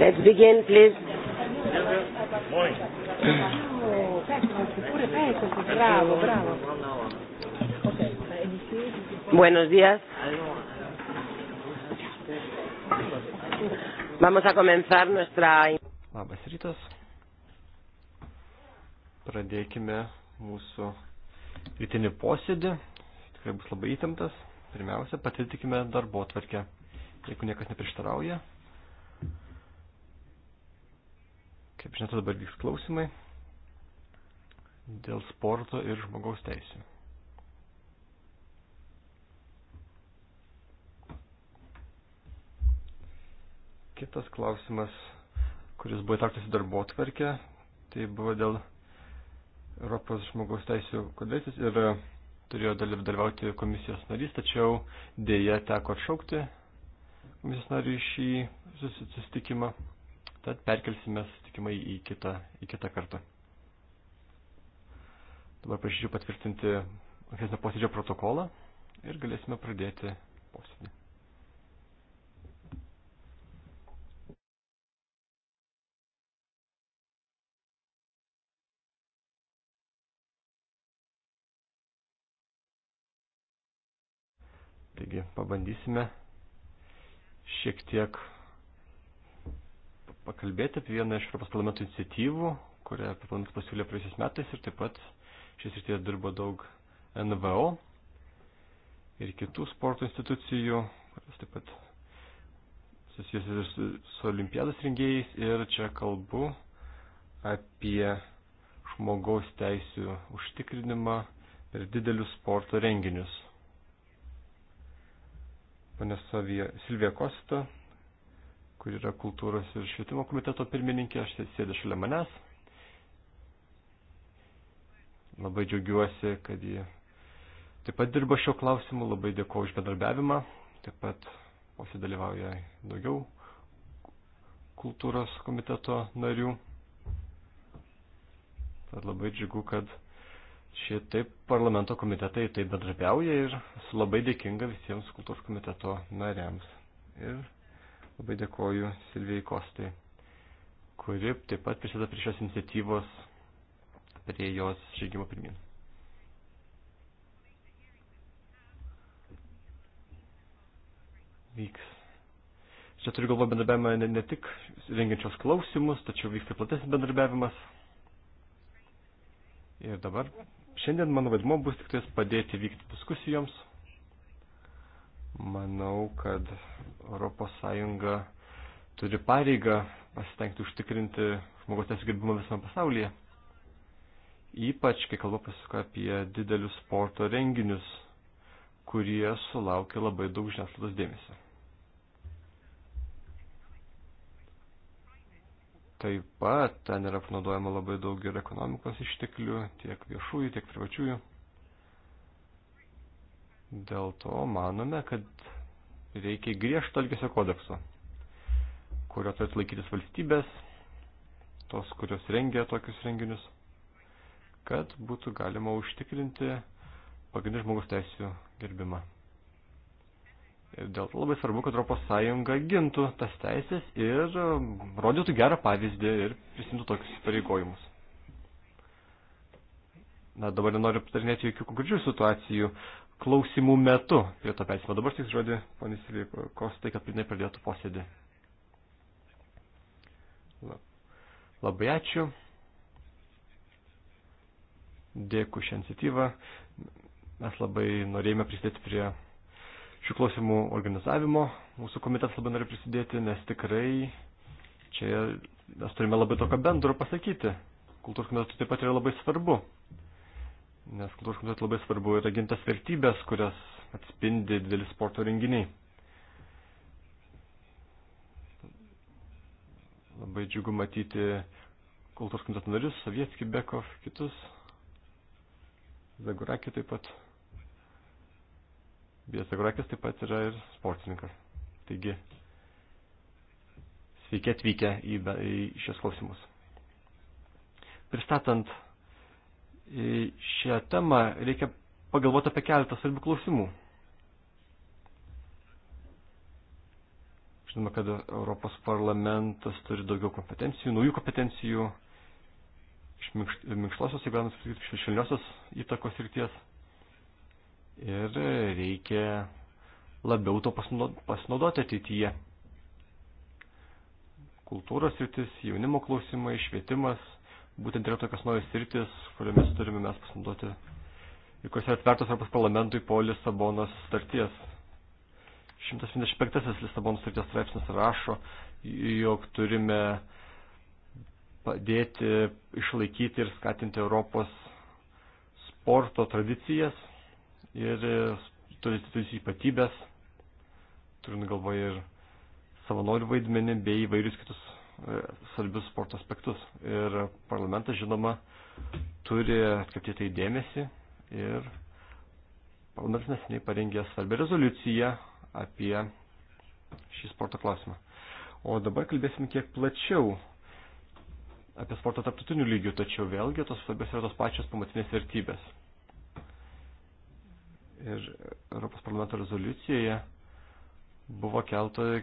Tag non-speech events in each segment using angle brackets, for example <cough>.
Let's begin, please. Bravo, bravo. Buenos días. Vamos a comenzar nuestra. Labas rytas. Pradėkime mūsų rytinį posėdį. Tikrai bus labai įtemptas. Pirmiausia, patvirtikime darbo tvarkę. Jeigu niekas neprieštarauja, Kaip žinote, dabar vyks klausimai dėl sporto ir žmogaus teisų. Kitas klausimas, kuris buvo įtaktas į darbo tvarkę, tai buvo dėl Europos žmogaus teisų kodėsis ir e, turėjo dalyvauti komisijos narys, tačiau dėja teko atšaukti komisijos narį šį susitikimą. Tad perkelsime susitikimai į kitą, į kitą kartą. Dabar prašyčiau patvirtinti ankstesnio posėdžio protokolą ir galėsime pradėti posėdį. Taigi pabandysime šiek tiek pakalbėti apie vieną iš Europos parlamento iniciatyvų, kurią parlamentas pasiūlė praėjusiais metais ir taip pat šis ir tie dirbo daug NVO ir kitų sporto institucijų, kurios taip pat susijusios ir su, su olimpiados rengėjais ir čia kalbu apie žmogaus teisių užtikrinimą per didelius sporto renginius. Pane Silvija Kosta kur yra kultūros ir švietimo komiteto pirmininkė, aš sėdė šalia manęs. Labai džiaugiuosi, kad ji taip pat dirba šio klausimu, labai dėkuoju už bendarbiavimą, taip pat pasidalyvauja daugiau kultūros komiteto narių. Tad labai džiugu, kad šitaip parlamento komitetai taip bendrabiauja ir esu labai dėkinga visiems kultūros komiteto nariams. Ir Labai dėkoju Silvijai Kostai, kuri taip pat prisideda prie šios iniciatyvos, prie jos žygimo pirmin. Vyks. Čia turiu galvo bendrabiavimą ne, ne tik rengiančios klausimus, tačiau vyksta platesnis bendrabiavimas. Ir dabar šiandien mano vaidmo bus tik tais padėti vykti diskusijoms. Manau, kad ES turi pareigą pasitengti užtikrinti žmogaus teisų gerbimą visame pasaulyje. Ypač, kai kalba pasuka apie didelius sporto renginius, kurie sulaukia labai daug žiniasklaidos dėmesio. Taip pat ten yra panaudojama labai daug ir ekonomikos išteklių, tiek viešųjų, tiek privačiųjų. Dėl to manome, kad reikia griežto elgesio kodekso, kurio turėtų laikytis valstybės, tos, kurios rengia tokius renginius, kad būtų galima užtikrinti pagrindinių žmogus teisų gerbimą. Ir dėl to labai svarbu, kad Europos Sąjunga gintų tas teisės ir rodytų gerą pavyzdį ir prisimtų tokius pareigojimus. Na, dabar nenoriu aptarinėti jokių konkrečių situacijų, klausimų metu prie to persimo. Dabar tik žodį, ponys Kostai, kad pilnai pradėtų posėdį. Labai ačiū. Dėkui šią iniciatyvą. Mes labai norėjome prisidėti prie šių klausimų organizavimo. Mūsų komitetas labai nori prisidėti, nes tikrai čia mes turime labai to ką bendro pasakyti. Kultūros komitetui taip pat yra labai svarbu nes kultūros komitetui labai svarbu yra gintas vertybės, kurias atspindi dideli sporto renginiai. Labai džiugu matyti kultūros komiteto narius, Sovietski, Bekov, kitus, Zagurakį taip pat. Bijas Zagurakis taip pat yra ir sportininkas. Taigi, sveiki atvykę į, į šios klausimus. Pristatant šią temą, reikia pagalvoti apie keletą svarbių klausimų. Žinoma, kad Europos parlamentas turi daugiau kompetencijų, naujų kompetencijų, iš minkštosios, jeigu galima sakyti, šešėliosios įtakos ryties. Ir reikia labiau to pasinaudoti ateityje. Kultūros rytis, jaunimo klausimai, švietimas – būtent yra tokios naujos sritis, kuriomis turime mes pasinaudoti ir kurios yra atvertos Europos parlamentui po Lisabonos starties. 175 Lisabonos starties straipsnis rašo, jog turime padėti išlaikyti ir skatinti Europos sporto tradicijas ir tradicijų ypatybės, turint galvoje ir savanorių vaidmenį bei įvairius kitus E, svarbius sporto aspektus. Ir parlamentas, žinoma, turi atkreipti tai dėmesį ir parlamentas nesiniai parengė svarbią rezoliuciją apie šį sporto klausimą. O dabar kalbėsim kiek plačiau apie sportą tarptautinių lygių, tačiau vėlgi tos svarbios yra tos pačios pamatinės vertybės. Ir Europos parlamento rezoliucijoje buvo kelta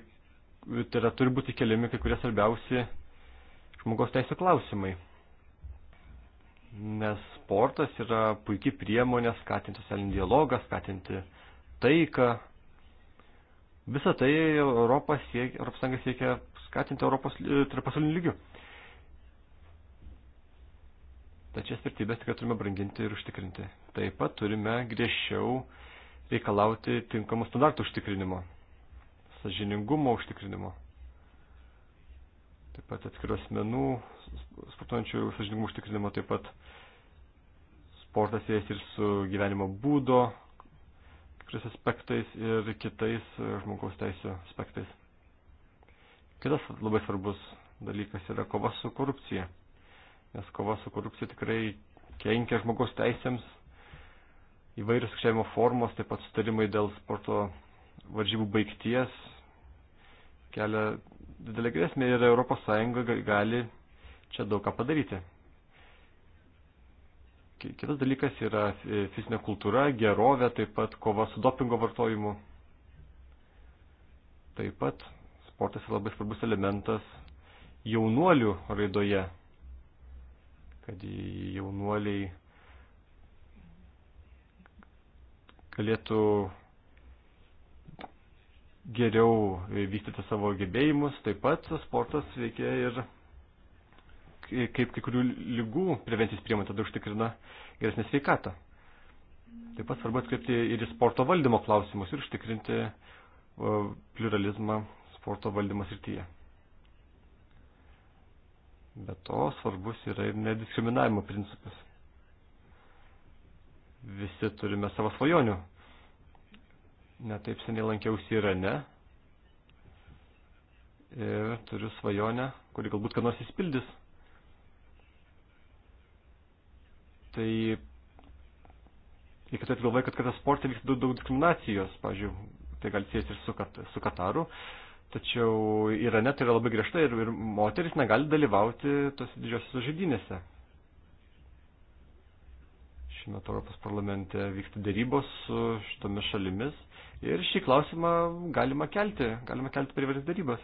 tai yra turi būti keliami kai kurie svarbiausi žmogaus teisų klausimai. Nes sportas yra puikiai priemonė skatinti socialinį dialogą, skatinti taiką. Visą tai Europos, siekia, Europos Sąjunga siekia skatinti Europos tai pasaulinių lygių. Tačias vertybės tikrai turime branginti ir užtikrinti. Taip pat turime griežčiau reikalauti tinkamų standartų užtikrinimo sažiningumo užtikrinimo. Taip pat atskiros menų, sportuojančių sažiningumo užtikrinimo, taip pat sportas siejas ir su gyvenimo būdo, kitais aspektais ir kitais žmogaus teisų aspektais. Kitas labai svarbus dalykas yra kova su korupcija, nes kova su korupcija tikrai kenkia žmogaus teisėms, įvairios kšėjimo formos, taip pat sutarimai dėl sporto varžybų baigties kelia didelį grėsmę ir ES gali čia daug ką padaryti. Kitas dalykas yra fizinė kultūra, gerovė, taip pat kova su dopingo vartojimu. Taip pat sportas yra labai svarbus elementas jaunuolių raidoje, kad jaunuoliai galėtų geriau vystyti savo gebėjimus, taip pat sportas veikia ir kaip kai kurių lygų prevencijos priemonė tada užtikrina geresnę sveikatą. Taip pat svarbu atkreipti ir į sporto valdymo klausimus ir užtikrinti pluralizmą sporto valdymo srityje. Be to svarbus yra ir nediskriminavimo principas. Visi turime savo svajonių netaip seniai lankiausi Irane ir turiu svajonę, kuri galbūt ką nors įspildys. Tai reikia turėti galvoje, kad kada sporte vyksta daug, daug diskriminacijos, pavyzdžiui, tai gali sėsti ir su, kat, su Kataru, tačiau Irane tai yra labai griežta ir, ir moteris negali dalyvauti tos didžiosios žaidynėse, šiuo metu Europos parlamente vyksta dėrybos su šitomis šalimis ir šį klausimą galima kelti, galima kelti per įvairias dėrybas.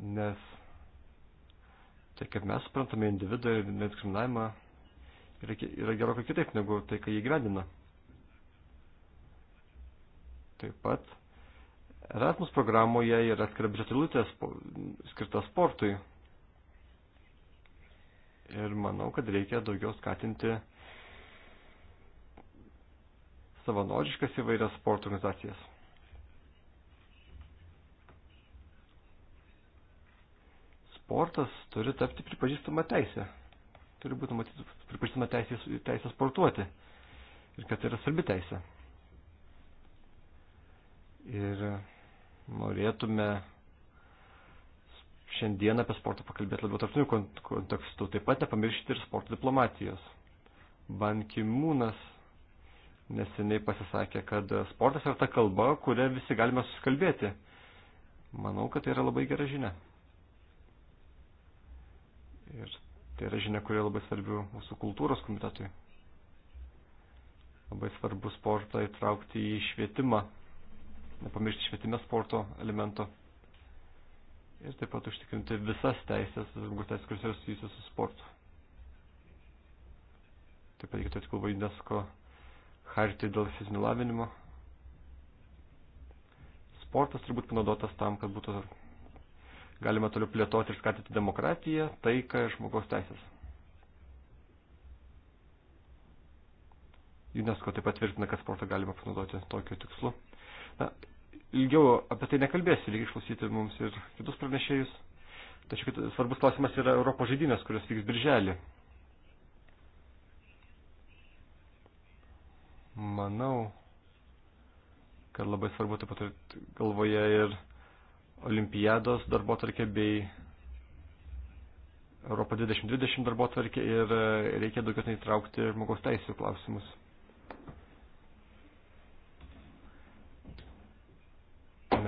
Nes tai, kaip mes suprantame individą ir nediskriminavimą, yra, yra gerokai kitaip negu tai, kai jie gyvendina. Taip pat Erasmus programoje yra atskira biudžetilutė skirta sportui. Ir manau, kad reikia daugiau skatinti savanoriškas įvairias sporto organizacijas. Sportas turi tapti pripažįstama teisė. Turi būti matyti pripažįstama teisė, teisė sportuoti. Ir kad tai yra svarbi teisė. Ir norėtume šiandien apie sportą pakalbėti labiau tarptautiniu kontekstu. Taip pat nepamiršti ir sporto diplomatijos. Ban Kimūnas neseniai pasisakė, kad sportas yra ta kalba, kurią visi galime suskalbėti. Manau, kad tai yra labai gera žinia. Ir tai yra žinia, kuri labai svarbi mūsų kultūros komitetui. Labai svarbu sportą įtraukti į švietimą, nepamiršti švietime sporto elemento. Ir taip pat užtikrinti visas teisės, visas teisės, kurios yra susijusios su sportu. Taip pat reikia turėti kalbą UNESCO hartį dėl fizinio lavinimo. Sportas turbūt panaudotas tam, kad būtų galima toliau plėtoti ir skatyti demokratiją, taiką ir žmogaus teisės. UNESCO taip pat tvirtina, kad sportą galima panaudoti tokiu tikslu. Na, ilgiau apie tai nekalbėsiu, reikia išklausyti mums ir kitus pranešėjus. Tačiau svarbus klausimas yra Europos žaidynės, kurios vyks birželį. Manau, kad labai svarbu taip pat galvoje ir olimpiados darbo tarkė bei Europą 2020 darbo tvarkė ir e, reikia daugiau įtraukti tai žmogaus teisų klausimus.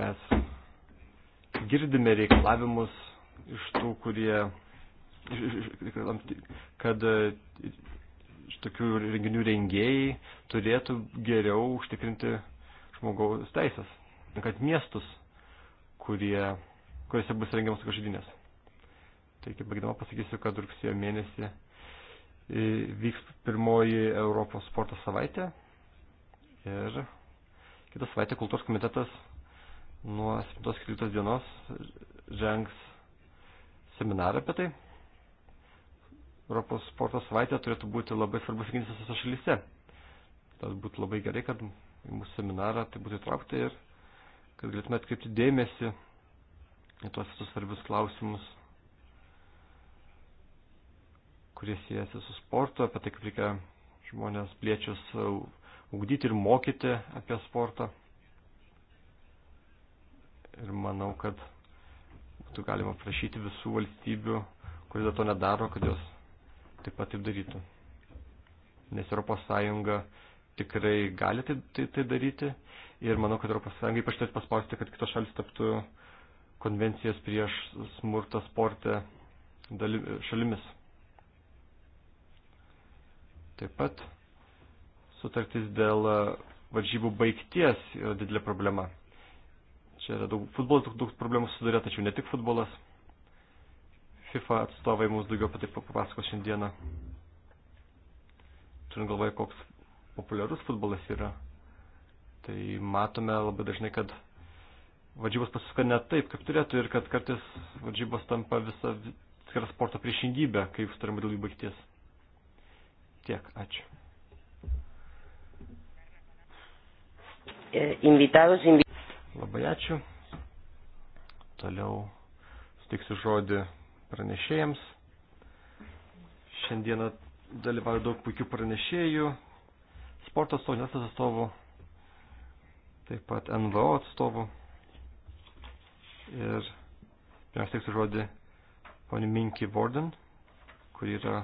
Mes girdime reikalavimus iš tų, kurie, kad e, tokių renginių rengėjai turėtų geriau užtikrinti žmogaus teisės, kad miestus, kurie, kuriuose bus rengiamas žudynės. Taigi, baigdama pasakysiu, kad rugsėjo mėnesį e, vyks pirmoji Europos sporto savaitė ir kitą savaitę kultūros komitetas nuo 7-13 dienos žengs seminarą apie tai. Europos sporto savaitė turėtų būti labai svarbus renginys visose šalyse. Tad būtų labai gerai, kad į mūsų seminarą tai būtų įtraukta ir kad galėtume atkreipti dėmesį į tuos visus svarbius klausimus, kurie siejasi su sportu, apie tai, kaip reikia žmonės pliečius ugdyti ir mokyti apie sportą. Ir manau, kad būtų galima prašyti visų valstybių, kurie dėl to nedaro, kad jos taip pat taip darytų. Nes ES tikrai gali tai, tai, tai daryti ir manau, kad ES ypač turėtų paspausti, kad kitos šalis taptų konvencijos prieš smurtą sportę šalimis. Taip pat sutartis dėl varžybų baigties yra didelė problema. Čia yra daug, futbolas daug, daug problemų susiduria, tačiau ne tik futbolas. FIFA atstovai mums daugiau apie tai papasakos šiandieną. Turint galvoje, koks populiarus futbolas yra, tai matome labai dažnai, kad varžybos pasisuka ne taip, kaip turėtų ir kad kartais varžybos tampa visą skirą sporto priešingybę, kaip turime dėl jų baigties. Tiek, ačiū. E, invitados, invi... Labai ačiū. Toliau sutiksiu žodį pranešėjams. Šiandieną dalyvauju daug puikių pranešėjų, sporto atstovų, nesas atstovų, taip pat NVO atstovų. Ir pirmiausia teiksiu žodį poni Minky Warden, kuri yra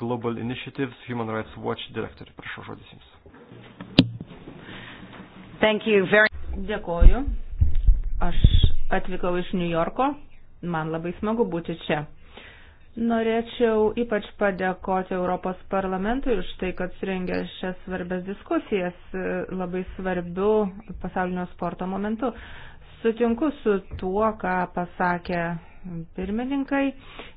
Global Initiatives Human Rights Watch direktorė. Prašau žodis jums. Thank you very... Dėkoju. Aš atvykau iš New Yorko Man labai smagu būti čia. Norėčiau ypač padėkoti Europos parlamentui už tai, kad surengė šias svarbės diskusijas e, labai svarbiu pasaulinio sporto momentu. Sutinku su tuo, ką pasakė pirmininkai.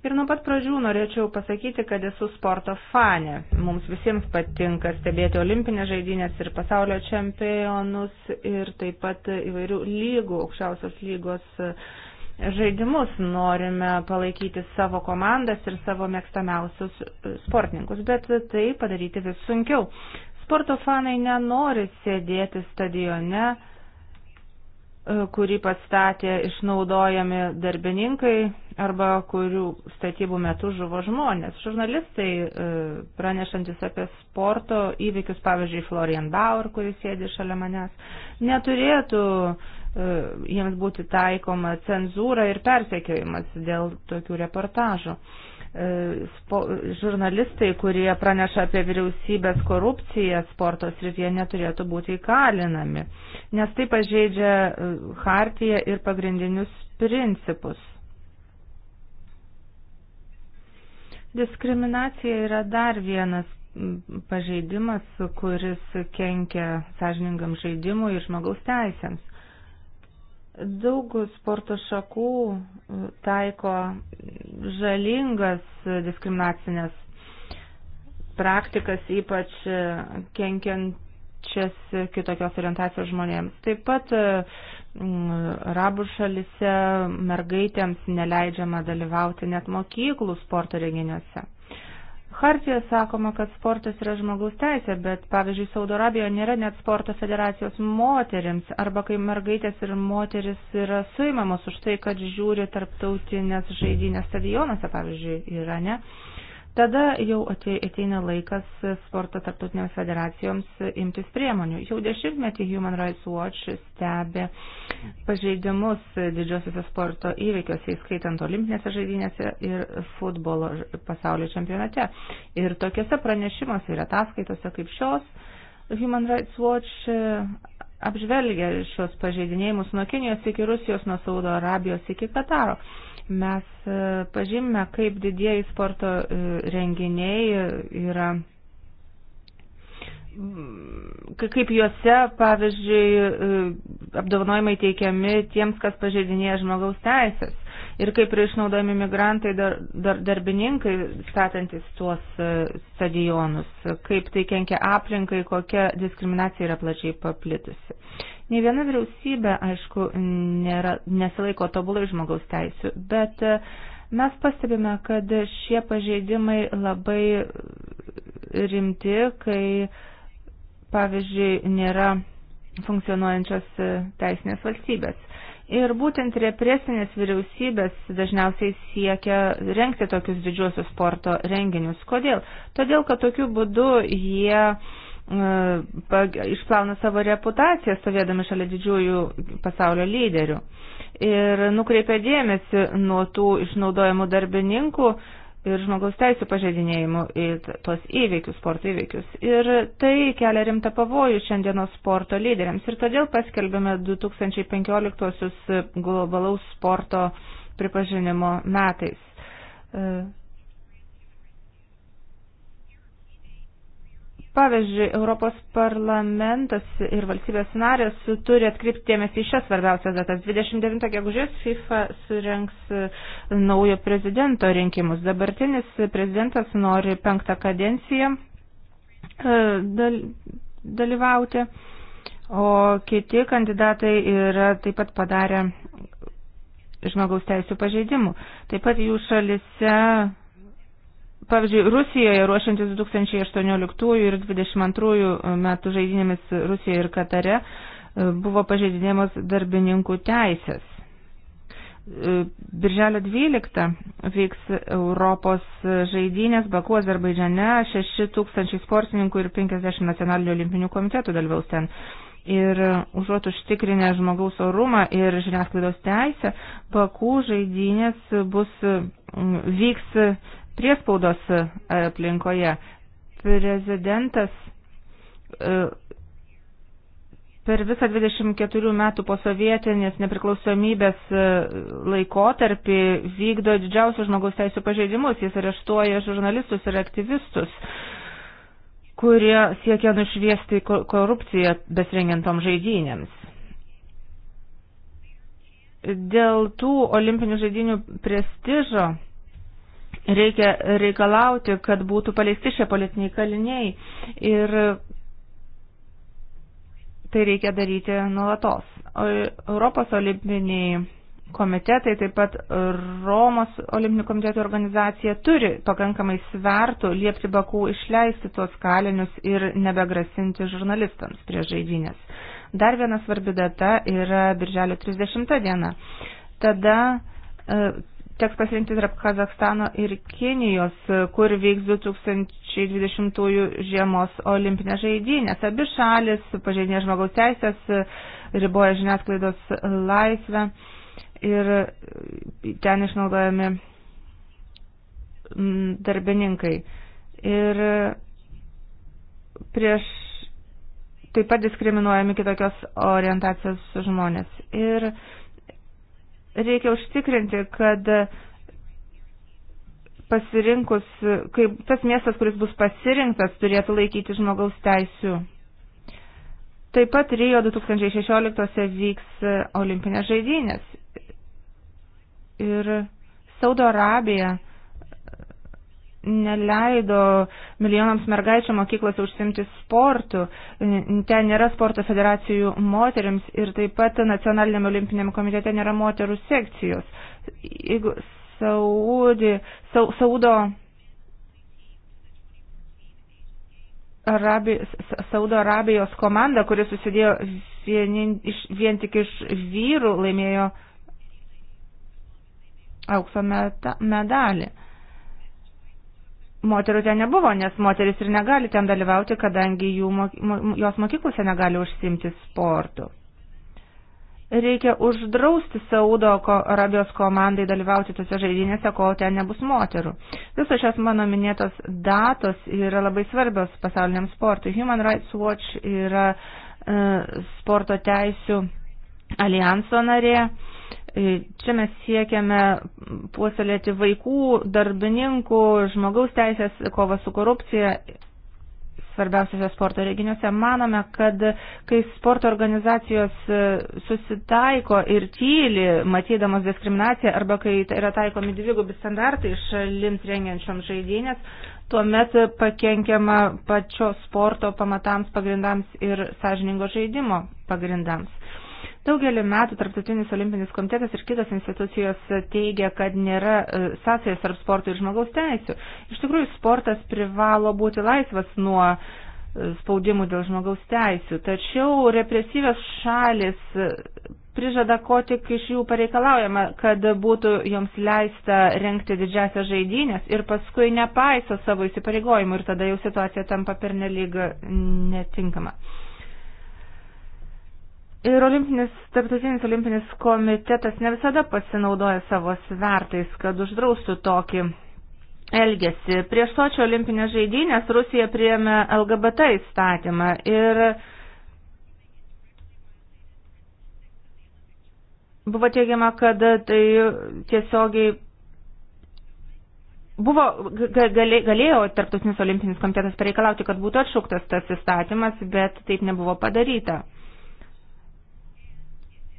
Ir nuo pat pradžių norėčiau pasakyti, kad esu sporto fane. Mums visiems patinka stebėti olimpinės žaidynės ir pasaulio čempionus ir taip pat įvairių lygų, aukščiausios lygos uh, žaidimus, norime palaikyti savo komandas ir savo mėgstamiausius e, sportininkus, bet tai padaryti vis sunkiau. Sporto fanai nenori sėdėti stadione, e, kurį pastatė išnaudojami darbininkai arba kurių statybų metu žuvo žmonės. Žurnalistai e, pranešantis apie sporto įvykius, pavyzdžiui, Florian Bauer, kuris sėdi šalia manęs, neturėtų E, jiems būti taikoma cenzūra ir persekiojimas dėl tokių reportažų. E, spo, žurnalistai, kurie praneša apie vyriausybės korupciją sporto srityje, neturėtų būti įkalinami, nes tai pažeidžia e, hartiją ir pagrindinius principus. Diskriminacija yra dar vienas pažeidimas, kuris kenkia sąžiningam žaidimui ir žmogaus teisėms. Daug sporto šakų e, taiko žalingas diskriminacinės praktikas, ypač e, kenkiančias kitokios orientacijos žmonėms. Taip pat e, arabų šalise mergaitėms neleidžiama dalyvauti net mokyklų sporto renginiuose. Hartijoje sakoma, kad sportas yra žmogaus teisė, bet pavyzdžiui, Saudo Arabijoje nėra net sporto federacijos moterims, arba kai mergaitės ir moteris yra suimamos už tai, kad žiūri tarptautinės žaidynės stadionuose, pavyzdžiui, yra ne. Uh, Tada jau ateina laikas sporto tarptautiniams federacijoms imtis priemonių. Jau dešimtmetį Human Rights Watch stebi pažeidimus didžiosiuose sporto įveikiuose, įskaitant olimpinėse žaidynėse ir futbolo pasaulio čempionate. Ir tokiuose pranešimuose ir ataskaitose kaip šios Human Rights Watch apžvelgia šios pažeidinėjimus nuo Kinijos iki Rusijos, nuo Saudo Arabijos iki Kataro. Mes e, pažymime, kaip didieji sporto e, renginiai yra kaip juose, pavyzdžiui, e, apdovanojimai teikiami tiems, kas pažeidinėja žmogaus teisės ir kaip yra išnaudojami migrantai dar, dar, darbininkai statantis tuos stadionus, kaip tai kenkia aplinkai, kokia diskriminacija yra plačiai paplitusi. Ne viena vyriausybė, aišku, nėra, nesilaiko tobulai žmogaus teisų, bet e, mes pastebime, kad šie pažeidimai labai rimti, kai, pavyzdžiui, nėra funkcionuojančios e, teisinės valstybės. Ir būtent represinės vyriausybės dažniausiai siekia renkti tokius didžiuosius sporto renginius. Kodėl? Todėl, kad tokiu būdu jie išplauna savo reputaciją stovėdami šalia didžiųjų pasaulio lyderių ir nukreipia dėmesį nuo tų išnaudojimų darbininkų ir žmogaus teisų pažeidinėjimų į tos įveikius, sporto įveikius. Ir tai kelia rimtą pavojų šiandienos sporto lyderiams. Ir todėl paskelbėme 2015 globalaus sporto pripažinimo metais. E, Pavyzdžiui, Europos parlamentas ir valstybės narės turi atkreipti dėmesį į šias svarbiausias datas. 29 gegužės FIFA surenks e, naujo prezidento rinkimus. Dabartinis prezidentas nori penktą kadenciją e, dalyvauti, o kiti kandidatai yra taip pat padarę žmogaus teisų pažeidimų. Taip pat jų šalise Pavyzdžiui, Rusijoje ruošiantis 2018 ir 2022 metų žaidinėmis Rusijoje ir Katare e, buvo pažeidinėjamos darbininkų teisės. E, Birželio 12 vyks Europos žaidynės Baku Azerbaidžiane, 6 tūkstančiai sportininkų ir 50 nacionalinių olimpinių komitetų dalyvaus ten. Ir užuot užtikrinę žmogaus orumą ir žiniasklaidos teisę, Baku žaidynės bus, vyks priespaudos e, aplinkoje. Prezidentas e, per visą 24 metų po sovietinės nepriklausomybės e, laikotarpį vykdo didžiausius žmogaus teisų pažeidimus. Jis areštuoja žurnalistus ir aktyvistus, kurie siekia nušviesti korupciją besirengiantom žaidynėms. Dėl tų olimpinių žaidinių prestižo Reikia reikalauti, kad būtų paleisti šie politiniai kaliniai ir tai reikia daryti nuolatos. Europos olimpiniai komitetai, taip pat Romos olimpinių komitetų organizacija turi pakankamai svertų liepti Bakų išleisti tuos kalinius ir nebegrasinti žurnalistams prie žaidynės. Dar viena svarbi data yra birželio 30 diena. Tada e, teks pasirinkti tarp Kazakstano ir Kinijos, kur vyks 2020 žiemos olimpinės žaidynės. Abi šalis pažeidinė žmogaus teisės, riboja žiniasklaidos laisvę ir ten išnaudojami mm, darbininkai. Ir prieš taip pat diskriminuojami kitokios orientacijos žmonės. Ir Reikia užtikrinti, kad pasirinkus, kaip tas miestas, kuris bus pasirinktas, turėtų laikyti žmogaus teisių. Taip pat Rio 2016 vyks olimpinės žaidynės. Ir Saudo Arabija neleido milijonams mergaičių mokyklose užsimti sportu. Ten nėra sporto federacijų moteriams ir taip pat nacionaliniam olimpiniam komitete nėra moterų sekcijos. Jeigu Saudi, Sa, Saudo Arabi, Saudo Arabijos komanda, kuri susidėjo vien, iš, vien tik iš vyrų, laimėjo aukso meta, medalį moterų ten nebuvo, nes moteris ir negali ten dalyvauti, kadangi jų, jos mokyklose negali užsimti sportu. Reikia uždrausti Saudo Arabijos komandai dalyvauti tose žaidynėse, kol ten nebus moterų. Visos šios mano minėtos datos yra labai svarbios pasauliniam sportui. Human Rights Watch yra e, sporto teisų alijanso narė. E, E, čia mes siekiame puoselėti vaikų, darbininkų, žmogaus teisės, kovą su korupcija svarbiausiose sporto reginiuose. Manome, kad kai sporto organizacijos e, susitaiko ir tyli, matydamos diskriminaciją, arba kai tai yra taikomi dvigubi standartai šalims rengiančioms žaidynės, tuomet pakenkiama pačio sporto pamatams pagrindams ir sąžiningo žaidimo pagrindams. Daugelį metų Tarptautinis olimpinis komitetas ir kitos institucijos teigia, kad nėra e, sąsajas tarp sporto ir žmogaus teisų. Iš tikrųjų, sportas privalo būti laisvas nuo e, spaudimų dėl žmogaus teisų, tačiau represyvios šalis e, prižada, ko tik iš jų pareikalaujama, kad būtų joms leista renkti didžiasią žaidynės ir paskui nepaiso savo įsipareigojimų ir tada jau situacija tampa pernelyg netinkama. Ir olimpinis, tarptautinis olimpinis komitetas ne visada pasinaudoja savo svertais, kad uždraustų tokį elgesį. Prieš sočio olimpinės žaidynės Rusija priėmė LGBT įstatymą ir buvo teigiama, kad tai tiesiogiai buvo, galėjo tarptautinis olimpinis komitetas pareikalauti, kad būtų atšauktas tas įstatymas, bet taip nebuvo padaryta.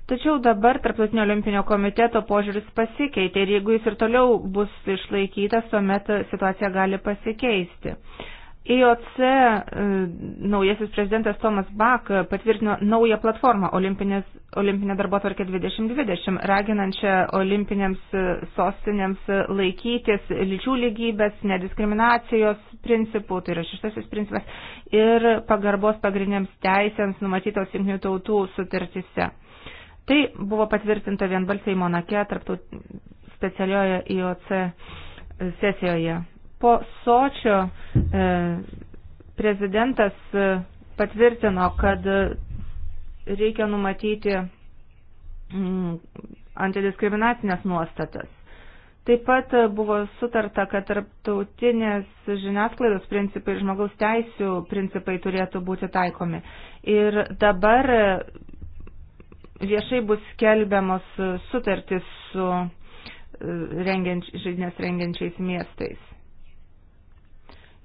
Tačiau dabar Tarptautinio olimpinio komiteto požiūris pasikeitė ir jeigu jis ir toliau bus išlaikytas, tuomet situacija gali pasikeisti. IOC e, naujasis prezidentas Tomas Bak patvirtino naują platformą Olimpinė darbo tvarkė 2020, raginančią olimpinėms e, sostinėms laikytis lyčių lygybės, nediskriminacijos principų, tai yra šeštasis principas, ir pagarbos pagrindiniams teisėms numatytos jungtinių tautų sutartise. Tai buvo patvirtinta vienbalsiai Monake, tarptaut specialioje IOC sesijoje. Po Sočio e, prezidentas e, patvirtino, kad reikia numatyti mm, antidiskriminacinės nuostatas. Taip pat buvo sutarta, kad tarptautinės žiniasklaidos principai ir žmogaus teisų principai turėtų būti taikomi. Ir dabar viešai bus skelbiamos sutartys su e, rengianč, žaidinės rengiančiais miestais.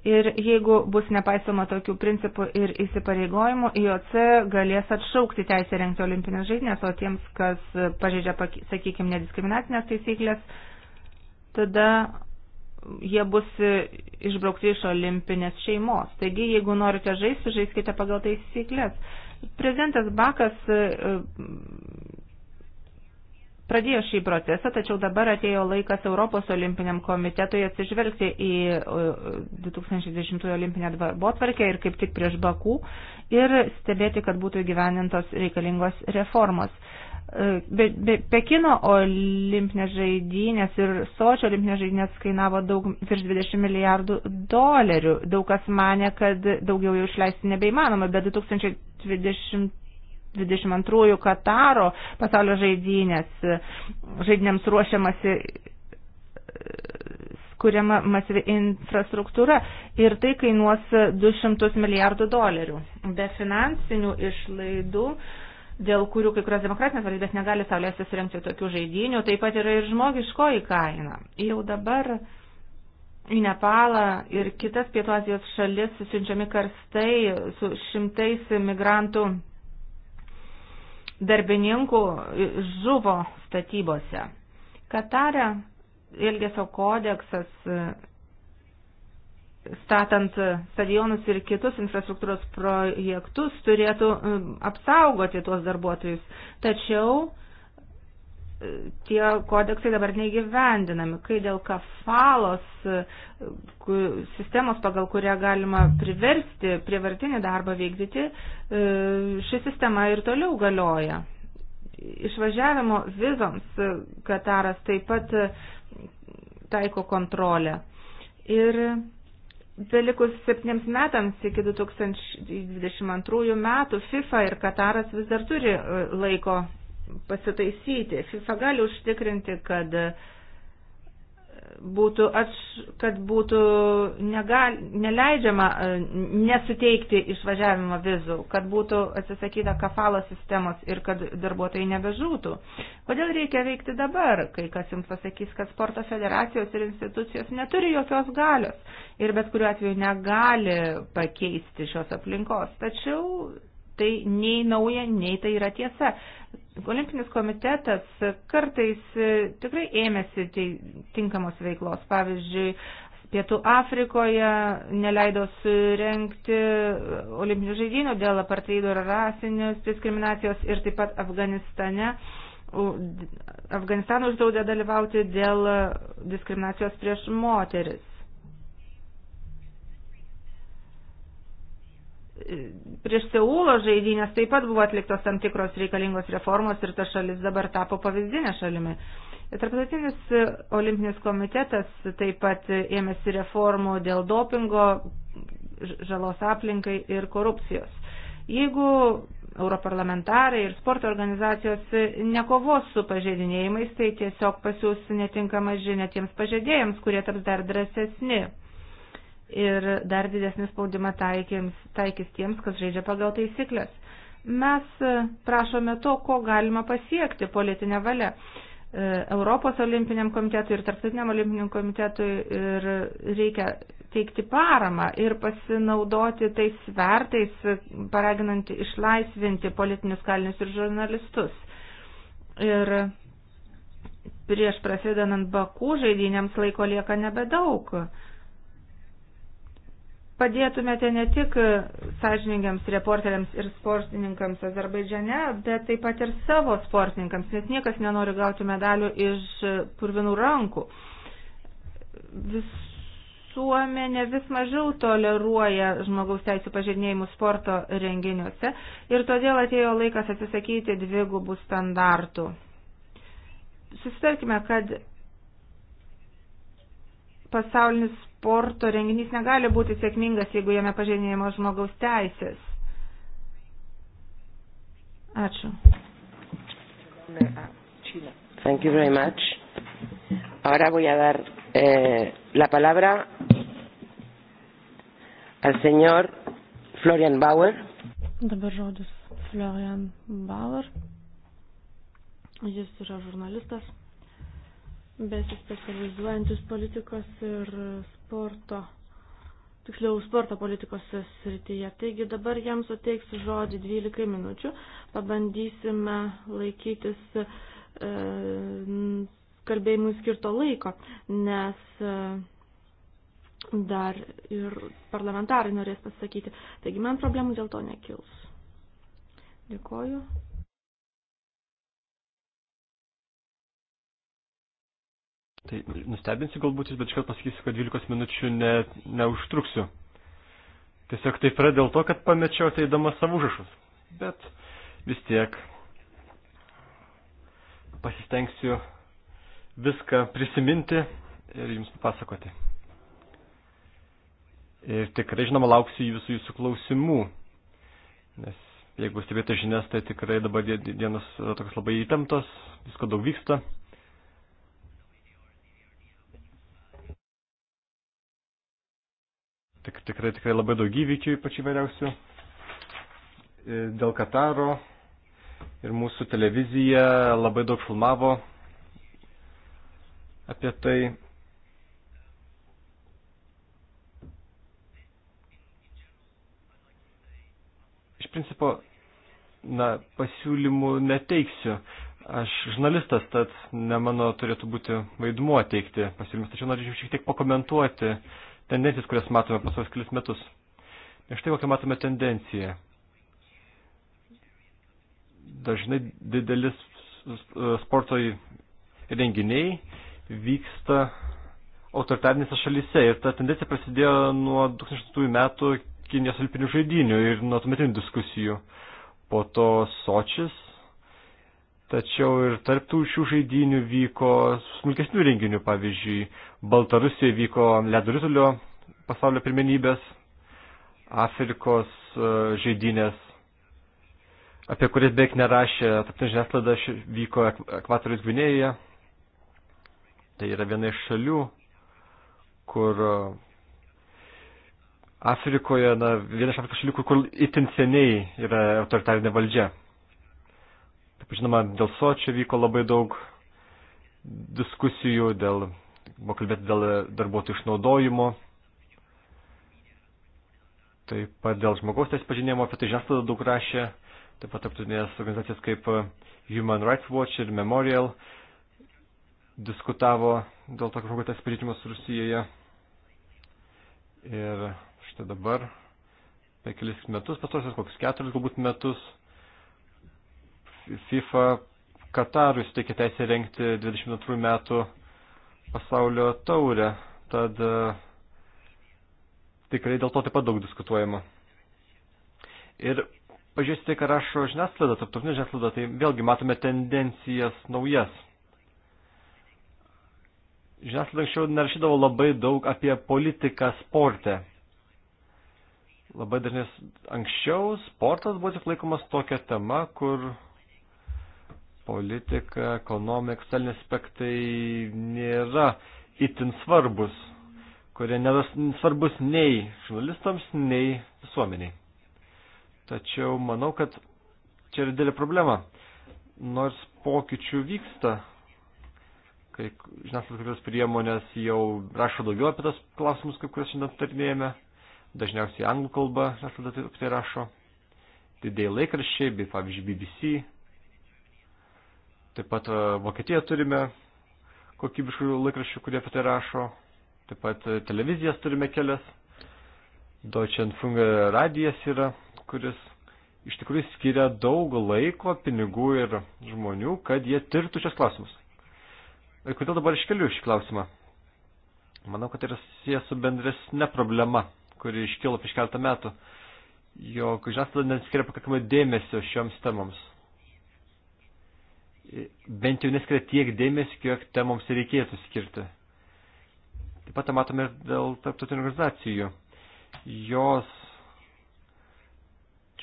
Ir jeigu bus nepaisoma tokių principų ir įsipareigojimų, IOC galės atšaukti teisę rengti olimpinės žaidinės, o tiems, kas pažeidžia, sakykime, nediskriminacinės taisyklės, tada jie bus išbraukti iš olimpinės šeimos. Taigi, jeigu norite žaisti, žaiskite pagal taisyklės. Prezidentas Bakas e, e, pradėjo šį procesą, tačiau dabar atėjo laikas Europos olimpiniam komitetui atsižvelgti į 2010 e, olimpinę darbotvarkę ir kaip tik prieš Bakų ir stebėti, kad būtų įgyvenintos reikalingos reformos. Be, be, Pekino olimpinės žaidynės ir Sočio olimpinės žaidynės kainavo daug, virš 20 milijardų dolerių. Daug kas mane, kad daugiau jau išleisti nebeįmanoma, bet 2020 22 Kataro pasaulio žaidynės, žaidynėms ruošiamasi kuriama masyvi infrastruktūra ir tai kainuos 200 milijardų dolerių. Be finansinių išlaidų uh, dėl kurių kai kurios demokratinės valstybės negali saulėsi surinkti tokių žaidinių, taip pat yra ir žmogiškoji kaina. Jau dabar į Nepalą ir kitas Pietų Azijos šalis siunčiami karstai su šimtais migrantų darbininkų žuvo statybose. Katare Ilgesio kodeksas statant stadionus ir kitus infrastruktūros projektus, turėtų e, apsaugoti tuos darbuotojus. Tačiau e, tie kodeksai dabar neįgyvendinami, kai dėl kafalos e, sistemos, pagal kurią galima priversti prievartinį darbą vykdyti, ši sistema ir toliau galioja. Išvažiavimo vizoms Kataras taip pat taiko kontrolę. Ir Belikus septyniems metams iki 2022 metų FIFA ir Kataras vis dar turi e, laiko pasitaisyti. FIFA gali užtikrinti, kad uh, būtų, atš, kad būtų negal, neleidžiama e, nesuteikti išvažiavimo vizų, kad būtų atsisakyta kafalo sistemos ir kad darbuotojai nebežūtų. Kodėl reikia veikti dabar, kai kas jums pasakys, kad sporto federacijos ir institucijos neturi jokios galios ir bet kuriuo atveju negali pakeisti šios aplinkos. Tačiau tai nei nauja, nei tai yra tiesa. Olimpinis komitetas kartais e, tikrai ėmėsi tinkamos veiklos. Pavyzdžiui, Pietų Afrikoje neleido surenkti olimpinių žaidynių dėl apartheido ir rasinės diskriminacijos ir taip pat Afganistane. Afganistaną uždraudė dalyvauti dėl diskriminacijos prieš moteris. prieš Seulo žaidynės taip pat buvo atliktos tam tikros reikalingos reformos ir ta šalis dabar tapo pavyzdinė šalimi. Tarptautinis olimpinis komitetas taip pat ėmėsi reformų dėl dopingo, žalos aplinkai ir korupcijos. Jeigu europarlamentarai ir sporto organizacijos nekovos su pažeidinėjimais, tai tiesiog pasiūs netinkamą žinę tiems pažeidėjams, kurie taps dar drąsesni ir dar didesnį spaudimą taikins, taikys tiems, kas žaidžia pagal taisyklės. Mes e, prašome to, ko galima pasiekti politinę valią. E, Europos olimpiniam komitetui ir tarptautiniam olimpiniam komitetui ir reikia teikti paramą ir pasinaudoti tais svertais, paraginant išlaisvinti politinius kalinius ir žurnalistus. Ir prieš prasidedant Bakų žaidynėms laiko lieka nebedaug padėtumėte ne tik e, sąžiningiams reporteriams ir sportininkams Azerbaidžiane, bet taip pat ir savo sportininkams, nes niekas nenori gauti medalių iš e, purvinų rankų. Visuomenė vis mažiau toleruoja žmogaus teisų pažeidinėjimų sporto renginiuose ir todėl atėjo laikas atsisakyti dvigubų standartų. Susitarkime, kad pasaulinis sporto renginys negali būti sėkmingas, jeigu jame pažeidinėjamos žmogaus teisės. Ačiū. Thank you very much. Ahora voy a dar eh, la palabra al señor Florian Bauer. Dabar žodis Florian Bauer. Jis yra žurnalistas besispecializuojantis politikos ir sporto, tiksliau sporto politikos srityje. Taigi dabar jam suteiksiu žodį 12 minučių, pabandysime laikytis e, kalbėjimui skirto laiko, nes e, dar ir parlamentarai norės pasakyti. Taigi man problemų dėl to nekils. Dėkoju. Tai nustebinsiu galbūt jūs, bet iškart pasakysiu, kad 12 minučių ne, neužtruksiu. Tiesiog taip yra dėl to, kad pamečiau ateidamas savo užrašus. Bet vis tiek pasistengsiu viską prisiminti ir jums papasakoti. Ir tikrai, žinoma, lauksiu visų jūsų klausimų. Nes jeigu stebėjote žinias, tai tikrai dabar dienos tokios labai įtemptos, visko daug vyksta. tik, tikrai, tikrai labai daug įvykių, ypač įvairiausių, e, dėl Kataro ir mūsų televizija labai daug filmavo apie tai. Iš principo, na, pasiūlymų neteiksiu. Aš žurnalistas, tad ne mano turėtų būti vaidmuo teikti pasiūlymus, tačiau norėčiau šiek tiek pakomentuoti uh, tendencijas, kurias matome pasos kelius metus. Ir štai kokią matome tendenciją. Dažnai didelis sporto renginiai vyksta autoritarnėse šalyse. Ir ta tendencija prasidėjo nuo 2000 metų Kinijos olimpinių žaidinių ir nuo tuometinių diskusijų. Po to Sočis tačiau ir tarptų šių žaidinių vyko smulkesnių renginių, pavyzdžiui, Baltarusijoje vyko ledo ritulio pasaulio pirmenybės, Afrikos e, žaidinės, apie kurias beveik nerašė, taptin žiniasklaida vyko Ekvatorius Gvinėje. Tai yra viena iš šalių, kur e, Afrikoje, na, viena iš Afrikos šalių, kur, kur itin seniai yra autoritarinė valdžia. Žinoma, dėl sočio vyko labai daug diskusijų, dėl, buvo kalbėti dėl darbuotojų išnaudojimo, taip pat dėl žmogaus teisų pažinėjimo, apie tai žiniasklaida daug rašė, taip pat tarptautinės organizacijas kaip Human Rights Watch ir Memorial diskutavo dėl to, kad žmogaus teisų pažinimas Rusijoje. Ir štai dabar, per kelis metus, pastarosius kokius keturis galbūt metus, FIFA Katarui suteikė teisę rengti 22 metų pasaulio taurę. Tad e, tikrai dėl to taip pat daug diskutuojama. Ir pažiūrėsite, ką rašo žiniasklaida, tarptautinė žiniasklaida, tai vėlgi matome tendencijas naujas. Žiniasklaida anksčiau nerašydavo labai daug apie politiką sporte. Labai dažnai anksčiau sportas buvo tik laikomas tokia tema, kur politika, ekonomika, socialiniai aspektai nėra itin svarbus, kurie nėra svarbus nei žurnalistams, nei visuomeniai. Tačiau manau, kad čia yra didelė problema. Nors pokyčių vyksta, kai žiniasklaidos priemonės jau rašo daugiau apie tas klausimus, kaip kurias šiandien aptarnėjame, dažniausiai anglų kalba žiniasklaida tai rašo, didėjai laikraščiai, bei pavyzdžiui BBC, Taip pat e, Vokietiją turime kokybiškų laikraščių, kurie apie tai rašo. Taip pat e, televizijas turime kelias. Deutsche Funke radijas yra, kuris iš tikrųjų skiria daug laiko, pinigų ir žmonių, kad jie tirtų šios klausimus. Ir kodėl dabar iškeliu šį klausimą? Manau, kad tai yra susijęs su bendresne problema, kuri iškilo prieš keletą metų, jog žiniasklaida neskiria pakankamai dėmesio šioms temoms bent jau neskiria tiek dėmesio, kiek temoms reikėtų skirti. Taip pat matome ir dėl tarptautinių organizacijų. Jos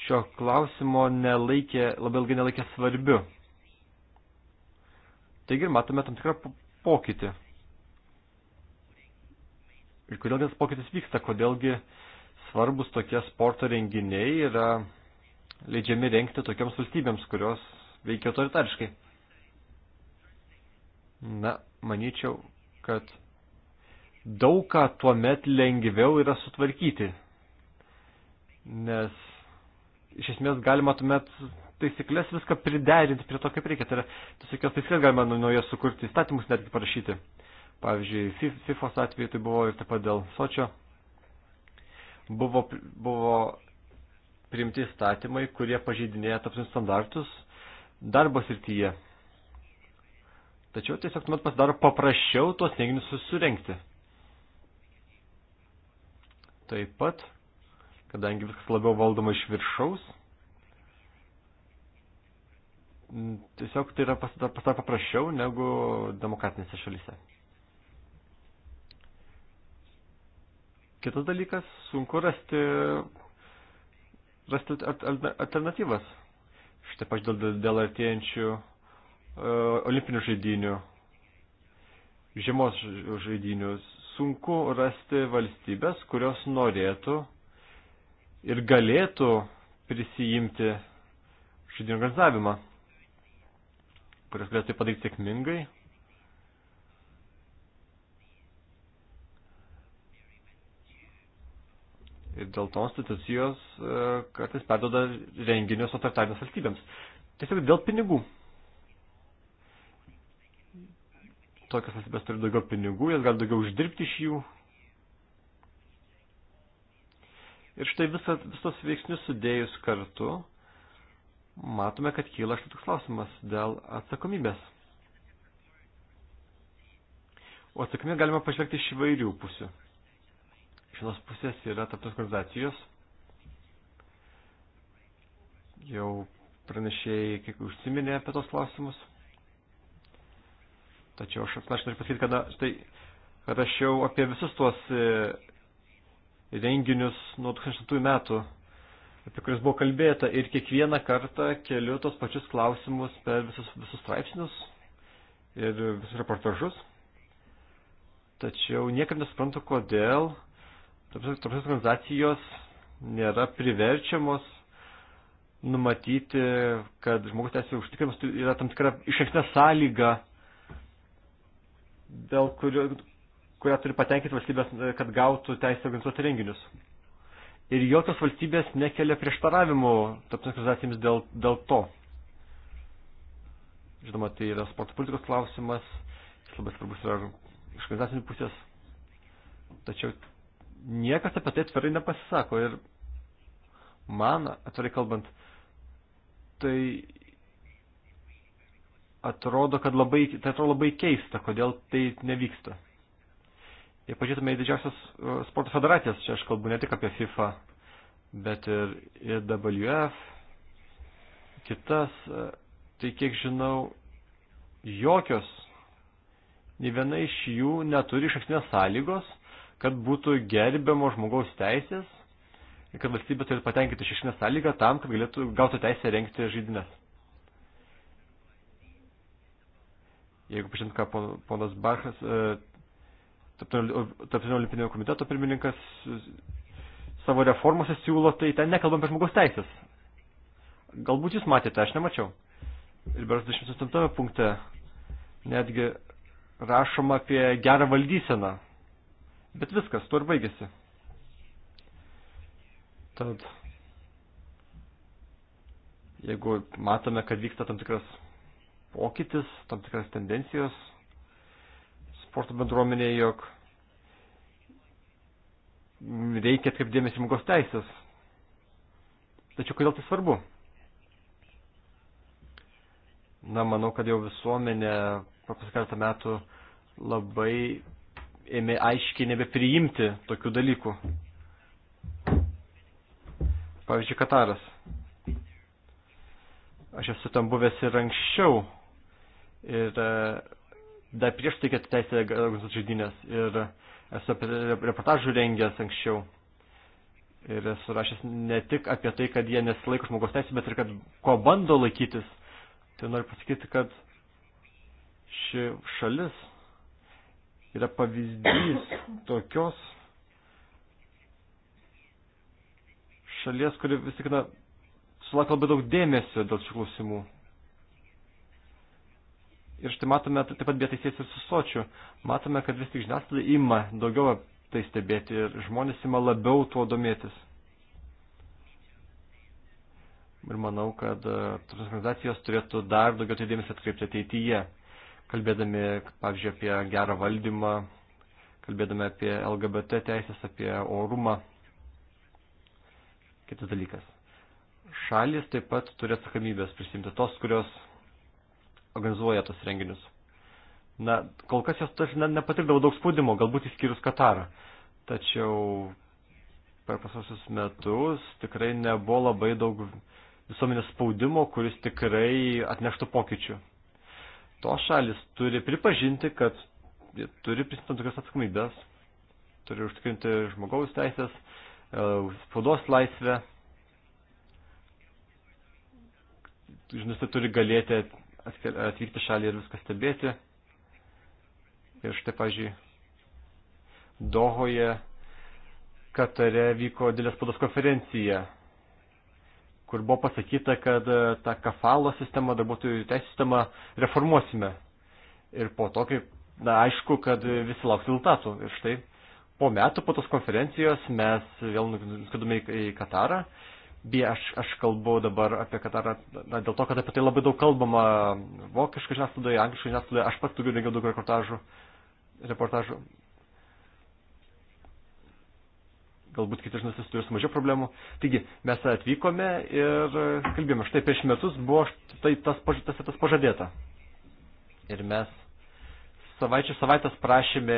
šio klausimo nelaikė, labai ilgai nelaikė svarbiu. Taigi ir matome tam tikrą pokytį. Ir kodėl tas pokytis vyksta, kodėlgi svarbus tokie sporto renginiai yra leidžiami rengti tokiams valstybėms, kurios veikia autoritariškai. Na, manyčiau, kad daug ką tuo met lengviau yra sutvarkyti, nes iš esmės galima tuomet taisyklės viską priderinti prie to, kaip reikia. Tai yra, visokios taisyklės galima nuo jas sukurti, įstatymus netgi parašyti. Pavyzdžiui, FIFOS atveju tai buvo ir taip pat dėl Sočio. Buvo, buvo priimti įstatymai, kurie pažeidinėja tapsnius standartus darbo srityje. Tačiau tiesiog tuomet pasidaro paprasčiau tuos teiginius susirinkti. Taip pat, kadangi viskas labiau valdoma iš viršaus, tiesiog tai yra pasidaro, pasidaro paprasčiau negu demokratinėse šalyse. Kitas dalykas, sunku rasti, rasti alternatyvas. Štai pač dėl, dėl artėjančių E, olimpinių žaidinių, žiemos žaidinių. Sunku rasti valstybės, kurios norėtų ir galėtų prisijimti žaidinių organizavimą, kurios galėtų tai padaryti sėkmingai. Ir dėl to institucijos e, kartais perdoda renginius autoritarnės valstybėms. Tiesiog dėl pinigų. tokios valstybės turi daugiau pinigų, jas gali daugiau uždirbti iš jų. Ir štai visa, visos veiksnius sudėjus kartu, matome, kad kyla štai toks klausimas dėl atsakomybės. O atsakomybę galima pažvelgti iš įvairių pusių. Iš vienos pusės yra taptos organizacijos. Jau pranešėjai kiek užsiminė apie tos klausimus. Tačiau aš, aš noriu pasakyti, kad, tai, kad aš jau apie visus tuos e, renginius nuo 2000 metų, apie kuris buvo kalbėta ir kiekvieną kartą keliu tos pačius klausimus per visus, visus straipsnius ir visus reportažus. Tačiau niekam nesuprantu, kodėl tarptautinės organizacijos nėra priverčiamos numatyti, kad žmogus teisė užtikrimas yra tam tikra išėksnė sąlyga dėl kurio, kurią turi patenkinti valstybės, kad gautų teisę organizuoti renginius. Ir jokios valstybės nekelia prieštaravimų tarptautinėms organizacijoms dėl, dėl to. Žinoma, tai yra sporto politikos klausimas, jis labai svarbus yra iš organizacinių pusės. Tačiau niekas apie tai atvirai nepasisako. Ir man, atvirai kalbant, tai atrodo, kad labai, tai atrodo labai keista, kodėl tai nevyksta. Jei pažiūrėtume į didžiausias e, sporto federacijas, čia aš kalbu ne tik apie FIFA, bet ir IWF, kitas, e, tai kiek žinau, jokios, nei viena iš jų neturi išankstinės sąlygos, kad būtų gerbiamo žmogaus teisės ir kad valstybė turi patenkinti išankstinę sąlygą tam, kad galėtų gauti teisę rengti žaidines. jeigu pažint, ką ponas Bachas, e, Tarptautinio olimpinio komiteto pirmininkas, savo reformose siūlo, tai ten nekalbam apie žmogaus teisės. Galbūt jūs matėte, aš nemačiau. Ir beras 27 punkte netgi rašoma apie gerą valdyseną. Bet viskas, tuo ir baigėsi. Tad, jeigu matome, kad vyksta tam tikras pokytis, tam tikras tendencijos sporto bendruomenėje, jog reikia atkreipti dėmesį žmogaus teisės. Tačiau kodėl tai svarbu? Na, manau, kad jau visuomenė per paskeltą metų labai ėmė aiškiai nebepriimti tokių dalykų. Pavyzdžiui, Kataras. Aš esu tam buvęs ir anksčiau, ir e, dar prieš tai, kad teisė organizuoti žaidynės. Ir esu apie reportažų rengęs anksčiau. Ir esu rašęs ne tik apie tai, kad jie nesilaiko žmogaus teisės, bet ir kad ko bando laikytis. Tai noriu pasakyti, kad ši šalis yra pavyzdys <coughs> tokios šalies, kuri vis tik na, sulaukia labai daug dėmesio dėl šių klausimų. Ir štai matome, taip pat bet teisės ir su sočiu, matome, kad vis tik žiniasklaida ima daugiau tai stebėti ir žmonės ima labiau tuo domėtis. Ir manau, kad e, organizacijos turėtų dar daugiau tai dėmesį atkreipti ateityje, kalbėdami, pavyzdžiui, apie gerą valdymą, kalbėdami apie LGBT teisės, apie orumą. Kitas dalykas. Šalis taip pat turi atsakomybės prisimti tos, kurios organizuoja tos renginius. Na, kol kas jos tas ne, nepatirdavo daug spaudimo, galbūt įskyrus Katarą. Tačiau per pasausius metus tikrai nebuvo labai daug visuomenės spaudimo, kuris tikrai atneštų pokyčių. Tos šalis turi pripažinti, kad turi prisimti tam tikras atsakomybės, turi užtikrinti žmogaus teisės, e, spaudos laisvę, žiniuose tai turi galėti atvykti šalį ir viską stebėti. Ir štai, pavyzdžiui, Dohoje, Katare vyko dėlės spaudos konferencija, kur buvo pasakyta, kad e, tą kafalo sistemą, darbuotojų teisų sistemą reformuosime. Ir po to, kaip, na, aišku, kad visi lauks rezultatų. Ir štai, po metų po tos konferencijos mes vėl nuskridome į Katarą Bija, aš, aš kalbu dabar apie Katarą, na, dėl to, kad apie tai labai daug kalbama vokiškai žiniasklaidoje, angliškai žiniasklaidoje, aš pats daugiau rengiau daug reportažų, reportažų. Galbūt kiti žiniasklaidos turi mažiau problemų. Taigi, mes atvykome ir kalbėjome, štai prieš metus buvo štai tas, tas, tas pažadėta. Ir mes savaičių savaitės prašėme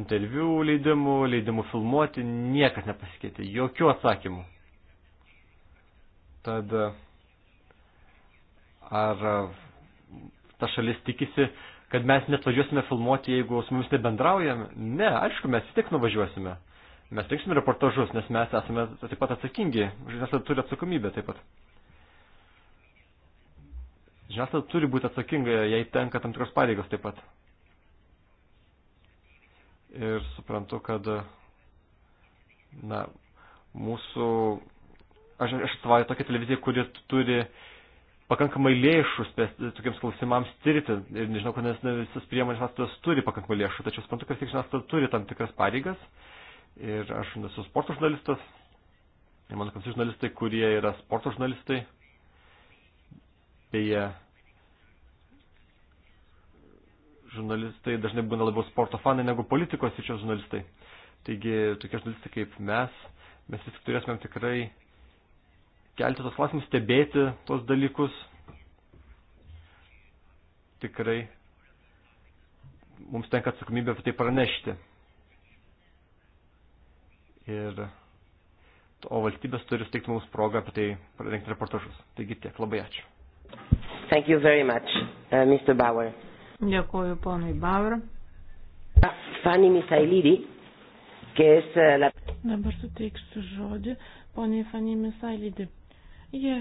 interviu leidimų, leidimų filmuoti, niekas nepasikeitė, jokių atsakymų. Tad ar ta šalis tikisi, kad mes net važiuosime filmuoti, jeigu su mumis nebendraujame? Ne, aišku, mes vis tiek nuvažiuosime. Mes teiksime reportažus, nes mes esame taip pat atsakingi. Žiniasklaida turi atsakomybę taip pat. Žiniasklaida turi būti atsakinga, jei tenka tam tikros pareigos taip pat. Ir suprantu, kad na, mūsų aš, aš atstovauju tokią televiziją, kuri turi pakankamai lėšų tokiems klausimams tirti. Ir nežinau, kad nes ne visas priemonės žiniasklaidos turi pakankamai lėšų, tačiau suprantu, kad žiniasklaida turi tam tikras pareigas. Ir aš esu sporto žurnalistas. Ir mano kad žurnalistai, kurie yra sporto žurnalistai, beje, žurnalistai dažnai būna labiau sporto fanai negu politikos ir šios žurnalistai. Taigi, tokie žurnalistai kaip mes, mes vis tik turėsime tikrai kelti tos klausimus, stebėti tos dalykus. Tikrai mums tenka atsakomybė apie tai pranešti. Ir o valstybės turi steigti mums progą apie tai parengti reportažus. Taigi tiek, labai ačiū. Thank you very much, uh, Mr. Bauer. Dėkuoju ponui Bauer. Fanny Misailidi, kai es... Uh, la... Dabar suteiksiu žodį poniai Fanny Misailidi. Ji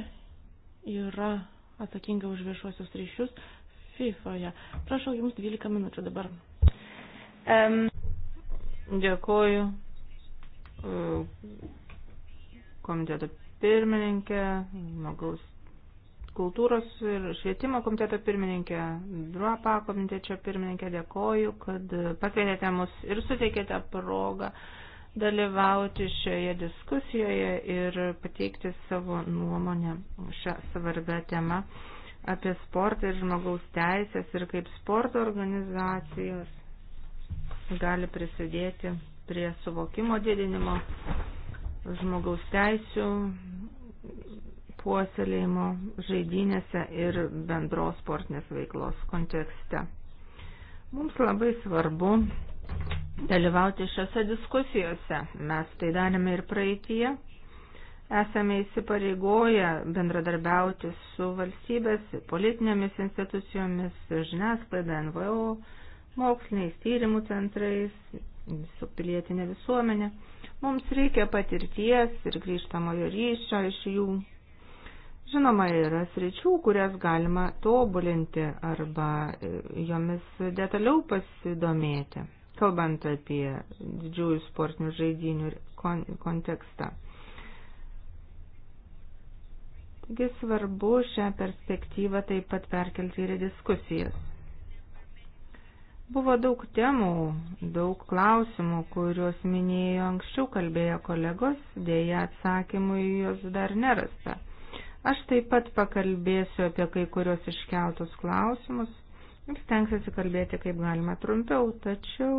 yra atsakinga už viešuosius ryšius FIFOje. Prašau, jums 12 minučių dabar. Um, dėkuoju e, komiteto pirmininkė, žmogaus kultūros ir švietimo komiteto pirmininkė, DRUAPA komitečio pirmininkė, dėkoju, kad pakvietėte mus ir suteikėte progą uh, dalyvauti šioje diskusijoje ir pateikti savo nuomonę šią svarbę temą apie sportą ir žmogaus teisės ir kaip sporto organizacijos gali prisidėti prie suvokimo didinimo, žmogaus teisių puoselėjimo žaidynėse ir bendros sportinės veiklos kontekste. Mums labai svarbu dalyvauti šiose diskusijose. Mes tai darėme ir praeitie. Esame įsipareigoję bendradarbiauti su valstybės, politinėmis institucijomis, žiniasklaida, NVO, moksliniais tyrimų centrais, su pilietinė visuomenė. Mums reikia patirties ir grįžtamojo ryšio iš jų. Žinoma, yra sričių, kurias galima tobulinti arba jomis detaliau pasidomėti kalbant apie didžiųjų sportinių žaidinių kontekstą. Taigi svarbu šią perspektyvą taip pat perkelti ir į diskusijas. Buvo daug temų, daug klausimų, kuriuos minėjo anksčiau kalbėję kolegos, dėja atsakymų į juos dar nerasta. Aš taip pat pakalbėsiu apie kai kurios iškeltus klausimus, Stengsiuosi kalbėti kaip galima trumpiau, tačiau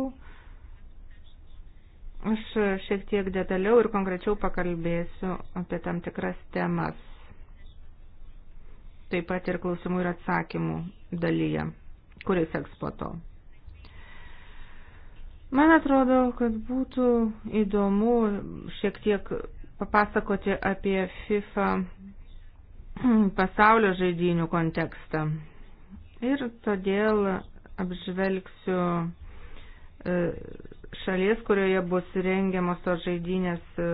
aš šiek tiek detaliau ir konkrečiau pakalbėsiu apie tam tikras temas. Taip pat ir klausimų ir atsakymų dalyje, kuris seks po to. Man atrodo, kad būtų įdomu šiek tiek papasakoti apie FIFA pasaulio žaidynių kontekstą Ir todėl apžvelgsiu e, šalies, kurioje bus rengiamos tos žaidynės e,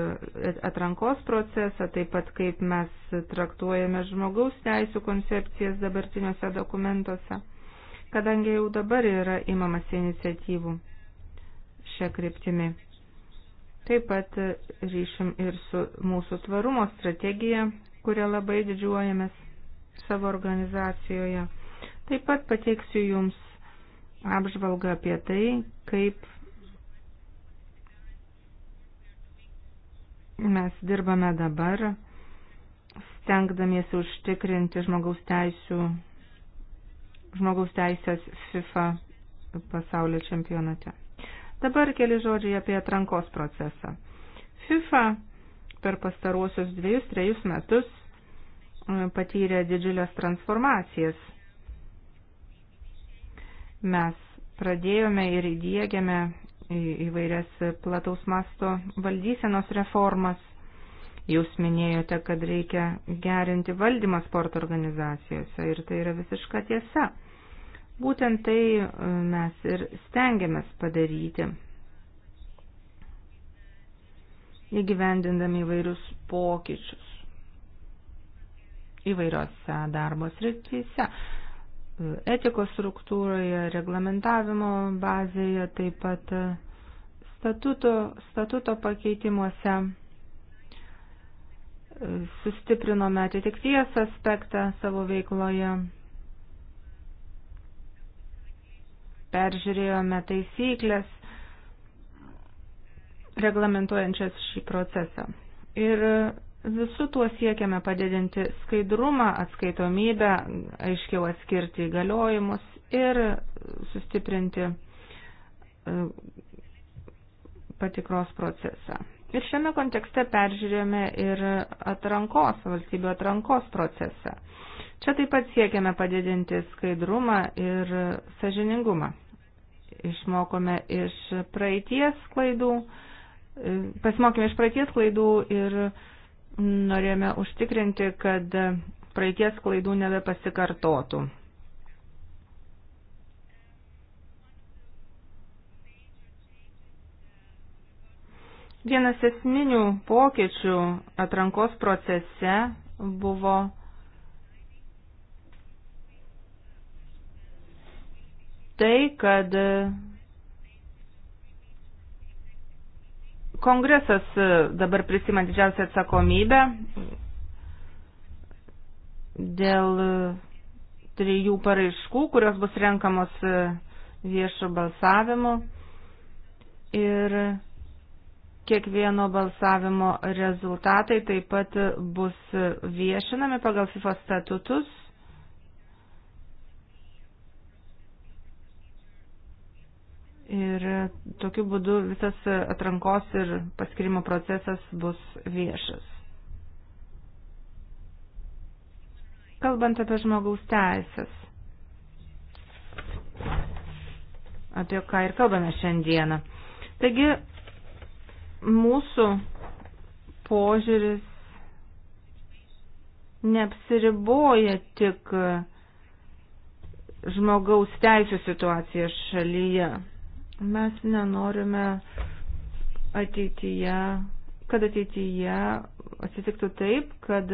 atrankos procesą, taip pat kaip mes traktuojame žmogaus teisų koncepcijas dabartiniuose dokumentuose, kadangi jau dabar yra imamas iniciatyvų šią kryptimį. Taip pat ryšim ir su mūsų tvarumo strategija, kurią labai didžiuojamės savo organizacijoje Taip pat pateiksiu Jums apžvalgą apie tai, kaip mes dirbame dabar, stengdamiesi užtikrinti žmogaus teisų, žmogaus teisės FIFA pasaulio čempionate. Dabar keli žodžiai apie atrankos procesą. FIFA per pastaruosius dviejus, trejus metus e, patyrė didžiulės transformacijas Mes pradėjome ir įdėgiame įvairias plataus masto valdysenos reformas. Jūs minėjote, kad reikia gerinti valdymą sporto organizacijose ir tai yra visiška tiesa. Būtent tai e, mes ir stengiamės padaryti, įgyvendindami įvairius pokyčius įvairiose darbo srityse etikos struktūroje, reglamentavimo bazėje, taip pat statuto, statuto pakeitimuose sustiprinome atitikties aspektą savo veikloje, peržiūrėjome taisyklės reglamentuojančias šį procesą. Ir Visų tuo siekiame padidinti skaidrumą, atskaitomybę, aiškiau atskirti įgaliojimus ir sustiprinti e, patikros procesą. Ir šiame kontekste peržiūrėjome ir atrankos, valstybių atrankos procesą. Čia taip pat siekiame padidinti skaidrumą ir sažiningumą. Išmokome iš praeities klaidų, e, pasimokėme iš praeities klaidų ir norėjome užtikrinti, kad praeities klaidų nebepasikartotų. Vienas esminių pokyčių atrankos procese buvo tai, kad Kongresas e, dabar prisima didžiausią atsakomybę dėl e, trijų paraiškų, kurios bus renkamos e, viešo balsavimu ir kiekvieno balsavimo rezultatai taip pat bus viešinami pagal FIFA statutus Ir tokiu būdu visas atrankos ir paskirimo procesas bus viešas. Kalbant apie žmogaus teisės, apie ką ir kalbame šiandieną. Taigi, mūsų požiūris neapsiriboja tik žmogaus teisų situacija šalyje. Mes nenorime ateityje, kad ateityje atsitiktų taip, kad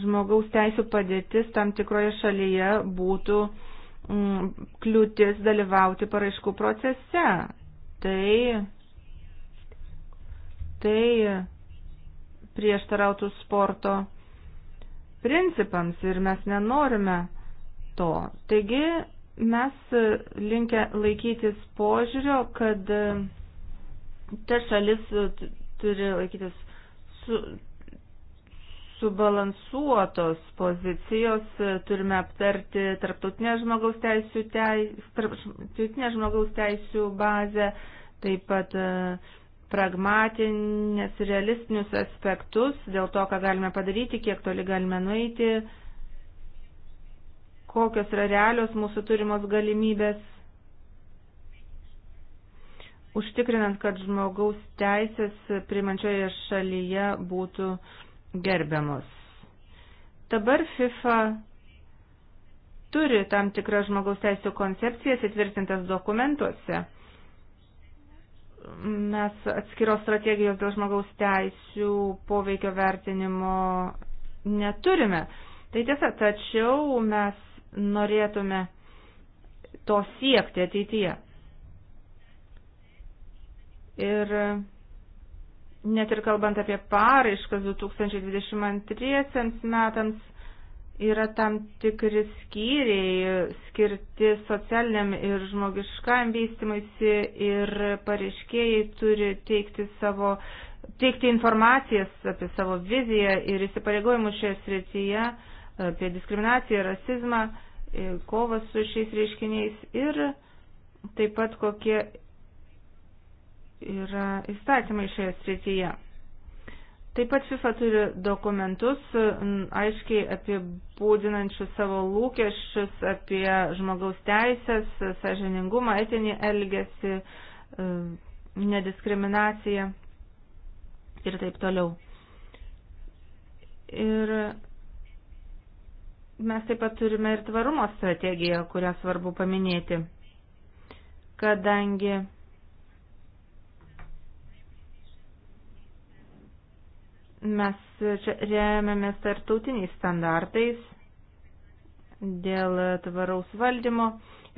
žmogaus teisų padėtis tam tikroje šalyje būtų mm, kliūtis dalyvauti paraiškų procese. Tai, tai prieštarautų sporto principams ir mes nenorime to. Taigi Mes e, linkę laikytis požiūrio, kad e, ta šalis e, turi laikytis su, subalansuotos pozicijos, turime aptarti tarptautinę žmogaus teisų, teis, tarptautinę žmogaus teisų bazę, taip pat pragmatinės realistinius aspektus dėl to, ką galime padaryti, kiek toli galime nueiti kokios yra realios mūsų turimos galimybės, užtikrinant, kad žmogaus teisės primančioje šalyje būtų gerbiamos. Dabar FIFA turi tam tikrą žmogaus teisų koncepciją atitvirtintas dokumentuose. Mes atskiros strategijos dėl žmogaus teisų poveikio vertinimo neturime. Tai tiesa, tačiau mes norėtume to siekti ateityje. Ir net ir kalbant apie paraiškas 2022 metams, yra tam tikri skyriai skirti socialiniam ir žmogiškam vystimuisi ir pareiškėjai turi teikti savo teikti informacijas apie savo viziją ir įsipareigojimus šioje srityje apie diskriminaciją, rasizmą, e, kovas su šiais reiškiniais ir taip pat kokie yra įstatymai šioje srityje. Taip pat FIFA turi dokumentus, aiškiai apibūdinančius savo lūkesčius apie žmogaus teisės, sažiningumą, etinį elgesį, e, nediskriminaciją ir taip toliau. Ir Mes taip pat turime ir tvarumo strategiją, kurią svarbu paminėti, kadangi mes čia remiamės tarptautiniais standartais dėl tvaraus valdymo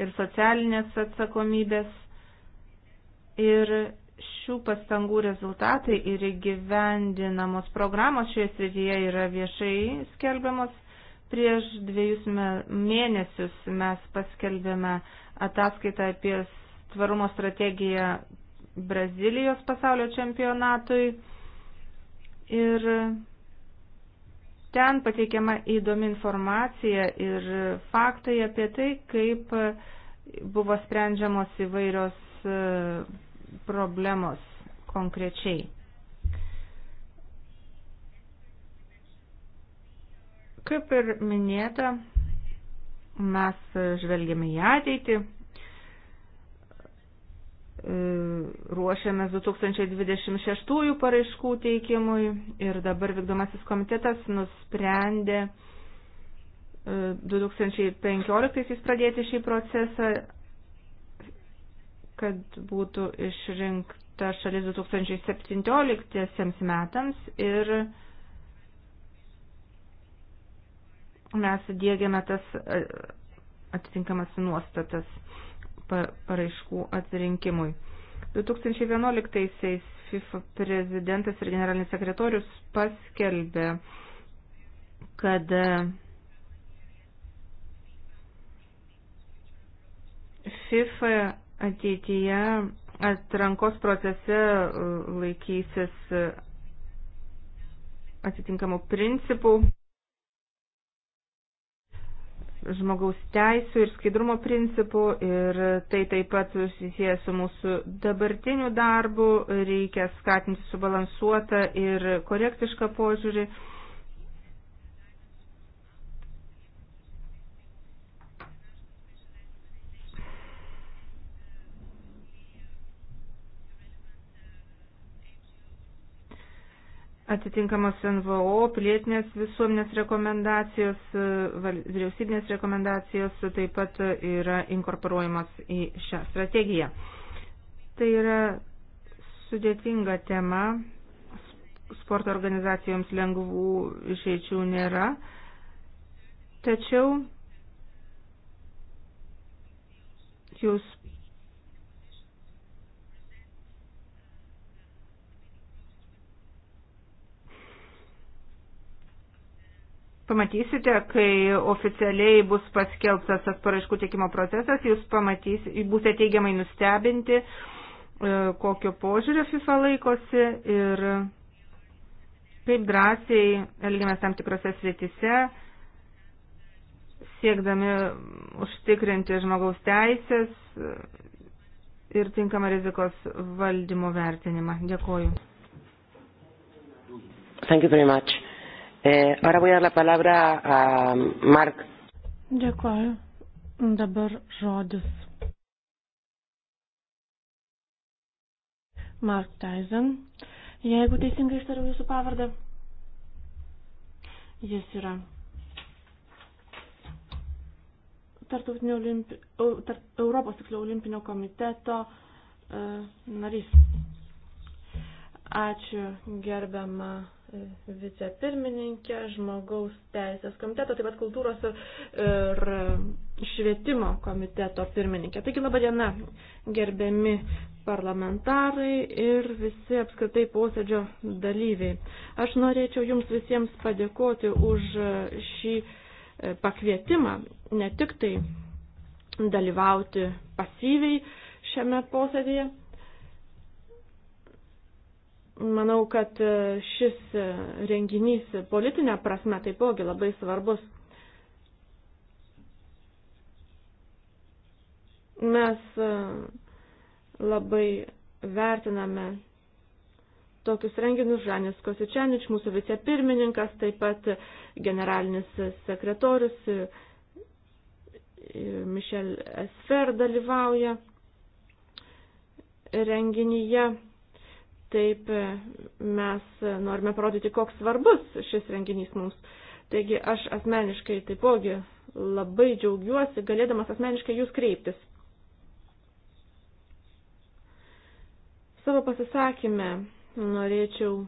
ir socialinės atsakomybės. Ir šių pastangų rezultatai ir įgyvendinamos programos šioje srityje yra viešai skelbiamos. Prieš dviejus mėnesius mes paskelbėme ataskaitą apie tvarumo strategiją Brazilijos pasaulio čempionatui ir ten pateikiama įdomi informacija ir faktai apie tai, kaip buvo sprendžiamos įvairios e, problemos konkrečiai. Kaip ir minėta, mes žvelgiame į ateitį, e, ruošiamės 2026 paraiškų teikimui ir dabar vykdomasis komitetas nusprendė 2015 e, pradėti šį procesą, kad būtų išrinkta šalis 2017 metams ir mes dėgiame tas e, atitinkamas nuostatas paraiškų atsirinkimui. 2011-aisiais FIFA prezidentas ir generalinis sekretorius paskelbė, kad e, FIFA ateityje atrankos procese e, laikysis atitinkamų principų žmogaus teisų ir skaidrumo principų ir tai taip pat susijęs su mūsų dabartiniu darbu, reikia skatinti subalansuotą ir korektišką požiūrį atitinkamos NVO, pilietinės visuomenės rekomendacijos, e, vyriausybinės rekomendacijos taip pat yra inkorporuojamos į šią strategiją. Tai yra sudėtinga tema, sporto organizacijoms lengvų išeičių nėra, tačiau jūs Pamatysite, kai oficialiai bus paskelbtas tas paraiškų teikimo procesas, jūs pamatys, būsite teigiamai nustebinti, e, kokio požiūrio FIFA laikosi ir kaip drąsiai elgiamės tam tikrose sritise, siekdami užtikrinti žmogaus teisės ir tinkamą rizikos valdymo vertinimą. Dėkoju. Thank you very much. Eh, ahora voy a dar la palabra a Mark. Dėkuoju. Dabar žodis. Mark Tyson. Jeigu teisingai ištariau jūsų pavardę, jis yra tarptautinio olimpi... tarp... Europos tiksliau olimpinio komiteto e, narys. Ačiū gerbiama vicepirmininkė, žmogaus teisės komiteto, taip pat kultūros ir, ir švietimo komiteto pirmininkė. Taigi laba diena, gerbiami parlamentarai ir visi apskritai posėdžio dalyviai. Aš norėčiau jums visiems padėkoti už šį e, pakvietimą, ne tik tai dalyvauti pasyviai šiame posėdėje, Manau, kad e, šis e, renginys politinė prasme taipogi labai svarbus. Mes e, labai vertiname tokius renginius Žanis Kosičianič, mūsų vicepirmininkas, taip pat generalinis sekretorius Mišel Esfer dalyvauja renginyje. Taip mes norime parodyti, koks svarbus šis renginys mums. Taigi aš asmeniškai taipogi labai džiaugiuosi, galėdamas asmeniškai jūs kreiptis. Savo pasisakymę norėčiau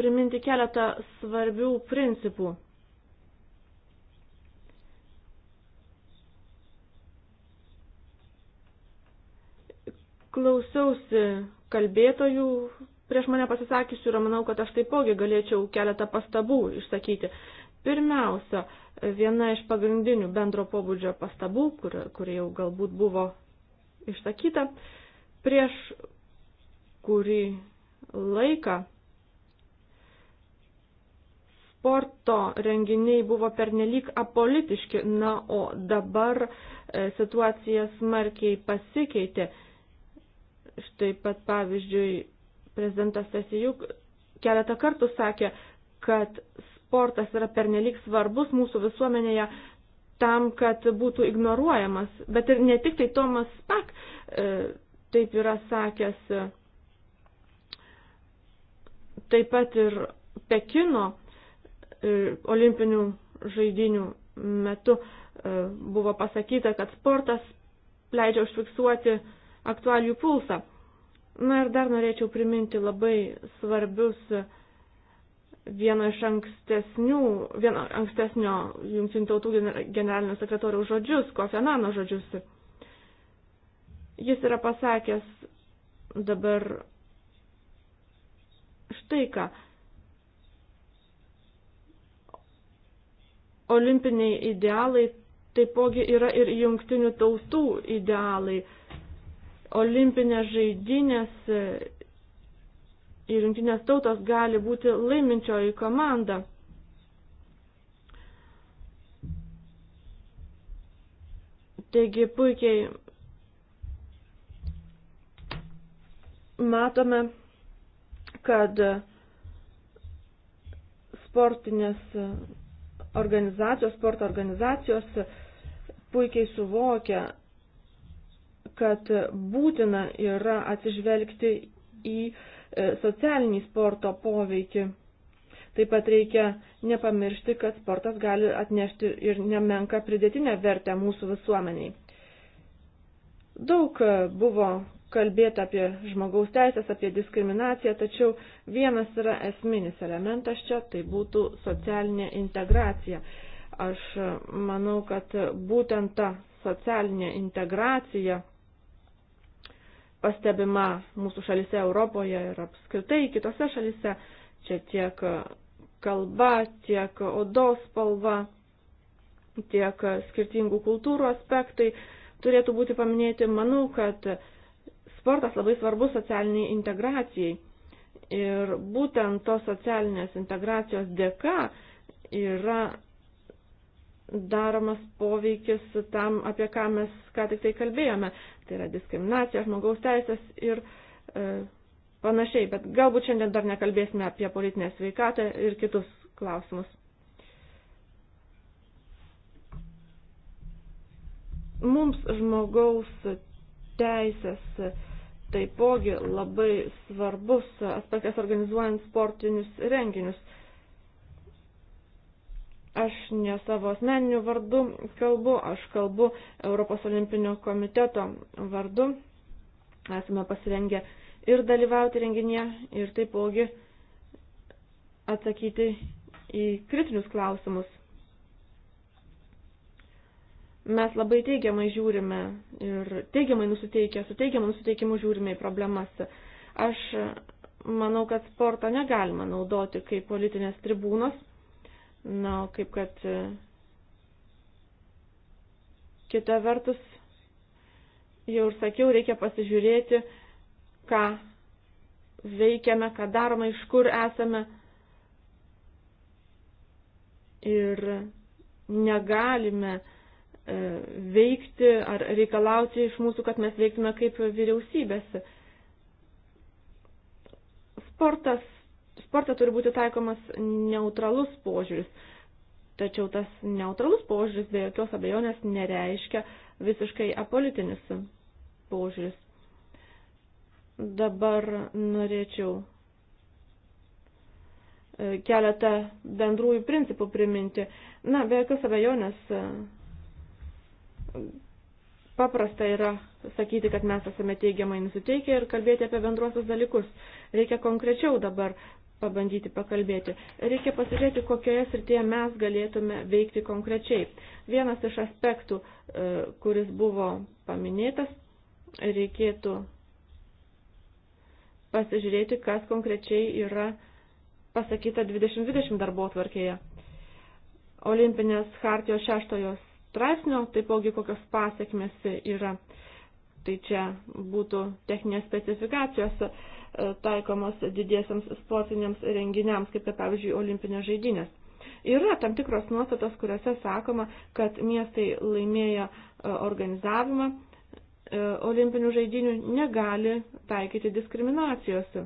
priminti keletą svarbių principų. Klausiausi kalbėtojų prieš mane pasisakysiu ir manau, kad aš taipogi galėčiau keletą pastabų išsakyti. Pirmiausia, viena iš pagrindinių bendro pobūdžio pastabų, kuri, kuri jau galbūt buvo išsakyta, prieš kurį laiką sporto renginiai buvo pernelyg apolitiški, na, o dabar e, situacija smarkiai pasikeitė Štai pat pavyzdžiui, prezidentas Sesijuk keletą kartų sakė, kad sportas yra pernelyg svarbus mūsų visuomenėje tam, kad būtų ignoruojamas. Bet ir ne tik tai Tomas Pak e, taip yra sakęs, e, taip pat ir Pekino e, olimpinių žaidinių metu e, buvo pasakyta, kad sportas leidžia užfiksuoti e, aktualijų pulsą. Na ir dar norėčiau priminti labai svarbius vieno iš ankstesnių, vieno ankstesnio jungtinių tautų generalinio sekretoriaus žodžius, Kofenano žodžius. Jis yra pasakęs dabar štai ką. Olimpiniai idealai taipogi yra ir jungtinių tautų idealai olimpinės žaidynės e, ir jungtinės tautos gali būti laiminčioji komanda. Taigi puikiai matome, kad sportinės organizacijos, sporto organizacijos puikiai suvokia kad būtina yra atsižvelgti į e, socialinį sporto poveikį. Taip pat reikia nepamiršti, kad sportas gali atnešti ir nemenka pridėtinę vertę mūsų visuomeniai. Daug e, buvo kalbėta apie žmogaus teisės, apie diskriminaciją, tačiau vienas yra esminis elementas čia, tai būtų socialinė integracija. Aš e, manau, kad būtent ta socialinė integracija pastebima mūsų šalise Europoje ir apskritai kitose šalise. Čia tiek kalba, tiek odos spalva, tiek skirtingų kultūrų aspektai turėtų būti paminėti. Manau, kad sportas labai svarbus socialiniai integracijai. Ir būtent tos socialinės integracijos dėka yra daromas poveikis tam, apie ką mes ką tik tai kalbėjome. Tai yra diskriminacija, žmogaus teisės ir e, panašiai. Bet galbūt šiandien dar nekalbėsime apie politinę sveikatą ir kitus klausimus. Mums žmogaus teisės taipogi labai svarbus aspektas organizuojant sportinius renginius Aš ne savo asmeniniu vardu kalbu, aš kalbu Europos olimpinio komiteto vardu. Esame pasirengę ir dalyvauti renginėje, ir taipogi atsakyti į kritinius klausimus. Mes labai teigiamai žiūrime ir teigiamai nusiteikę, su teigiamu nusiteikimu žiūrime į problemas. Aš manau, kad sporto negalima naudoti kaip politinės tribūnos. Na, kaip kad e, kita vertus, jau ir sakiau, reikia pasižiūrėti, ką veikiame, ką darome, iš kur esame. Ir negalime e, veikti ar reikalauti iš mūsų, kad mes veiktume kaip vyriausybės. Sportas sporte turi būti taikomas neutralus požiūris. Tačiau tas neutralus požiūris be jokios abejonės nereiškia visiškai apolitinis požiūris. Dabar norėčiau e, keletą bendrųjų principų priminti. Na, be jokios abejonės e, paprasta yra sakyti, kad mes esame teigiamai nusiteikę ir kalbėti apie bendruosius dalykus. Reikia konkrečiau dabar pabandyti pakalbėti. Reikia pasižiūrėti, kokioje srityje mes galėtume veikti konkrečiai. Vienas iš aspektų, e, kuris buvo paminėtas, reikėtų pasižiūrėti, kas konkrečiai yra pasakyta 2020 darbo tvarkėje. Olimpinės hartijos šeštojo straipsnio, taipogi kokios pasiekmes yra. Tai čia būtų techninės specifikacijos taikomos didiesiams sportiniams renginiams, kaip kad, pavyzdžiui, olimpinės žaidynės. Yra tam tikros nuostatos, kuriuose sakoma, kad miestai laimėję e, organizavimą e, olimpinių žaidinių negali taikyti diskriminacijos.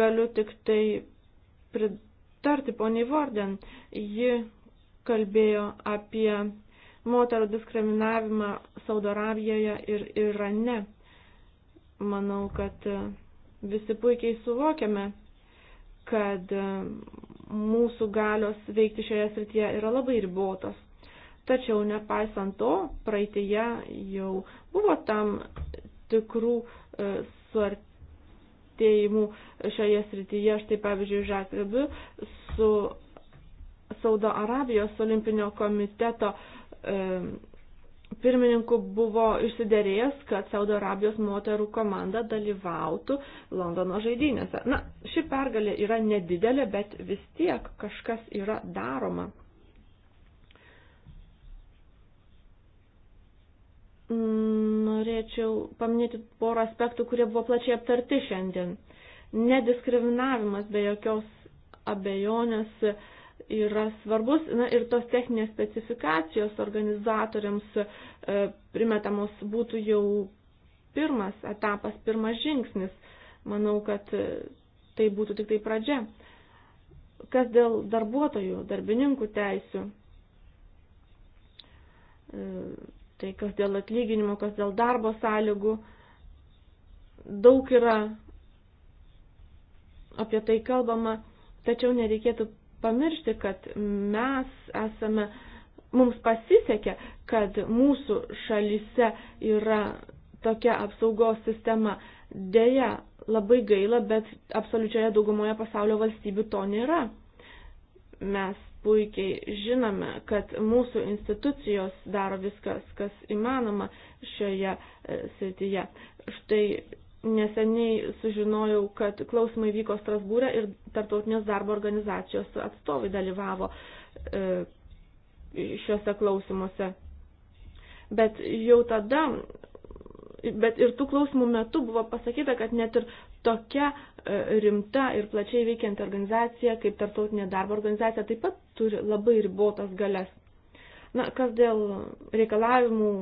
Galiu tik tai pritarti poniai Vorden. Ji kalbėjo apie moterų diskriminavimą Saudarabijoje ir Irane. Manau, kad e, visi puikiai suvokiame, kad e, mūsų galios veikti šioje srityje yra labai ribotos. Tačiau nepaisant to, praeitėje jau buvo tam tikrų e, suartėjimų šioje srityje. Štai pavyzdžiui, Žakribiu su Saudo Arabijos olimpinio komiteto e, E, pirmininku buvo išsiderėjęs, kad Saudo Arabijos moterų komanda dalyvautų Londono žaidynėse. Na, ši pergalė yra nedidelė, bet vis tiek kažkas yra daroma. Norėčiau paminėti porą aspektų, kurie buvo plačiai aptarti šiandien. Nediskriminavimas be jokios abejonės yra svarbus. Na ir tos techninės specifikacijos organizatoriams e, primetamos būtų jau pirmas etapas, pirmas žingsnis. Manau, kad e, tai būtų tik tai pradžia. Kas dėl darbuotojų, darbininkų teisių, e, tai kas dėl atlyginimo, kas dėl darbo sąlygų, daug yra apie tai kalbama, tačiau nereikėtų pamiršti, kad mes esame, mums pasisekė, kad mūsų šalyse yra tokia apsaugos sistema. Deja, labai gaila, bet absoliučioje daugumoje pasaulio valstybių to nėra. Mes puikiai žinome, kad mūsų institucijos daro viskas, kas įmanoma šioje e, srityje. Štai neseniai sužinojau, kad klausimai vyko Strasbūrė ir tarptautinės darbo organizacijos atstovai dalyvavo e, šiuose klausimuose. Bet jau tada, bet ir tų klausimų metu buvo pasakyta, kad net ir tokia e, rimta ir plačiai veikianti organizacija kaip tarptautinė darbo organizacija taip pat turi labai ribotas galias. Na, kas dėl reikalavimų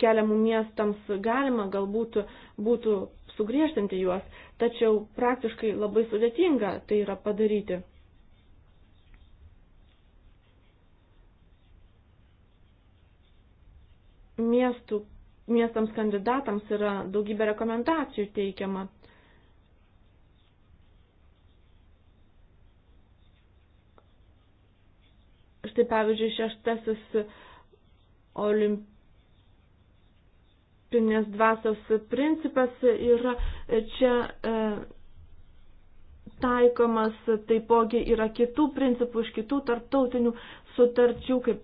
keliamų miestams galima galbūt būtų sugriežtinti juos, tačiau praktiškai labai sudėtinga tai yra padaryti. Miestų, miestams kandidatams yra daugybė rekomendacijų teikiama. Štai pavyzdžiui, šeštasis olimpiadas kritinės dvasios principas yra čia e, taikomas, taipogi yra kitų principų iš kitų tarptautinių sutarčių, kaip,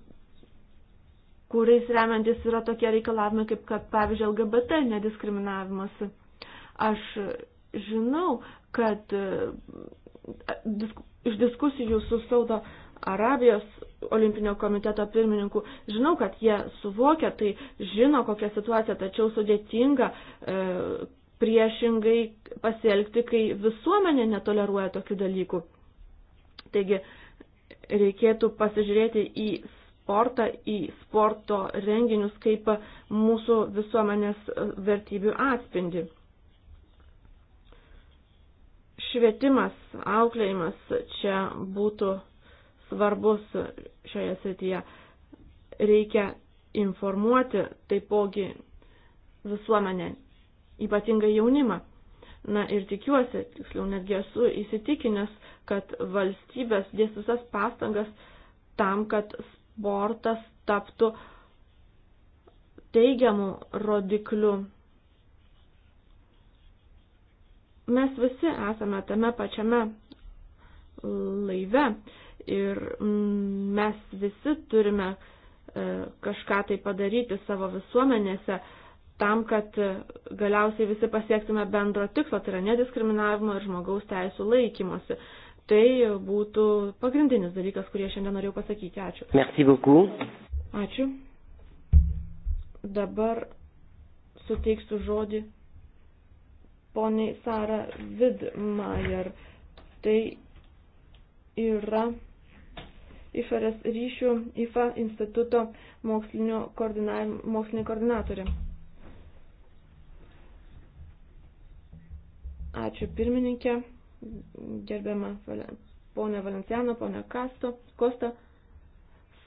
kuriais remiantis yra tokie reikalavimai, kaip kad, pavyzdžiui, LGBT nediskriminavimas. Aš žinau, kad e, disk, iš diskusijų su Saudo Arabijos olimpinio komiteto pirmininku. Žinau, kad jie suvokia, tai žino, kokia situacija, tačiau sudėtinga e, priešingai pasielgti, kai visuomenė netoleruoja tokių dalykų. Taigi reikėtų pasižiūrėti į sportą, į sporto renginius kaip mūsų visuomenės vertybių atspindi. Švietimas, auklėjimas čia būtų svarbus šioje srityje. Reikia informuoti taipogi visuomenę, ypatingai jaunimą. Na ir tikiuosi, tiksliau netgi esu įsitikinęs, kad valstybės dės visas pastangas tam, kad sportas taptų teigiamų rodiklių. Mes visi esame tame pačiame laive ir mm, mes visi turime e, kažką tai padaryti savo visuomenėse tam, kad e, galiausiai visi pasiektume bendro tikslo, tai yra nediskriminavimo ir žmogaus teisų laikymosi. Tai būtų pagrindinis dalykas, kurį šiandien norėjau pasakyti. Ačiū. Merci beaucoup. Ačiū. Dabar suteiksiu žodį poniai Sara Vidmajer. Tai yra išorės ryšių IFA instituto mokslinio, mokslinio koordinatorė. Ačiū pirmininkė, gerbiama ponė Valenciano, ponė Kasto, Kosta.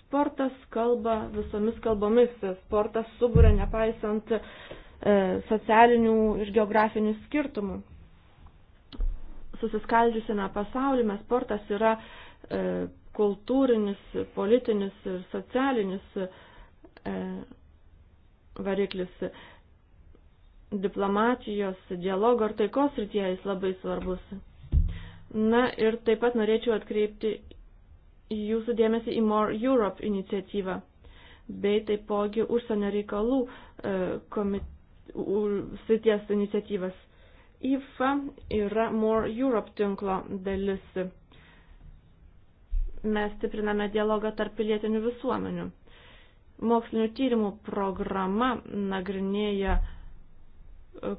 Sportas kalba visomis kalbomis, sportas subūrė nepaisant e, socialinių ir geografinių skirtumų. Susiskaldžiusiame pasaulyme sportas yra e, kultūrinis, politinis ir socialinis e, variklis diplomatijos, dialogo ar taikos rytyje jis labai svarbus. Na ir taip pat norėčiau atkreipti jūsų dėmesį į More Europe iniciatyvą, bei taipogi užsienio reikalų e, komit... srities iniciatyvas. IFA yra More Europe tinklo dalis mes stipriname dialogą tarp pilietinių visuomenių. Mokslinių tyrimų programa nagrinėja e,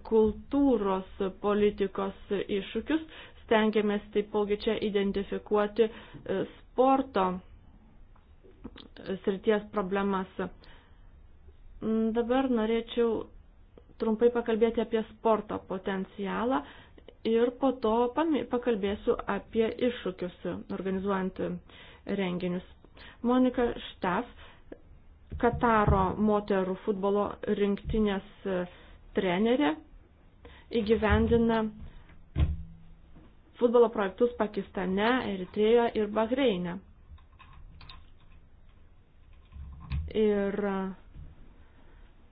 kultūros politikos iššūkius, stengiamės taipogi čia identifikuoti e, sporto e, srities problemas. Dabar norėčiau trumpai pakalbėti apie sporto potencialą ir po to pakalbėsiu apie iššūkius organizuojant renginius. Monika Štef, Kataro moterų futbolo rinktinės trenerė, įgyvendina futbolo projektus Pakistane, Eritrejoje ir Bahreine. Ir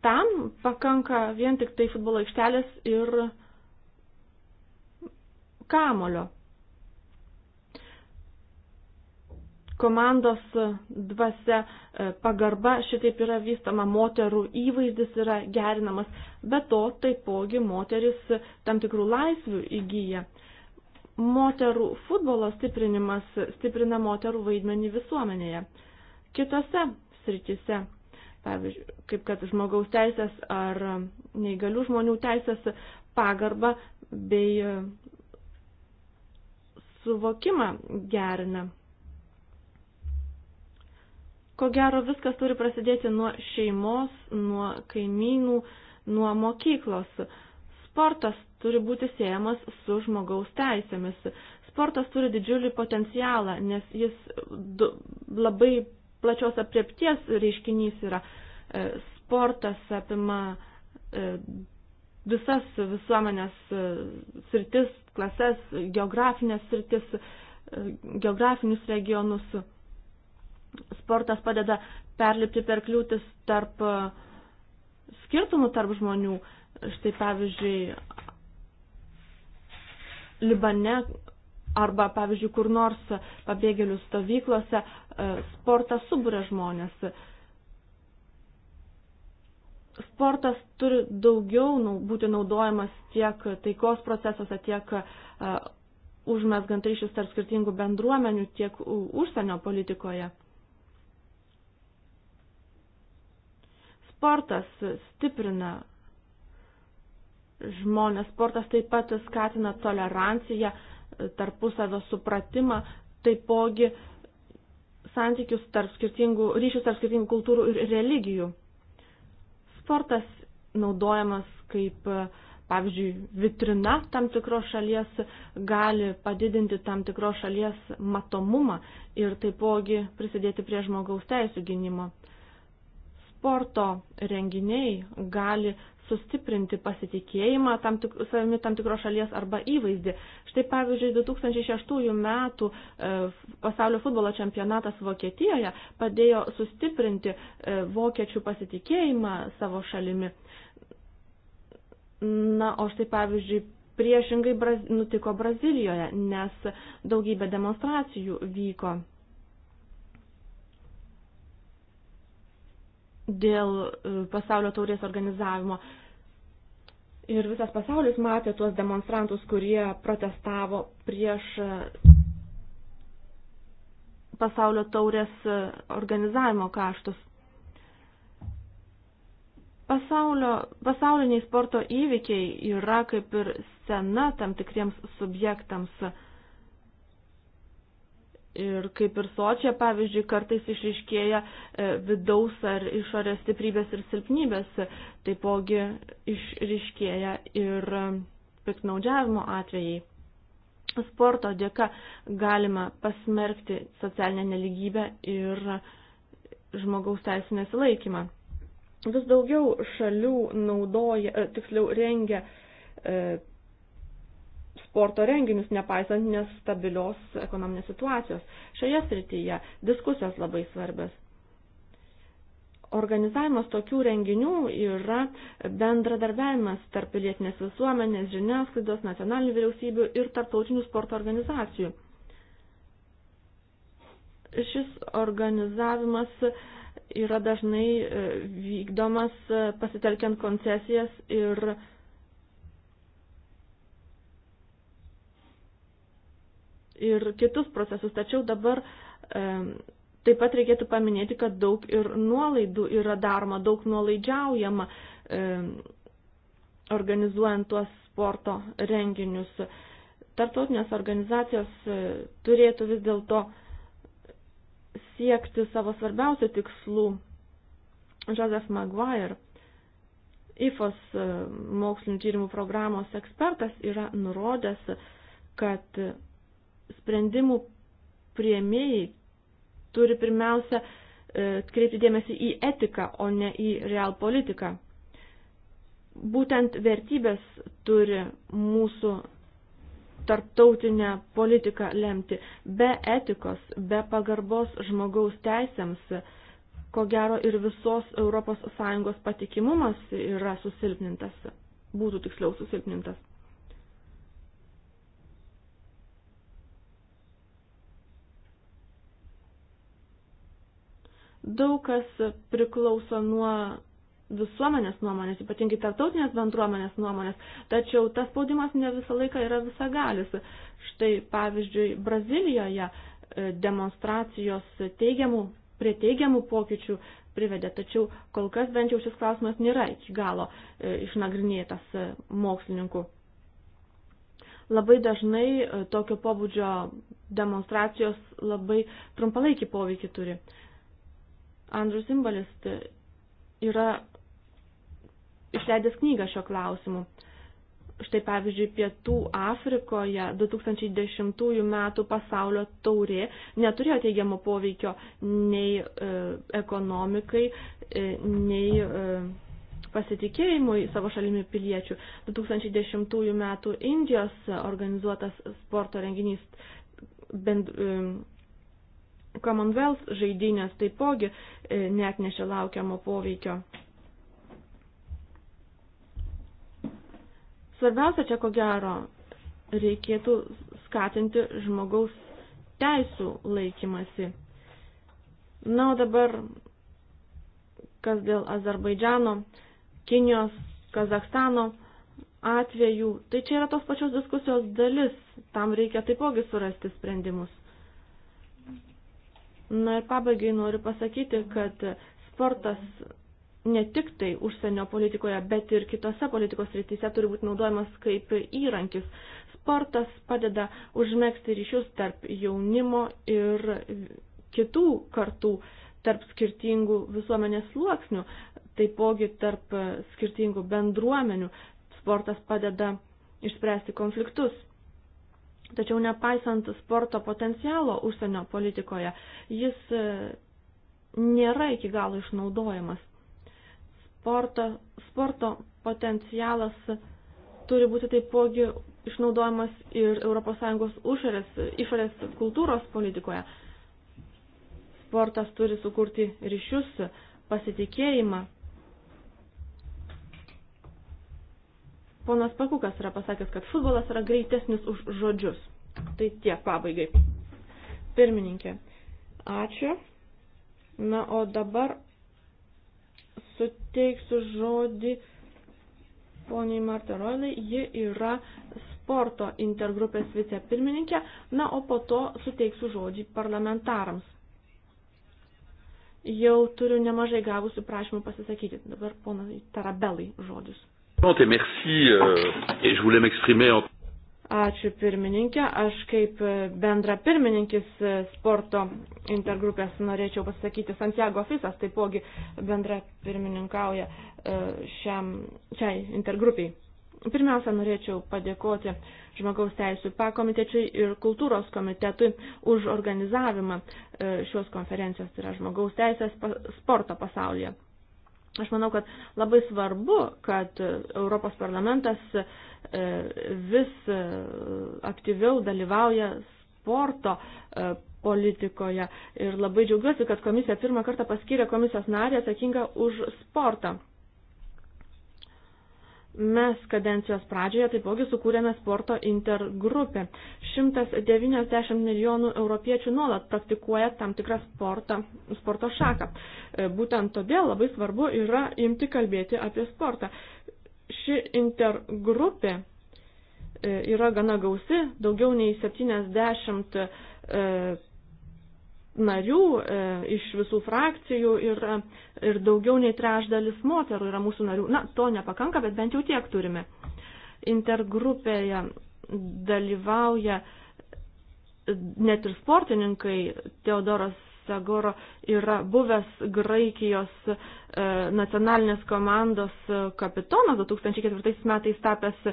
tam pakanka vien tik tai futbolo aikštelės ir kamulio. Komandos dvasia e, pagarba šitaip yra vystama, moterų įvaizdis yra gerinamas, bet to taipogi moteris tam tikrų laisvių įgyja. Moterų futbolo stiprinimas stiprina moterų vaidmenį visuomenėje. Kitose srityse pavyzdžiui, kaip kad žmogaus teisės ar neįgalių žmonių teisės pagarba bei suvokimą gerina. Ko gero viskas turi prasidėti nuo šeimos, nuo kaimynų, nuo mokyklos. Sportas turi būti siejamas su žmogaus teisėmis. Sportas turi didžiulį potencialą, nes jis du, labai plačios apriepties reiškinys yra. E, sportas apima e, visas visuomenės e, sritis, klases, geografinės sritis, e, geografinius regionus. Sportas padeda perlipti per kliūtis tarp e, skirtumų tarp žmonių. Štai pavyzdžiui, Libane arba, pavyzdžiui, kur nors pabėgėlių stovyklose sportas subūrė žmonės sportas turi daugiau būti naudojamas tiek taikos procesuose, tiek e, užmesgant ryšius tarp skirtingų bendruomenių, tiek užsienio politikoje. Sportas stiprina žmonės, sportas taip pat skatina toleranciją, e, tarpusavio supratimą, taipogi santykius tarp skirtingų, ryšius tarp skirtingų kultūrų ir religijų eksportas naudojamas kaip, pavyzdžiui, vitrina tam tikros šalies gali padidinti tam tikros šalies matomumą ir taipogi prisidėti prie žmogaus teisų gynimo sporto renginiai gali sustiprinti pasitikėjimą tam tik, savimi tam tikros šalies arba įvaizdį. Štai pavyzdžiui, 2006 metų e, pasaulio futbolo čempionatas Vokietijoje padėjo sustiprinti e, vokiečių pasitikėjimą savo šalimi. Na, o štai pavyzdžiui, priešingai braz, nutiko Brazilijoje, nes daugybė demonstracijų vyko dėl e, pasaulio taurės organizavimo. Ir visas pasaulis matė tuos demonstrantus, kurie protestavo prieš e, pasaulio taurės e, organizavimo kaštus. Pasaulio, pasauliniai sporto įvykiai yra kaip ir sena tam tikriems subjektams Ir kaip ir sočia, pavyzdžiui, kartais išriškėja e, vidaus ar išorės stiprybės ir silpnybės, e, taipogi išriškėja ir e, piknaudžiavimo atvejai. Sporto dėka galima pasmerkti socialinę neligybę ir žmogaus teisų nesilaikymą. Vis daugiau šalių naudoja, tiksliau rengia sporto renginius, nepaisant nestabilios ekonominės situacijos. Šioje srityje diskusijos labai svarbios. Organizavimas tokių renginių yra bendradarbiavimas tarp pilietinės visuomenės, žiniasklaidos, nacionalinių vyriausybių ir tarptautinių sporto organizacijų. Šis organizavimas yra dažnai e, vykdomas e, pasitelkiant koncesijas ir ir kitus procesus. Tačiau dabar e, taip pat reikėtų paminėti, kad daug ir nuolaidų yra daroma, daug nuolaidžiaujama e, organizuojant tuos sporto renginius. Tartautinės organizacijos e, turėtų vis dėlto siekti savo svarbiausių tikslų. Joseph Maguire IFOS e, mokslinių tyrimų programos ekspertas yra nurodęs, kad sprendimų prieimėjai turi pirmiausia e, kreipti dėmesį į etiką, o ne į real politiką. Būtent vertybės turi mūsų tarptautinę politiką lemti. Be etikos, be pagarbos žmogaus teisėms, ko gero ir visos ES patikimumas yra susilpnintas, būtų tiksliau susilpnintas. Daug kas priklauso nuo visuomenės nuomonės, ypatingai tarptautinės bendruomenės nuomonės, tačiau tas spaudimas ne visą laiką yra visagalis. Štai pavyzdžiui, Brazilijoje e, demonstracijos teigiamų, prie teigiamų pokyčių privedė, tačiau kol kas bent jau šis klausimas nėra iki galo e, išnagrinėtas e, mokslininkų. Labai dažnai tokio pobūdžio demonstracijos labai trumpalaikį poveikį turi. Andrus Simbalis tai yra išleidęs knygą šio klausimu. Štai pavyzdžiui, Pietų Afrikoje 2010 m. pasaulio taurė neturėjo teigiamo poveikio nei e, ekonomikai, e, nei e, pasitikėjimui savo šalimi piliečių. 2010 m. Indijos organizuotas sporto renginys bend, e, Commonwealth žaidynės taipogi net nešia laukiamo poveikio. Svarbiausia čia ko gero reikėtų skatinti žmogaus teisų laikymasi. Na, o dabar, kas dėl Azerbaidžiano, Kinijos, Kazakstano atvejų, tai čia yra tos pačios diskusijos dalis, tam reikia taipogi surasti sprendimus. Na ir pabaigai noriu pasakyti, kad sportas ne tik tai užsienio politikoje, bet ir kitose politikos rytise turi būti naudojamas kaip įrankis. Sportas padeda užmėgsti ryšius tarp jaunimo ir kitų kartų, tarp skirtingų visuomenės sluoksnių, taipogi tarp skirtingų bendruomenių. Sportas padeda išspręsti konfliktus. Tačiau nepaisant sporto potencialo užsienio politikoje, jis e, nėra iki galo išnaudojamas. Sporto, sporto potencialas turi būti taipogi išnaudojamas ir ES užarės, išorės kultūros politikoje. Sportas turi sukurti ryšius, pasitikėjimą. Ponas Pakukas yra pasakęs, kad futbolas yra greitesnis už žodžius. Tai tiek pabaigai. Pirmininkė, ačiū. Na, o dabar suteiksiu žodį poniai Marta Roilai. Ji yra sporto intergrupės vicepirmininkė. Na, o po to suteiksiu žodį parlamentarams. Jau turiu nemažai gavusių prašymų pasisakyti. Dabar ponai Tarabelai žodis. Euh, Ačiū pirmininkė. Aš kaip e, bendra pirmininkis e, sporto intergrupės norėčiau pasakyti. Santiago Fisas taipogi bendra pirmininkauja e, šiam, šiai intergrupiai. Pirmiausia, norėčiau padėkoti Žmogaus teisų pakomitečiui ir kultūros komitetui už organizavimą šios konferencijos, tai yra Žmogaus teisės sporto pasaulyje. Aš manau, kad labai svarbu, kad Europos parlamentas e, vis e, aktyviau dalyvauja sporto e, politikoje ir labai džiaugiuosi, kad komisija pirmą kartą paskyrė komisijos narį atsakingą už sportą. Mes kadencijos pradžioje taipogi sukūrėme sporto intergrupę. 190 milijonų europiečių nuolat praktikuoja tam tikrą sportą, sporto šaką. E, būtent todėl labai svarbu yra imti kalbėti apie sportą. Ši intergrupė e, yra gana gausi, daugiau nei 70 e, narių iš visų frakcijų yra ir daugiau nei trešdalis moterų yra mūsų narių. Na, to nepakanka, bet bent jau tiek turime. Intergrupėje dalyvauja net ir sportininkai. Teodoras Segoro yra buvęs Graikijos e, nacionalinės komandos e, kapitonas, 2004 metais tapęs e,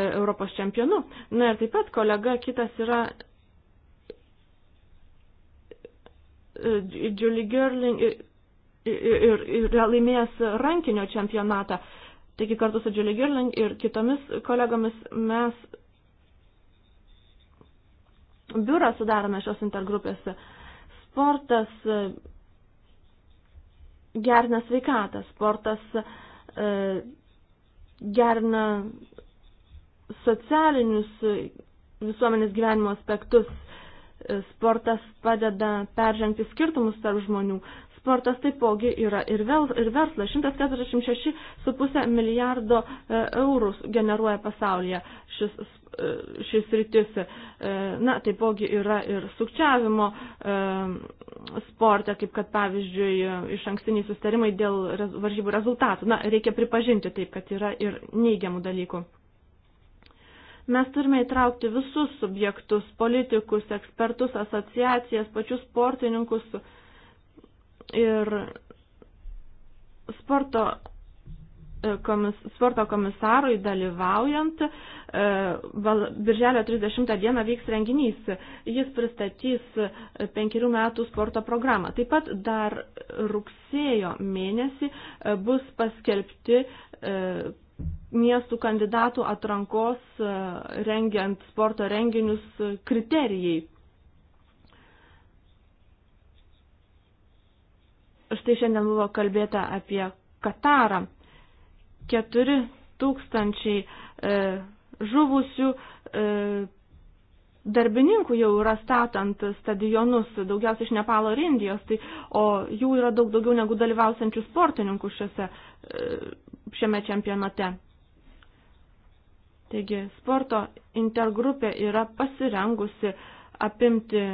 Europos čempionu. Na ir taip pat kolega kitas yra e, Julie Gerling ir yra laimėjęs rankinio čempionatą. Taigi kartu su Julie Girling ir kitomis kolegomis mes biurą sudarome šios intergrupės. Sportas gerina sveikatą, sportas e, gerina socialinius visuomenės gyvenimo aspektus, sportas padeda peržengti skirtumus tarp žmonių, Sportas taipogi yra ir, vėl, ir verslas. 146,5 milijardo e, eurų generuoja pasaulyje šis, e, šis rytis. E, na, taipogi yra ir sukčiavimo sporte, kaip kad pavyzdžiui iš ankstiniai sustarimai dėl varžybų rezultatų. Na, reikia pripažinti taip, kad yra ir neigiamų dalykų mes turime įtraukti visus subjektus, politikus, ekspertus, asociacijas, pačius sportininkus, ir sporto, e, komis, sporto komisarui dalyvaujant, e, birželio 30 dieną vyks renginys. Jis pristatys penkerių metų sporto programą. Taip pat dar rugsėjo mėnesį e, bus paskelbti miestų kandidatų atrankos rengiant sporto renginius kriterijai. Štai šiandien buvo kalbėta apie Katarą. 4 tūkstančiai e, žuvusių e, darbininkų jau yra statant stadionus, daugiausiai iš Nepalo ir Indijos, tai, o jų yra daug daugiau negu dalyvausiančių sportininkų šiose, e, šiame čempionate. Taigi sporto intergrupė yra pasirengusi apimti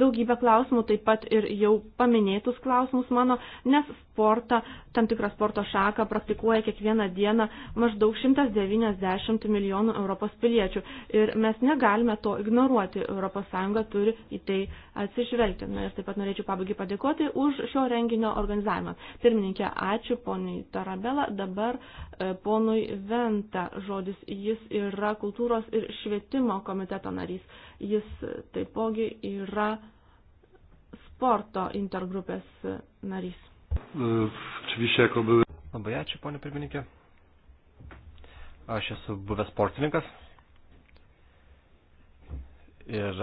daugybę klausimų, taip pat ir jau paminėtus klausimus mano, nes sportą, tam tikrą sporto šaką praktikuoja kiekvieną dieną maždaug 190 milijonų Europos piliečių. Ir mes negalime to ignoruoti. ES turi į tai atsižvelgti. Na ir taip pat norėčiau pabaigai padėkoti už šio renginio organizavimą. Pirmininkė, ačiū poniai Tarabela. Dabar e, ponui Venta žodis. Jis yra kultūros ir švietimo komiteto narys. Jis taipogi yra sporto intergrupės narys. Oczywiście, jako były... Labai ačiū, ponė pirmininkė. Aš esu buvęs sportininkas ir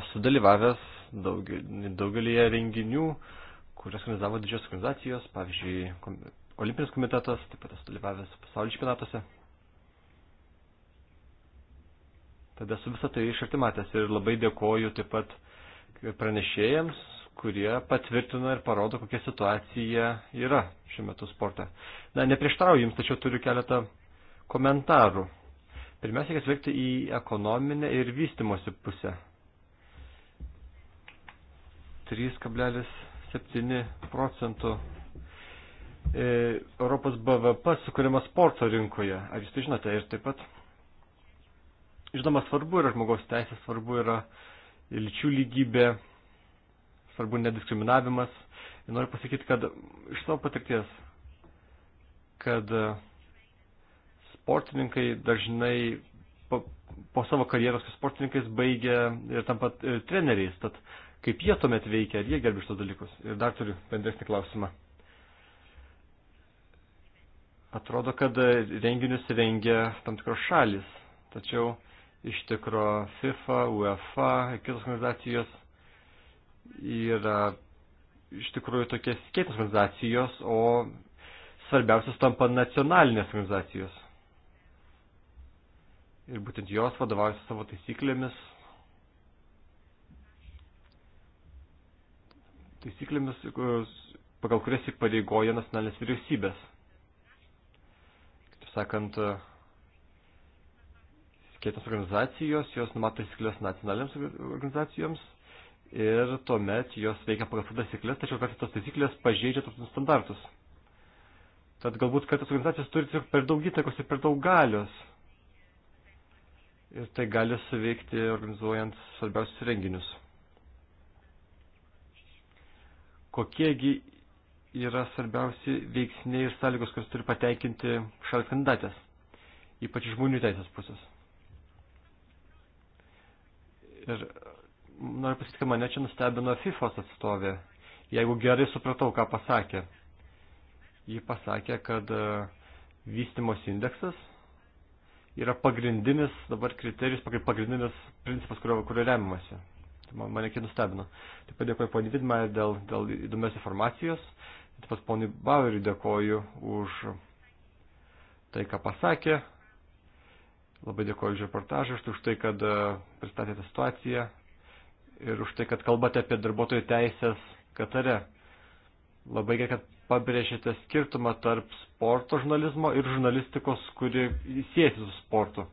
esu dalyvavęs daug, daugelį renginių, kurias organizavo didžios organizacijos, pavyzdžiui, Olimpinis komitetas, taip pat esu dalyvavęs pasaulio čempionatuose. Tada su visą tai išartimatės ir labai dėkoju taip pat pranešėjams, kurie patvirtina ir parodo, kokia situacija yra šiuo metu sporte. Na, neprieštrauju jums, tačiau turiu keletą komentarų. Pirmiausia, reikia žvelgti į ekonominę ir vystimosi pusę. 3,7 procentų e, Europos BVP sukūrimas sporto rinkoje. Ar jūs tai žinote? Ir taip pat Žinoma, svarbu yra žmogaus teisės, svarbu yra lyčių lygybė, svarbu nediskriminavimas. Ir noriu pasakyti, kad iš savo patirties, kad sportininkai dažnai po, po savo karjeros kaip sportininkais baigia ir tam pat ir e, treneriais. Tad kaip jie tuomet veikia, ar jie gerbi šitos dalykus? Ir dar turiu bendresnį klausimą. Atrodo, kad renginius rengia tam tikros šalis. Tačiau Iš tikro FIFA, UEFA, kitos organizacijos yra iš tikrųjų tokie skėtos organizacijos, o svarbiausios tampa nacionalinės organizacijos. Ir būtent jos vadovaujasi savo taisyklėmis. Taisyklėmis, pagal kurias įpareigoja nacionalinės vyriausybės. Kaip sakant, kitos organizacijos, jos numato taisyklės nacionaliams organizacijoms ir tuomet jos veikia pagal tas taisyklės, tačiau kartais tos taisyklės pažeidžia tos standartus. Tad galbūt kartais organizacijos turi tiesiog per daug įtakos ir per daug galios. Ir tai gali suveikti organizuojant svarbiausius renginius. Kokiegi yra svarbiausi veiksniai ir sąlygos, kurias turi patenkinti šalis kandidatės, ypač žmonių teisės pusės. Ir noriu pasakyti, mane čia nustebino FIFOS atstovė. Jeigu gerai supratau, ką pasakė. Ji pasakė, kad e, vystimos indeksas yra pagrindinis dabar kriterijus, pagrindinis principas, kurio, kurio remiamasi. Tai man, mane kiek nustebino. Taip pat dėkoju poniai Vidmai dėl, dėl įdomios informacijos. Taip pat poniai Baueriui dėkoju už tai, ką pasakė. Labai dėkoju už reportažą, už tai, kad e, pristatėte situaciją ir už tai, kad kalbate apie darbuotojų teisės Katare. Labai gerai, kad pabrėžėte skirtumą tarp sporto žurnalizmo ir žurnalistikos, kuri siejasi su sportu.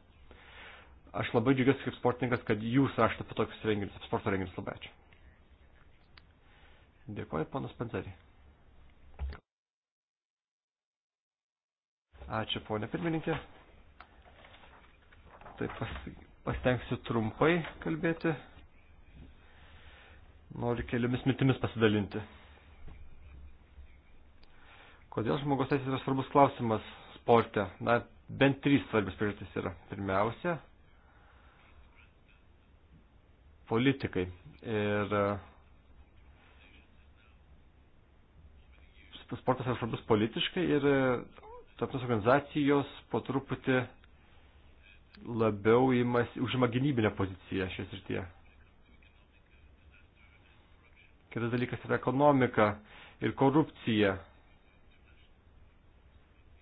Aš labai džiugiuosi kaip sportininkas, kad jūs rašote apie tokius renginius, apie sporto renginius. Labai ačiū. Dėkuoju, panas Panzerį. Ačiū, ponė pirmininkė tai pastengsiu trumpai kalbėti. Noriu keliomis mintimis pasidalinti. Kodėl žmogaus teisės yra svarbus klausimas sporte? Na, bent trys svarbios priežastys yra. Pirmiausia, politikai. Ir e, sportas yra svarbus politiškai ir e, tarptautinės organizacijos po truputį labiau imas, užima gynybinę poziciją šios srityje. Kitas dalykas yra ekonomika ir korupcija.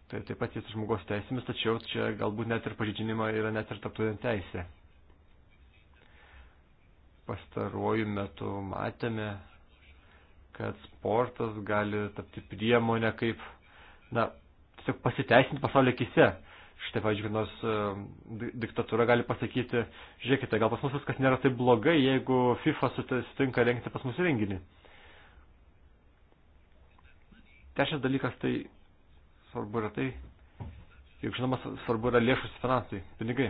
Tai taip pat jis žmogaus teisėmis, tačiau čia galbūt net ir pažydžinima yra net ir tarptautinė teisė. Pastaruoju metu matėme, kad sportas gali tapti priemonę kaip, na, tiesiog pasiteisinti pasaulio akise Štai, pavyzdžiui, nors e, diktatūra gali pasakyti, žiūrėkite, gal pas mus viskas nėra taip blogai, jeigu FIFA sutinka rengti pas mus renginį. Trečias dalykas tai svarbu yra tai, juk žinoma, svarbu yra lėšus finansai, pinigai.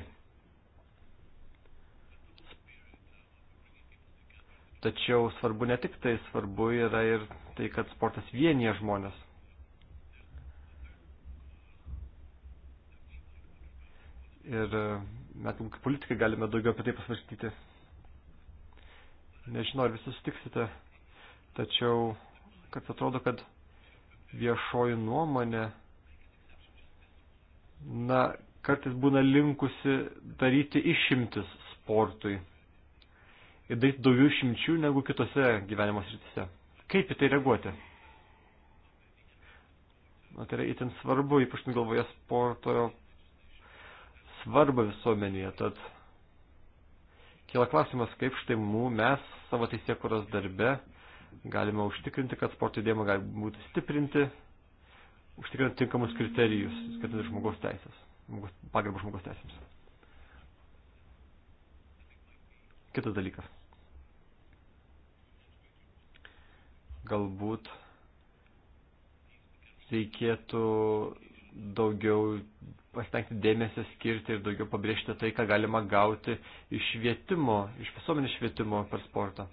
Tačiau svarbu ne tik tai, svarbu yra ir tai, kad sportas vienyje žmonės. Ir e, mes kaip politikai galime daugiau apie tai pasvarstyti. Nežinau, ar visi sutiksite, tačiau, kad atrodo, kad viešoji nuomonė, na, kartais būna linkusi daryti išimtis sportui. Ir daryti daugiau išimčių negu kitose gyvenimo srityse. Kaip į tai reaguoti? Na, tai yra itin svarbu, ypač galvoje sporto svarbą visuomenėje. Tad kila klausimas, kaip štai mū, mes savo teisėkuros darbe galime užtikrinti, kad sporto judėjimą gali būti stiprinti, užtikrinti tinkamus kriterijus, skaitant žmogaus teisės, pagarbą žmogaus teisėms. Kitas dalykas. Galbūt reikėtų daugiau pasitengti dėmesį skirti ir daugiau pabrėžti tai, ką galima gauti iš švietimo, iš visuomenės švietimo per sportą.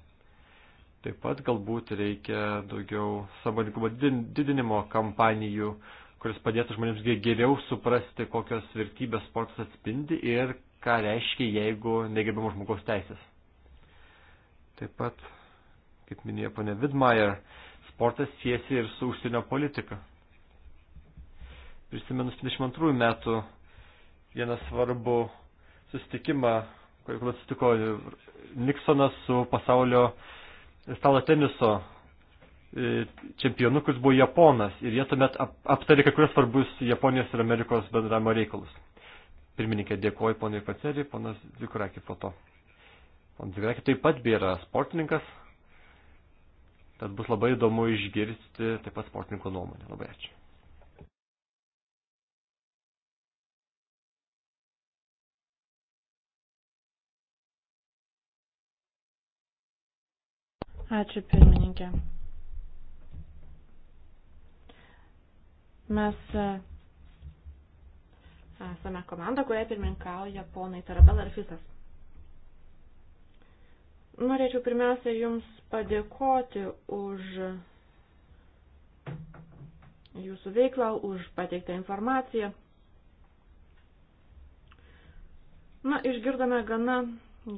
Taip pat galbūt reikia daugiau samoningumo didinimo kampanijų, kuris padėtų žmonėms geriau suprasti, kokios vertybės sportas atspindi ir ką reiškia, jeigu negerbimo žmogaus teisės. Taip pat, kaip minėjo ponė Vidmajer, sportas siesi ir su užsienio politika prisimenus 22 metų vieną svarbų susitikimą, kur atsitiko Niksonas su pasaulio stalo teniso e, čempionu, kuris buvo Japonas. Ir jie tuomet aptarė kai kurios svarbus Japonijos ir Amerikos bendravimo reikalus. Pirmininkė dėkoju ponui Pacerį, ponas Zikurakį po to. Ponas Zikurakį taip pat yra sportininkas. Tad bus labai įdomu išgirsti taip pat sportininko nuomonę. Labai ačiū. Ačiū pirmininkė. Mes e, esame komanda, kurioje pirmininkauja ponai Tarabela ir Fisas. Norėčiau pirmiausia Jums padėkoti už Jūsų veiklą, už pateiktą informaciją. Na, išgirdome gana,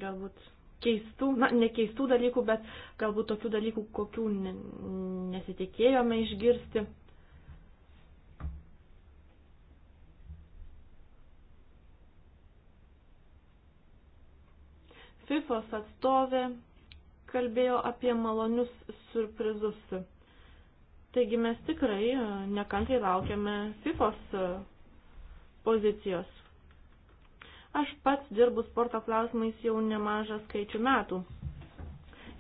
galbūt keistų, na, ne keistų dalykų, bet galbūt tokių dalykų, kokių nesitikėjome išgirsti. FIFOS atstovė kalbėjo apie malonius surprizus. Taigi mes tikrai nekantriai laukiame FIFOS pozicijos. Aš pats dirbu sporto klausimais jau nemažą skaičių metų.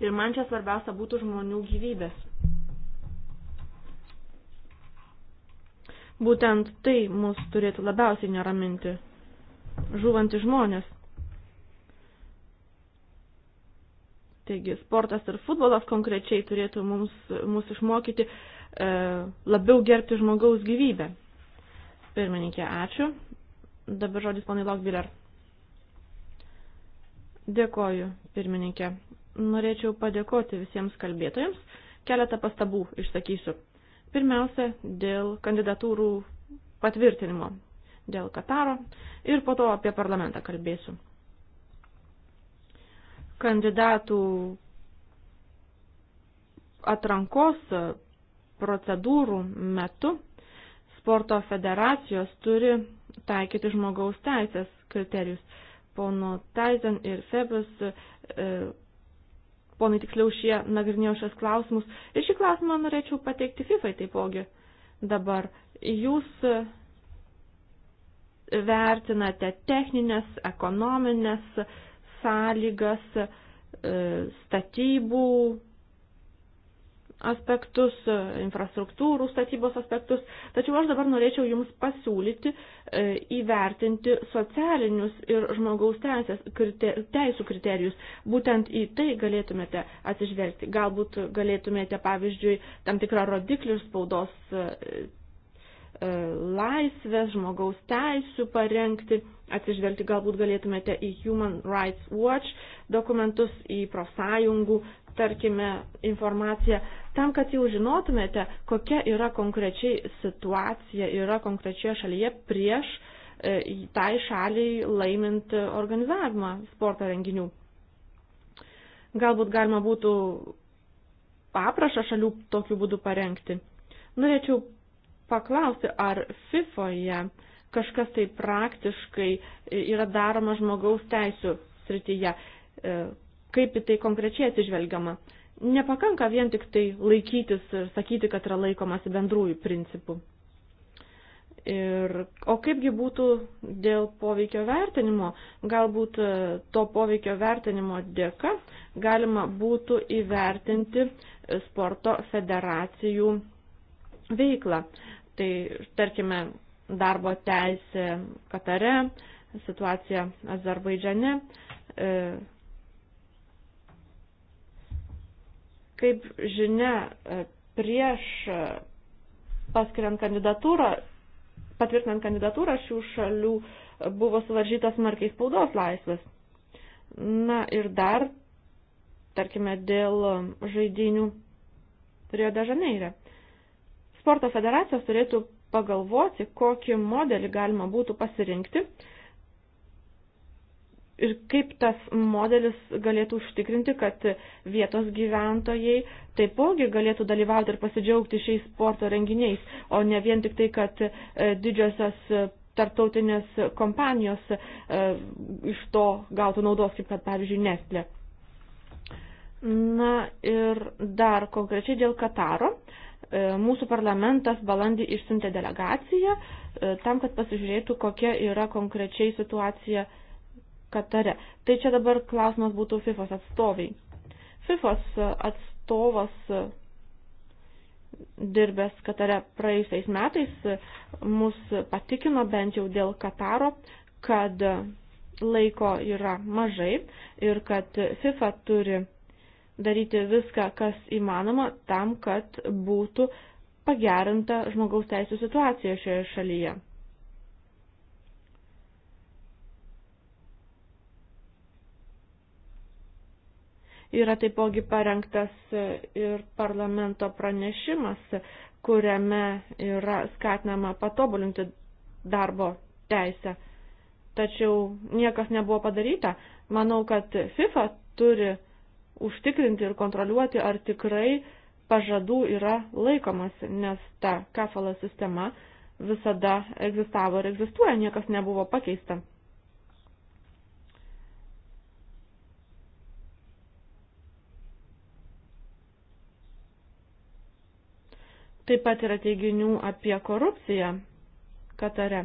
Ir man čia svarbiausia būtų žmonių gyvybės. Būtent tai mus turėtų labiausiai neraminti. Žuvanti žmonės. Taigi sportas ir futbolas konkrečiai turėtų mums, mus išmokyti e, labiau gerbti žmogaus gyvybę. Pirmininkė, ačiū. Dabar žodis panai Lokbiller. Dėkoju, pirmininkė. Norėčiau padėkoti visiems kalbėtojams. Keletą pastabų išsakysiu. Pirmiausia, dėl kandidatūrų patvirtinimo, dėl Kataro ir po to apie parlamentą kalbėsiu. Kandidatų atrankos procedūrų metu sporto federacijos turi taikyti žmogaus teisės kriterijus pono Taizen ir Febas, e, ponai tiksliau šie nagrinėjo šios klausimus. Ir šį klausimą norėčiau pateikti FIFA taipogi dabar. Jūs vertinate techninės, ekonominės sąlygas, e, statybų aspektus, infrastruktūrų statybos aspektus, tačiau aš dabar norėčiau Jums pasiūlyti e, įvertinti socialinius ir žmogaus teisės, teisų kriterijus. Būtent į tai galėtumėte atsižvelgti. Galbūt galėtumėte, pavyzdžiui, tam tikrą rodiklį ir spaudos e, e, laisvės, žmogaus teisų parengti, atsižvelgti galbūt galėtumėte į Human Rights Watch dokumentus, į profsąjungų tarkime, informaciją, tam, kad jau žinotumėte, kokia yra konkrečiai situacija, yra konkrečioje šalyje prieš e, tai šaliai laimint organizavimą sporto renginių. Galbūt galima būtų paprašą šalių tokiu būdu parengti. Norėčiau paklausti, ar FIFOje kažkas tai praktiškai yra daroma žmogaus teisų srityje. E, kaip į tai konkrečiai atsižvelgiama. Nepakanka vien tik tai laikytis ir sakyti, kad yra laikomasi bendrųjų principų. Ir, o kaipgi būtų dėl poveikio vertinimo? Galbūt e, to poveikio vertinimo dėka galima būtų įvertinti sporto federacijų veiklą. Tai, tarkime, darbo teisė Katare, situacija Azerbaidžiane, e, Kaip žinia, e, prieš e, paskiriant kandidatūrą, patvirtinant kandidatūrą šių šalių e, buvo suvaržytas smarkiai spaudos laisvės. Na ir dar, tarkime, dėl žaidinių Rio de Žaneire. Sporto federacijos turėtų pagalvoti, kokį modelį galima būtų pasirinkti, ir kaip tas modelis galėtų užtikrinti, kad vietos gyventojai taipogi galėtų dalyvauti ir pasidžiaugti šiais sporto renginiais, o ne vien tik tai, kad e, didžiosios e, tarptautinės kompanijos e, iš to gautų naudos, kaip kad, pavyzdžiui, Nestlė. Na ir dar konkrečiai dėl Kataro. Mūsų parlamentas balandį išsiuntė delegaciją tam, kad pasižiūrėtų, kokia yra konkrečiai situacija Katare. Tai čia dabar klausimas būtų FIFOS atstoviai. FIFOS atstovas dirbęs Katare praėjusiais metais mus patikino bent jau dėl Kataro, kad laiko yra mažai ir kad FIFA turi daryti viską, kas įmanoma tam, kad būtų pagerinta žmogaus teisų situacija šioje šalyje. Yra taipogi parengtas e, ir parlamento pranešimas, kuriame yra skatinama patobulinti darbo teisę. Tačiau niekas nebuvo padaryta. Manau, kad FIFA turi užtikrinti ir kontroliuoti, ar tikrai pažadų yra laikomas, nes ta kafalo sistema visada egzistavo ir egzistuoja, niekas nebuvo pakeista. Taip pat yra teiginių apie korupciją Katare.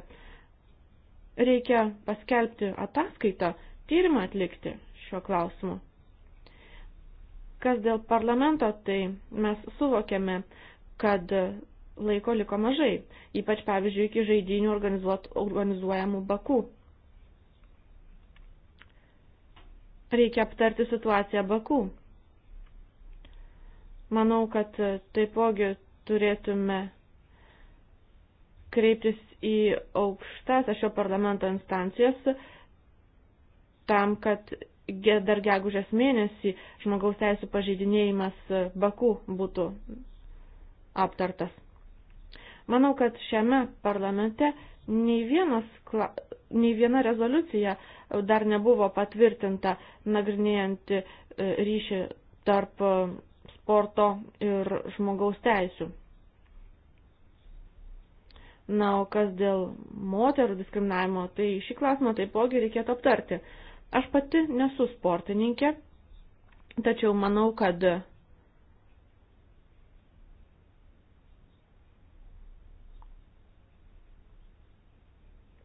Reikia paskelbti ataskaitą, tyrimą atlikti šiuo klausimu. Kas dėl parlamento, tai mes suvokėme, kad laiko liko mažai, ypač pavyzdžiui iki žaidinių organizuojamų Baku. Reikia aptarti situaciją Baku. Manau, kad taipogi turėtume kreiptis į aukštas šio parlamento instancijas tam, kad dar gegužės mėnesį žmogaus teisų pažeidinėjimas Baku būtų aptartas. Manau, kad šiame parlamente nei, vienas, nei viena rezoliucija dar nebuvo patvirtinta nagrinėjanti e, ryšį tarp transporto ir žmogaus teisų. Na, o kas dėl moterų diskriminavimo, tai šį klausimą taipogi reikėtų aptarti. Aš pati nesu sportininkė, tačiau manau, kad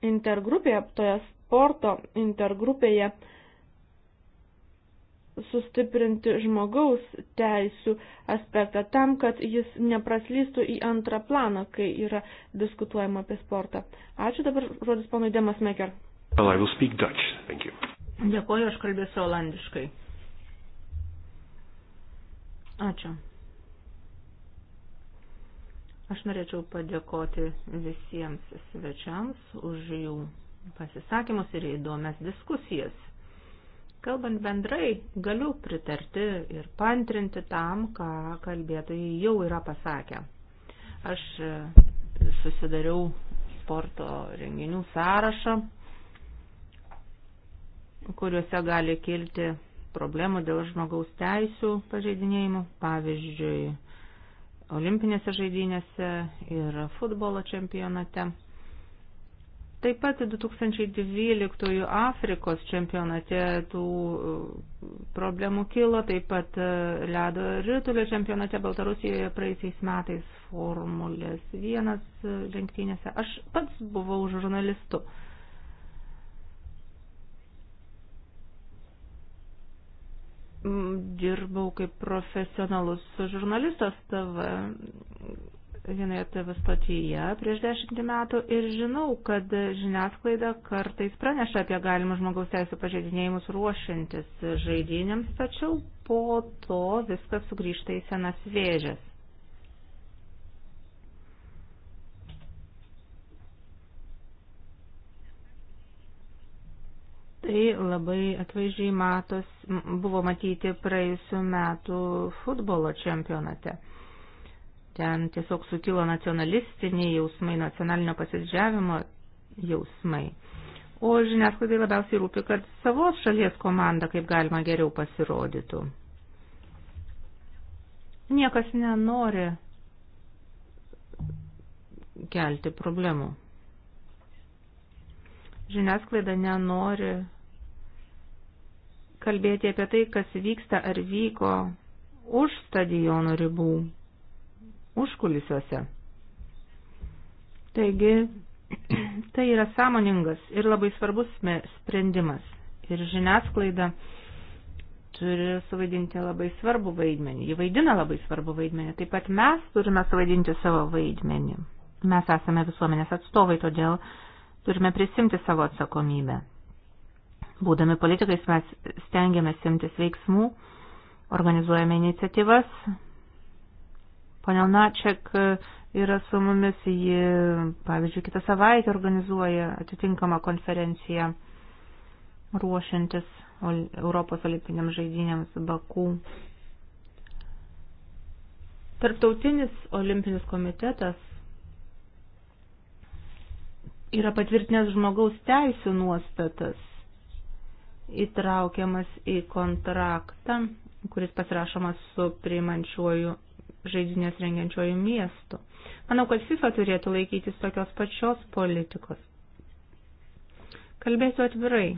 intergrupėje, toje sporto intergrupėje sustiprinti žmogaus teisų aspektą tam, kad jis nepraslystų į antrą planą, kai yra diskutuojama apie sportą. Ačiū dabar žodis ponui Demas Meker. Well, I will speak Dutch. Thank you. Dėkuoju, aš kalbėsiu olandiškai. Ačiū. Aš norėčiau padėkoti visiems svečiams už jų pasisakymus ir įdomias diskusijas. Kalbant bendrai, galiu pritarti ir pantrinti tam, ką kalbėtojai jau yra pasakę. Aš e, susidariau sporto renginių sąrašą, kuriuose gali kilti problemų dėl žmogaus teisų pažeidinėjimų, pavyzdžiui, olimpinėse žaidynėse ir futbolo čempionate. Taip pat 2012 Afrikos čempionate tų e, problemų kilo, taip pat e, ledo rytulio čempionate Baltarusijoje praeisiais metais formulės vienas e, lenktynėse. Aš pats buvau žurnalistu. Mm, dirbau kaip profesionalus žurnalistas TV vienoje TV stotyje prieš dešimtį metų ir žinau, kad žiniasklaida kartais praneša apie galimus žmogaus teisų pažeidinėjimus ruošiantis žaidynėms, tačiau po to viskas sugrįžta į senas vėžės. Tai labai akvaizdžiai matos, buvo matyti praėjusiu metu futbolo čempionate. Ten tiesiog sukilo nacionalistiniai jausmai, nacionalinio pasidžiavimo jausmai. O žiniasklaidai labiausiai rūpi, kad savos šalies komanda kaip galima geriau pasirodytų. Niekas nenori kelti problemų. Žiniasklaida nenori kalbėti apie tai, kas vyksta ar vyko už stadiono ribų užkulisiuose. Taigi, <clears throat> tai yra sąmoningas ir labai svarbus sprendimas. Ir žiniasklaida turi suvaidinti labai svarbų vaidmenį. Ji vaidina labai svarbų vaidmenį. Taip pat mes turime suvaidinti savo vaidmenį. Mes esame visuomenės atstovai, todėl turime prisimti savo atsakomybę. Būdami politikais mes stengiamės imtis veiksmų, organizuojame iniciatyvas, Pane Načiak e, yra su mumis, ji, pavyzdžiui, kitą savaitę organizuoja atitinkamą konferenciją ruošiantis Europos olimpiniams žaidynėms Bakų. Tarptautinis olimpinis komitetas yra patvirtinęs žmogaus teisų nuostatas, įtraukiamas į kontraktą, kuris pasirašomas su priimančiuoju žaidinės rengiančiojų miestų. Manau, kad FIFA turėtų laikytis tokios pačios politikos. Kalbėsiu atvirai.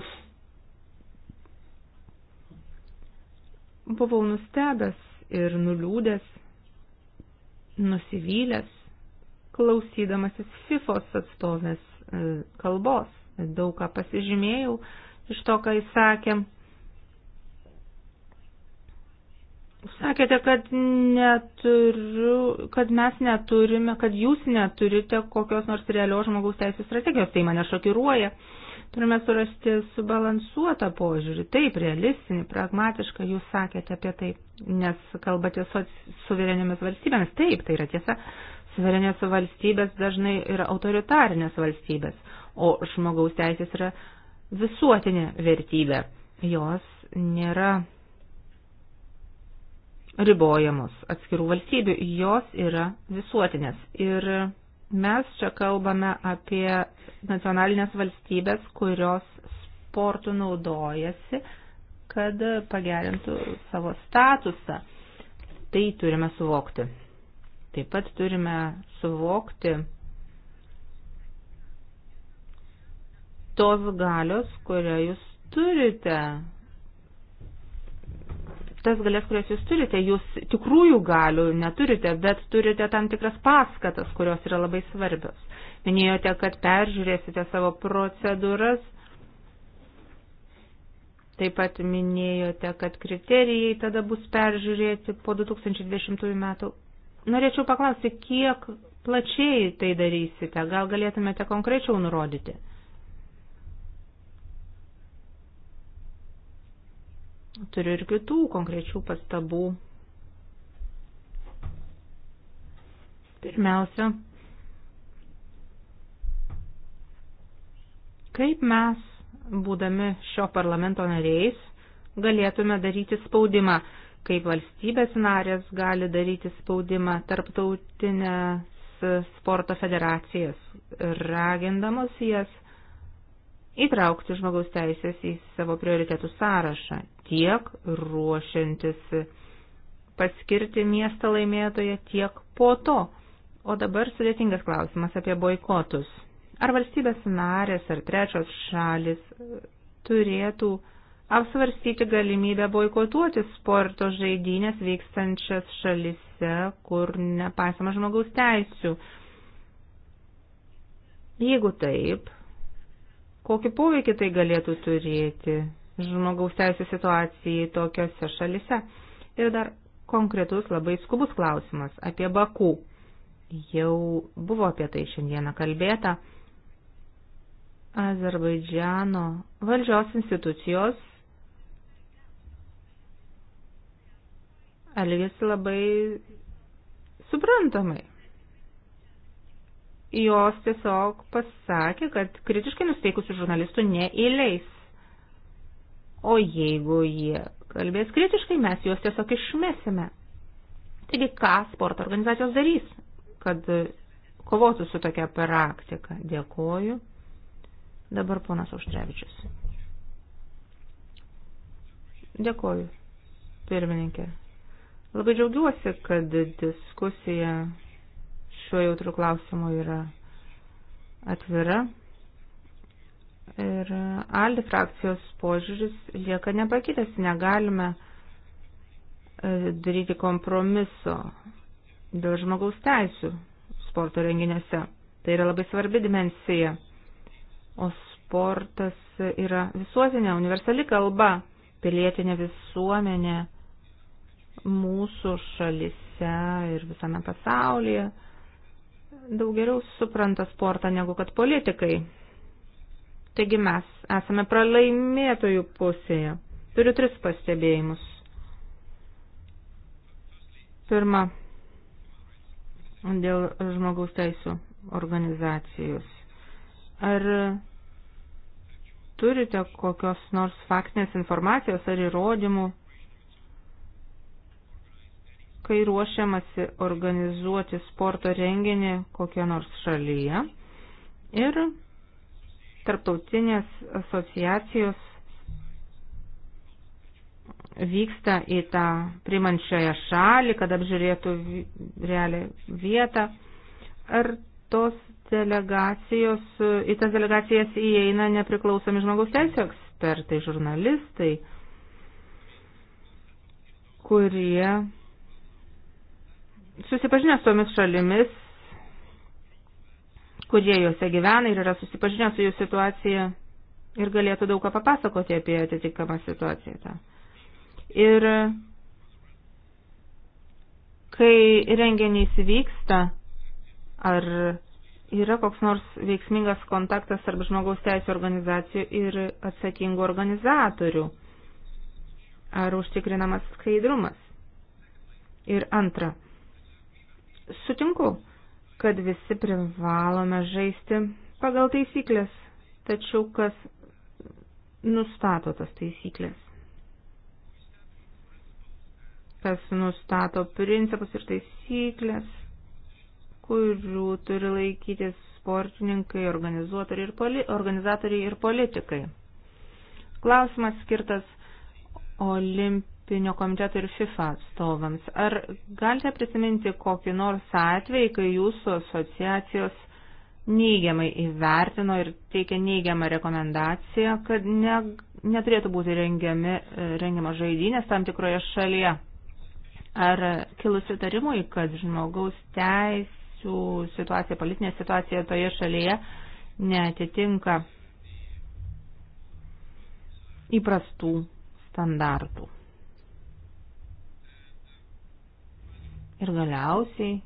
Buvau nustebęs ir nuliūdęs, nusivylęs, klausydamasis FIFOS atstovės e, kalbos. Daug ką pasižymėjau iš to, ką jis sakė. Sakėte, kad, neturiu, kad mes neturime, kad jūs neturite kokios nors realios žmogaus teisės strategijos. Tai mane šokiruoja. Turime surasti subalansuotą požiūrį. Taip, realistinį, pragmatišką, jūs sakėte apie tai, nes kalbate su suvereniomis valstybėmis. Taip, tai yra tiesa. Suverenės valstybės dažnai yra autoritarinės valstybės, o žmogaus teisės yra visuotinė vertybė. Jos nėra ribojamos atskirų valstybių, jos yra visuotinės. Ir mes čia kalbame apie nacionalinės valstybės, kurios sportų naudojasi, kad pagerintų savo statusą. Tai turime suvokti. Taip pat turime suvokti tos galios, kurią jūs turite tas galės, kurias jūs turite. Jūs tikrųjų galių neturite, bet turite tam tikras paskatas, kurios yra labai svarbios. Minėjote, kad peržiūrėsite savo procedūras. Taip pat minėjote, kad kriterijai tada bus peržiūrėti po 2010 metų. Norėčiau paklausti, kiek plačiai tai darysite? Gal galėtumėte konkrečiau nurodyti? Turiu ir kitų konkrečių pastabų. Pirmiausia, kaip mes, būdami šio parlamento nariais, galėtume daryti spaudimą, kaip valstybės narės gali daryti spaudimą tarptautinės sporto federacijas, ragindamos jas įtraukti žmogaus teisės į savo prioritetų sąrašą, tiek ruošiantis paskirti miestą laimėtoje, tiek po to. O dabar sudėtingas klausimas apie boikotus. Ar valstybės narės ar trečios šalis turėtų apsvarstyti galimybę boikotuoti sporto žaidynės vykstančias šalise, kur nepaisama žmogaus teisų? Jeigu taip, kokį poveikį tai galėtų turėti žmogaus teisų situacijai tokiose šalise. Ir dar konkretus labai skubus klausimas apie Bakų. Jau buvo apie tai šiandieną kalbėta. Azerbaidžiano valdžios institucijos elgesi labai suprantamai jos tiesiog pasakė, kad kritiškai nusteikusių žurnalistų neįleis. O jeigu jie kalbės kritiškai, mes juos tiesiog išmesime. Taigi, ką sporto organizacijos darys, kad kovotų su tokia praktika? Dėkoju. Dabar ponas Auštrevičius. Dėkoju, pirmininkė. Labai džiaugiuosi, kad diskusija šiuo jautriu klausimu yra atvira. Ir ALDI frakcijos požiūris lieka nepakytas, negalime e, daryti kompromiso dėl žmogaus teisų sporto renginiuose. Tai yra labai svarbi dimensija. O sportas yra visuotinė, universali kalba, pilietinė visuomenė mūsų šalise ir visame pasaulyje daug geriau supranta sportą negu kad politikai. Taigi mes esame pralaimėtojų pusėje. Turiu tris pastebėjimus. Pirma, dėl žmogaus teisų organizacijos. Ar turite kokios nors faktinės informacijos ar įrodymų kai ruošiamasi organizuoti sporto renginį kokią nors šalyje ir tarptautinės asociacijos vyksta į tą primančiąją šalį, kad apžiūrėtų realią vietą. Ar tos delegacijos, į tas delegacijas įeina nepriklausomi žmogaus teisų ekspertai, žurnalistai, kurie susipažinęs tomis šalimis, kurie juose gyvena ir yra susipažinę su jų situacija ir galėtų daug ką papasakoti apie atitinkamą situaciją. Tą. Ir kai renginys vyksta, ar yra koks nors veiksmingas kontaktas tarp žmogaus teisų organizacijų ir atsakingų organizatorių, ar užtikrinamas skaidrumas. Ir antra, Sutinku, kad visi privalome žaisti pagal taisyklės, tačiau kas nustato tas taisyklės? Kas nustato principus ir taisyklės, kurių turi laikytis sportininkai, organizatoriai ir, poli organizatoriai ir politikai? Klausimas skirtas olimpijai Olimpinio komiteto ir FIFA atstovams. Ar galite prisiminti kokį nors atvejį, kai jūsų asociacijos neigiamai įvertino ir teikia neigiamą rekomendaciją, kad ne, neturėtų būti rengiami, rengiama žaidynės tam tikroje šalyje? Ar kilus įtarimui, kad žmogaus teisų situacija, politinė situacija toje šalyje netitinka įprastų standartų? Ir galiausiai,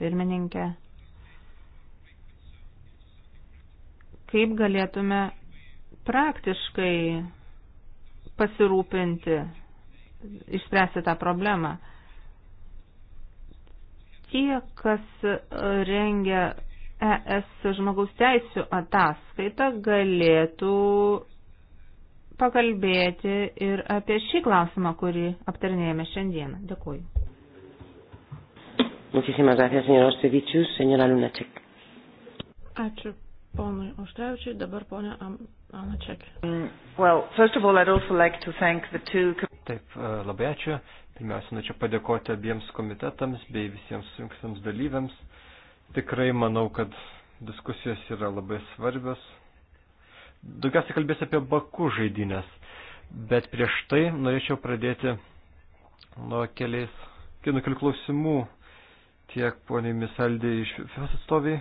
pirmininkė, kaip galėtume praktiškai pasirūpinti, išspręsti tą problemą. Tie, kas rengia ES žmogaus teisų ataskaitą, galėtų pakalbėti ir apie šį klausimą, kurį aptarinėjame šiandieną. Dėkuoju. Muchísimas gracias, señor Ostevičius, señora Lunacek. Ačiū ponui Oštrevičiui, dabar ponia Anaček. Mm, well, first of all, I'd also like to thank the two... Taip, e, labai ačiū. Pirmiausia, norėčiau padėkoti abiems komitetams bei visiems sujungtams dalyviams. Tikrai manau, kad diskusijos yra labai svarbios. Daugiausiai kalbės apie bakų žaidynės, bet prieš tai norėčiau pradėti nuo keliais, nuo kelių klausimų tiek poniai Misaldė iš FIFAS atstoviai,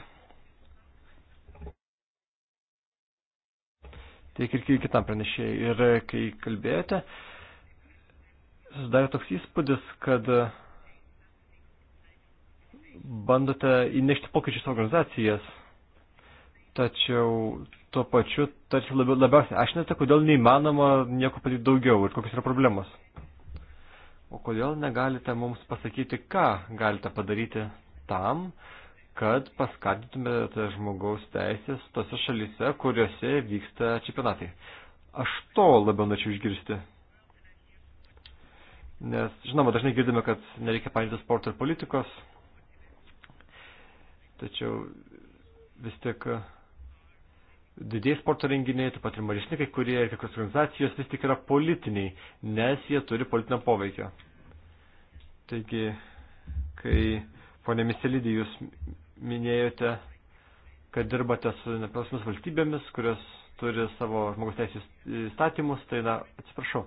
tiek ir kitam pranešėjai. Ir kai kalbėjote, susidarė toks įspūdis, kad bandote įnešti pokyčius organizacijas, tačiau tuo pačiu, tačiau labiausiai ašinate, kodėl neįmanoma nieko padaryti daugiau ir kokios yra problemos. O kodėl negalite mums pasakyti, ką galite padaryti tam, kad paskatintumėte žmogaus teisės tose šalyse, kuriuose vyksta čempionatai? Aš to labiau norėčiau išgirsti. Nes, žinoma, dažnai girdime, kad nereikia painti sporto ir politikos. Tačiau vis tiek didėjai sporto renginiai, taip pat ir mažesni kai kurie, kai kurios organizacijos vis tik yra politiniai, nes jie turi politinę poveikio. Taigi, kai ponė Miselidį jūs minėjote, kad dirbate su neprasmus valstybėmis, kurios turi savo žmogus teisės įstatymus, tai na, atsiprašau,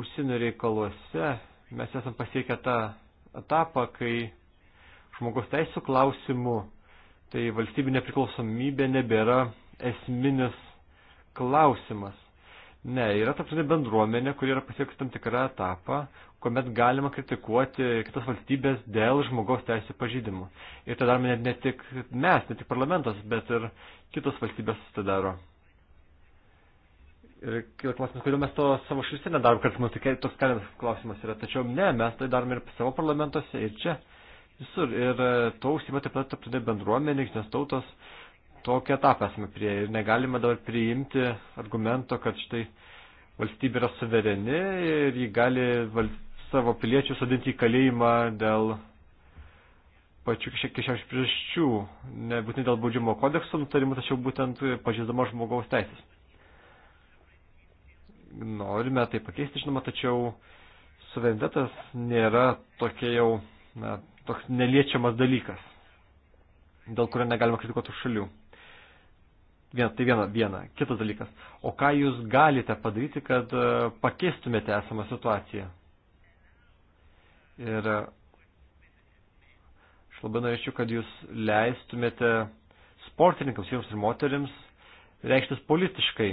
užsienio reikaluose mes esam pasiekę tą etapą, kai žmogus teisų klausimų tai valstybinė priklausomybė nebėra esminis klausimas. Ne, yra tarptautinė bendruomenė, kuri yra pasiekusi tam tikrą etapą, kuomet galima kritikuoti kitas valstybės dėl žmogaus teisų pažydimų. Ir tai darome ne tik mes, ne tik parlamentas, bet ir kitos valstybės tai daro. Ir kila klausimas, kodėl mes to savo šalyse nedarom, kad mums toks kelias klausimas yra. Tačiau ne, mes tai darome ir savo parlamentuose, ir čia visur. Ir e, to užsima taip pat tarptautinė bendruomenė, nes tautos tokį etapą esame prie. Ir negalime dabar priimti argumento, kad štai valstybė yra suvereni ir ji gali val... savo piliečių sodinti į kalėjimą dėl pačių kešiausių priežasčių, nebūtinai dėl baudžiamo kodekso nutarimų, tačiau būtent pažeidama žmogaus teisės. Norime tai pakeisti, žinoma, tačiau suverenitetas nėra tokia jau na, toks neliečiamas dalykas, dėl kurio negalima kritikuoti šalių. Viena, tai viena, viena. Kitas dalykas. O ką jūs galite padaryti, kad e, pakeistumėte esamą situaciją? Ir e, aš labai norėčiau, kad jūs leistumėte sportininkams, jums ir moterims, reikštis politiškai.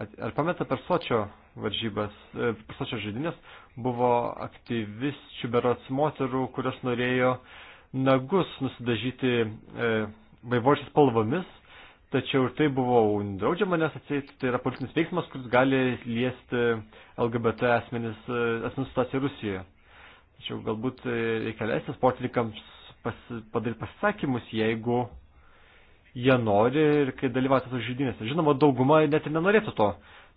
Ar pameta per sočio varžybas, e, pasačio žaidynės, buvo aktyvisčių berots moterų, kurios norėjo nagus nusidažyti e, vaivorčiais spalvomis, tačiau ir tai buvo draudžiama, nes atseit tai yra politinis veiksmas, kuris gali liesti LGBT asmenis, e, asmenų situaciją Rusijoje. Tačiau galbūt e, reikia leisti sportininkams pas, padaryti pasisakymus, jeigu jie nori ir kai dalyvauti tos žaidynėse. Žinoma, dauguma net ir nenorėtų to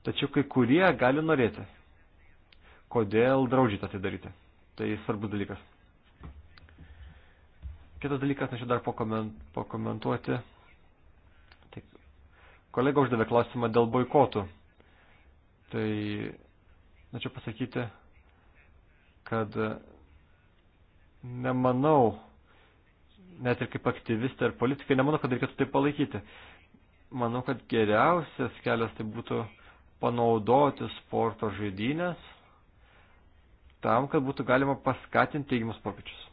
tačiau kai kurie gali norėti. Kodėl draužyta tai daryti? Tai svarbus dalykas. Kitas dalykas, aš dar pakomentuoti. Tai kolega uždavė klausimą dėl boikotų. Tai norėčiau pasakyti, kad nemanau, net ir kaip aktyvistė ir politikai, nemanau, kad reikėtų tai palaikyti. Manau, kad geriausias kelias tai būtų uh, panaudoti sporto žaidynės tam, kad būtų galima paskatinti teigiamus pokyčius.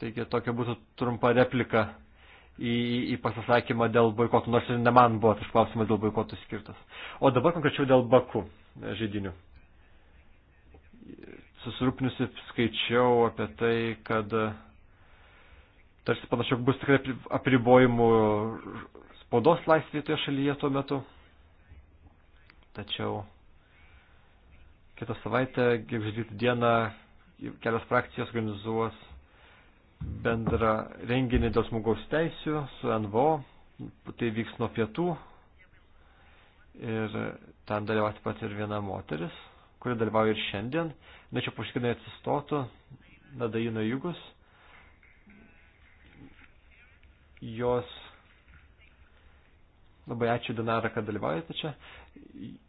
Taigi tokia būtų trumpa replika į, į pasisakymą dėl boikotų, nors ir ne man buvo tas klausimas dėl boikotų skirtas. O dabar konkrečiau dėl Baku žaidinių. Susirūpinusi skaičiau apie tai, kad tarsi panašiau bus tikrai apribojimų spaudos laisvėje toje šalyje tuo metu. Tačiau kitą savaitę, gegužės dieną, kelios frakcijos organizuos bendrą renginį dėl žmogaus teisių su NVO. Tai vyks nuo pietų. Ir ten dalyvauja taip pat ir viena moteris, kuri dalyvauja ir šiandien. Na, čia paškinai atsistotų Nadaino Jugus. Jos Labai ačiū Dinara, kad dalyvaujate čia.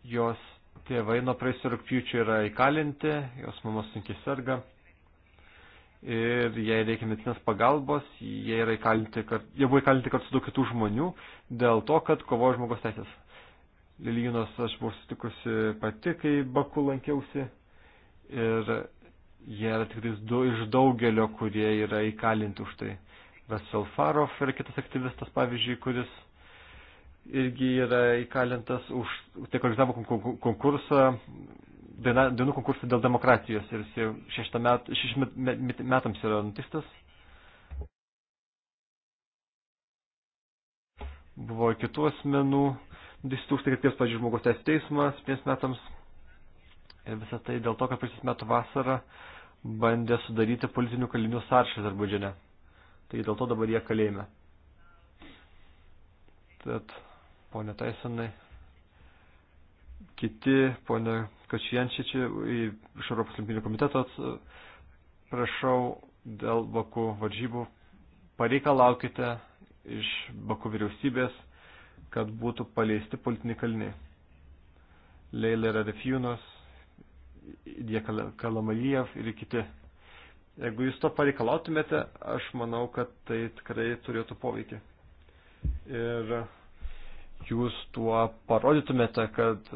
Jos tėvai nuo praeisio rūpjūčio yra įkalinti, jos mama sunkiai serga. Ir jai reikia medicinės pagalbos, jie, yra įkalinti, kart, jie buvo įkalinti kartu su daug kitų žmonių dėl to, kad kovojo žmogaus teisės. Lilijinos aš buvau sutikusi pati, kai Baku lankiausi. Ir jie yra tik du iš daugelio, kurie yra įkalinti už tai. Veselfarov yra kitas aktyvistas, pavyzdžiui, kuris irgi yra įkalintas už, tai organizavo konkursą, daina, dainų konkursą dėl demokratijos ir jis jau met, šešimt met, metams yra nutistas. Buvo kitų asmenų, 2003, pažiūrėjau, žmogus teisų teismas, 5 metams. Ir visą tai dėl to, kad praeisis metų vasarą bandė sudaryti politinių kalinių sąrašą Azerbaidžiane. Tai dėl to dabar jie kalėjime. Tad ponė Taisanai, kiti, ponė Kačijančičiai, iš Europos olimpinio komiteto prašau dėl Baku varžybų, pareikalaukite iš Baku vyriausybės, kad būtų paleisti politiniai kaliniai. Leila Rarifjūnas, Idė Kalamalijev ir kiti. Jeigu jūs to pareikalautumėte, aš manau, kad tai tikrai turėtų poveikį. Ir jūs tuo parodytumėte, kad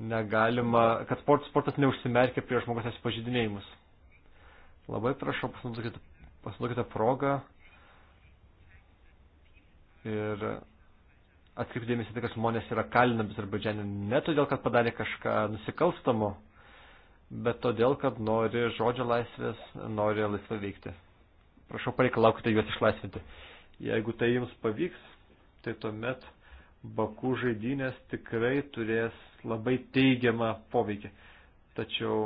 negalima, kad sport, sportas neužsimerkia prie žmogus atsipažydinėjimus. Labai prašau, pasinaudokite, pasinaudokite progą ir atkreipdėmėsi tai, kad žmonės yra kalinami Azerbaidžiane ne todėl, kad padarė kažką nusikalstamo, bet todėl, kad nori žodžio laisvės, nori laisvai veikti. Prašau, pareikalaukite juos išlaisvinti. Jeigu tai jums pavyks, tai tuomet Baku žaidynės tikrai turės labai teigiamą poveikį. Tačiau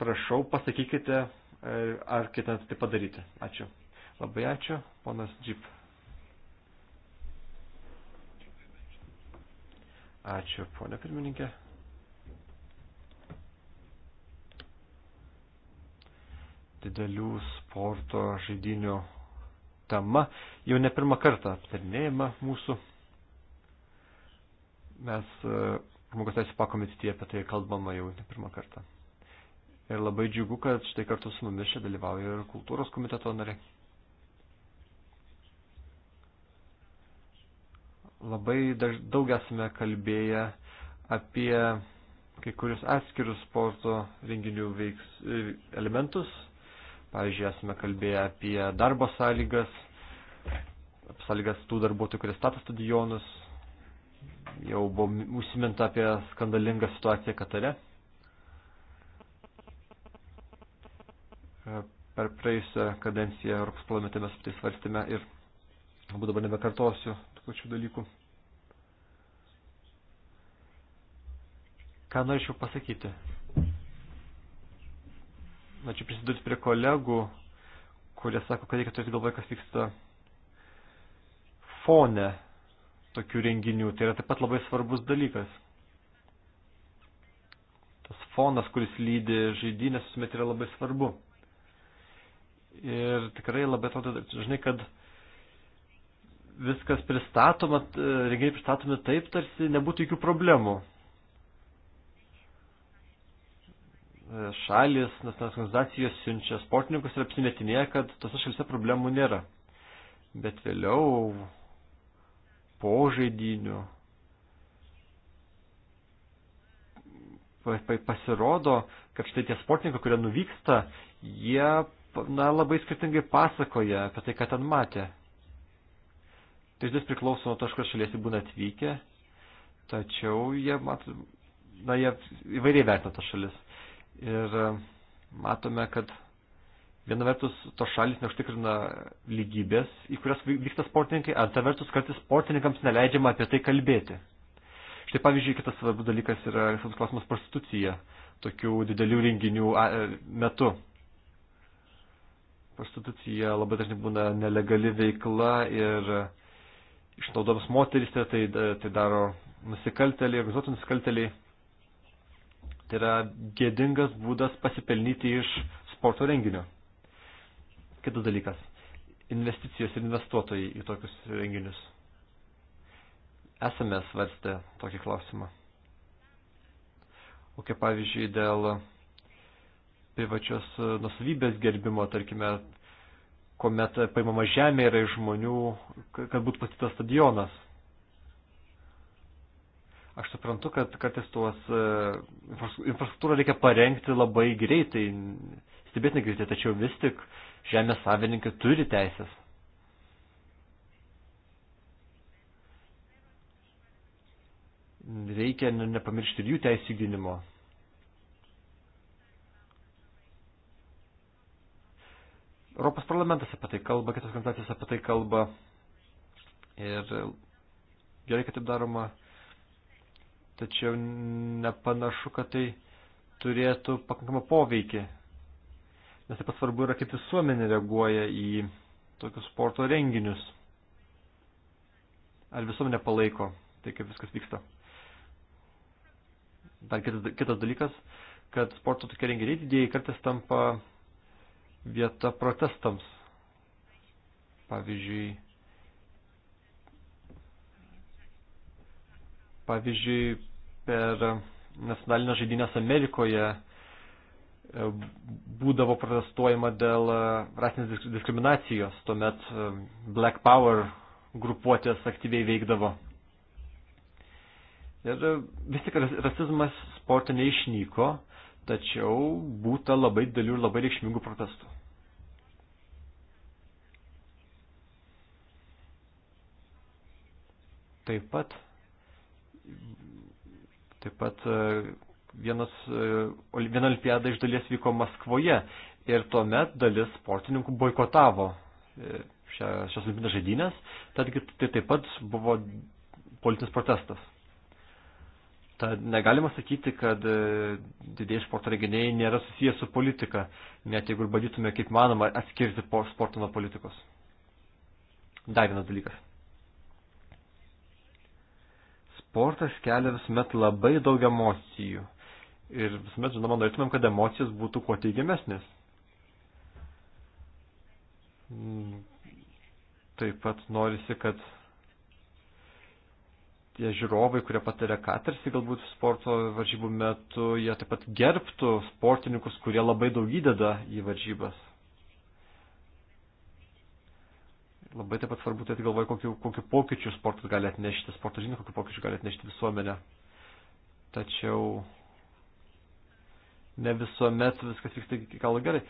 prašau, pasakykite, ar ketinate tai padaryti. Ačiū. Labai ačiū, ponas Džip. Ačiū, ponė pirmininkė. Didelių sporto žaidinių tema jau ne pirmą kartą aptarinėjama mūsų. Mes e, žmogus teisų pakomitėje apie tai kalbama jau ne pirmą kartą. Ir labai džiugu, kad štai kartu su mumis čia dalyvauja ir kultūros komiteto nariai. Labai daug esame kalbėję apie kai kurius atskirus sporto renginių veiks, elementus, Pavyzdžiui, esame kalbėję apie darbo sąlygas, apie sąlygas tų darbuotojų, kurie stato stadionus. Jau buvo užsiminta apie skandalingą situaciją Katare. Per praėjusią kadenciją Europos parlamente mes tai svarstėme ir galbūt dabar nebekartosiu tų pačių dalykų. Ką norėčiau pasakyti? norėčiau prisidurti prie kolegų, kurie sako, kad reikia turėti galvoje, kas vyksta fone tokių renginių. Tai yra taip pat labai svarbus dalykas. Tas fonas, kuris lydi žaidynės, visuomet yra labai svarbu. Ir tikrai labai atrodo, žinai, kad viskas pristatoma, renginiai pristatomi taip, tarsi nebūtų jokių problemų. E, šalis, nacionalinės organizacijos siunčia sportininkus ir apsimetinėja, kad tose šalise problemų nėra. Bet vėliau po žaidinių pasirodo, kad štai tie sportininkai, kurie nuvyksta, jie na, labai skirtingai pasakoja apie tai, ką ten matė. Tai vis priklauso nuo to, iš šalies jie būna atvykę, tačiau jie, mat, na, jie įvairiai vertina tas šalis. Ir e, matome, kad viena vertus tos šalis neužtikrina lygybės, į kurias vyksta sportininkai, antra vertus kartais sportininkams neleidžiama apie tai kalbėti. Štai pavyzdžiui, kitas svarbus dalykas yra svarbus klausimas prostitucija tokių didelių renginių e, metu. Prostitucija labai dažnai būna nelegali veikla ir išnaudomas moteris, tai, tai, tai daro nusikalteliai, organizuotų nusikalteliai. Tai yra gėdingas būdas pasipelnyti iš sporto renginio. Kitas dalykas. Investicijos ir investuotojai į tokius renginius. Esame svarstę tokį klausimą. O kaip pavyzdžiui dėl privačios nusavybės gerbimo, tarkime, kuomet paimama žemė yra iš žmonių, kad būtų pastatytas stadionas. Aš suprantu, kad kartais tuos e, infrastruktūrą reikia parengti labai greitai, stebėtinai greitai, tačiau vis tik žemės savininkai turi teisės. Reikia nepamiršti ir jų teisų gynimo. Europos parlamentas apie tai kalba, kitos organizacijos apie tai kalba. Ir gerai, kad taip daroma tačiau nepanašu, kad tai turėtų pakankamą poveikį. Nes taip pat svarbu yra, kaip visuomenė reaguoja į tokius sporto renginius. Ar visuomenė palaiko tai, kaip viskas vyksta. Dar kitas, kitas dalykas, kad sporto tokie renginiai didėjai kartais tampa vieta protestams. Pavyzdžiui, pavyzdžiui, per nacionalinės žaidynės Amerikoje e, būdavo protestuojama dėl e, rasinės diskriminacijos, tuomet e, Black Power grupuotės aktyviai veikdavo. Ir vis tik rasizmas sporte neišnyko, tačiau būta labai dalių ir labai reikšmingų protestų. Taip pat Taip pat e, vienas, e, viena olimpiada iš dalies vyko Maskvoje ir tuomet dalis sportininkų boikotavo e, šias olimpinės žaidynės, tad tai taip pat buvo politinis protestas. Tad negalima sakyti, kad didėjai sporto reginiai nėra susijęs su politika, net jeigu ir bandytume, kaip manoma, atskirti sporto nuo politikos. Dar vienas dalykas sportas kelia visuomet labai daug emocijų. Ir visuomet, žinoma, norėtumėm, kad emocijos būtų kuo teigiamesnės. Taip pat norisi, kad tie žiūrovai, kurie patiria katarsi galbūt sporto varžybų metu, jie taip pat gerbtų sportininkus, kurie labai daug įdeda į varžybas. Labai taip pat svarbu turėti galvoj, kokiu, kokiu pokyčiu sportas gali atnešti, sporto žinia, kokiu pokyčiu gali atnešti visuomenę. Tačiau ne visuomet viskas vyksta iki galo gerai.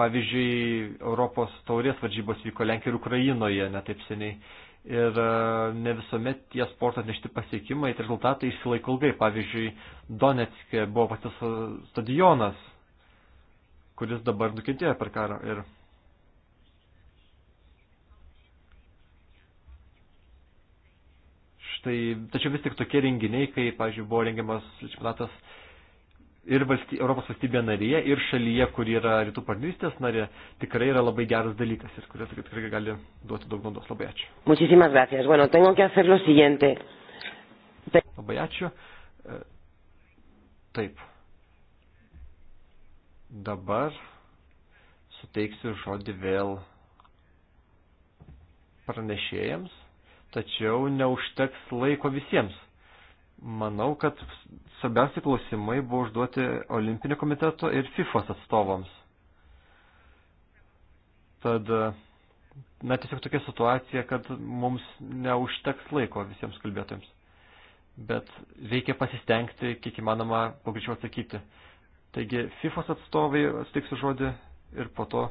Pavyzdžiui, Europos taurės varžybos vyko Lenkijoje ir Ukrainoje netaip seniai. Ir e, ne visuomet tie sporto atnešti pasiekimai, tai rezultatai išsilaiko ilgai. Pavyzdžiui, Donetskė buvo pasis stadionas, kuris dabar nukentėjo per karą. Ir štai, tačiau vis tik tokie renginiai, kai, pavyzdžiui, buvo rengiamas čempionatas ir valsty, Europos valstybė narėje, ir šalyje, kur yra rytų partnerystės narė, tikrai yra labai geras dalykas ir kuris tikrai gali duoti daug naudos. Labai ačiū. Muchísimas gracias. Bueno, tengo que hacer lo siguiente. Te... Labai ačiū. E, taip. Dabar suteiksiu žodį vėl pranešėjams tačiau neužteks laiko visiems. Manau, kad svarbiausi klausimai buvo užduoti Olimpinio komiteto ir FIFOS atstovams. Tad, na, tiesiog tokia situacija, kad mums neužteks laiko visiems kalbėtojams. Bet reikia pasistengti, kiek įmanoma, pagreičiau atsakyti. Taigi, FIFOS atstovai suteiksiu žodį ir po to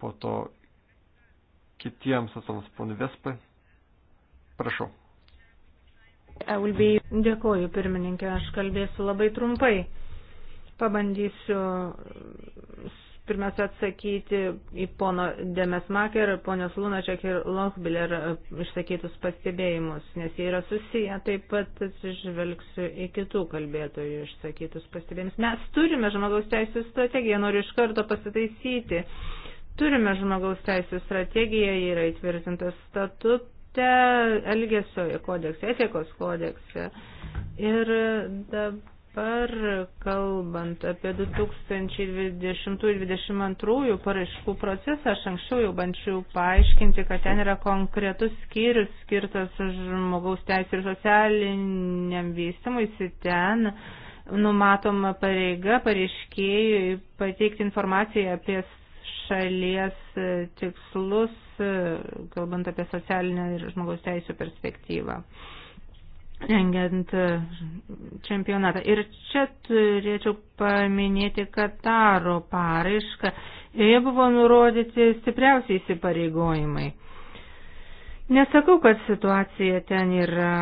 po to kitiems atstovams, ponui Vespai. Prašau. Be... Dėkoju, pirmininkė, aš kalbėsiu labai trumpai. Pabandysiu pirmiausia atsakyti į pono Demesmaker, ponios Lunačiak ir Lochbiller e, išsakytus pastebėjimus, nes jie yra susiję, taip pat atsižvelgsiu į kitų kalbėtojų išsakytus pastebėjimus. Mes turime žmogaus teisų strategiją, noriu iš karto pasitaisyti. Uh, Turime žmogaus teisų strategiją, ji yra įtvirtinta statute, elgesio kodekse, etikos kodekse. Ir dabar, kalbant apie 2020-2022 paraiškų procesą, aš anksčiau jau bandžiau paaiškinti, kad ten yra konkretus skyrius skirtas žmogaus teisų ir socialiniam vystimui, ten numatoma pareiga pareiškėjui pateikti informaciją apie šalies e, tikslus, e, kalbant apie socialinę ir žmogaus teisų perspektyvą rengiant e, čempionatą. Ir čia turėčiau paminėti Kataro paraišką. Joje buvo nurodyti stipriausiai įsipareigojimai. Nesakau, kad situacija ten yra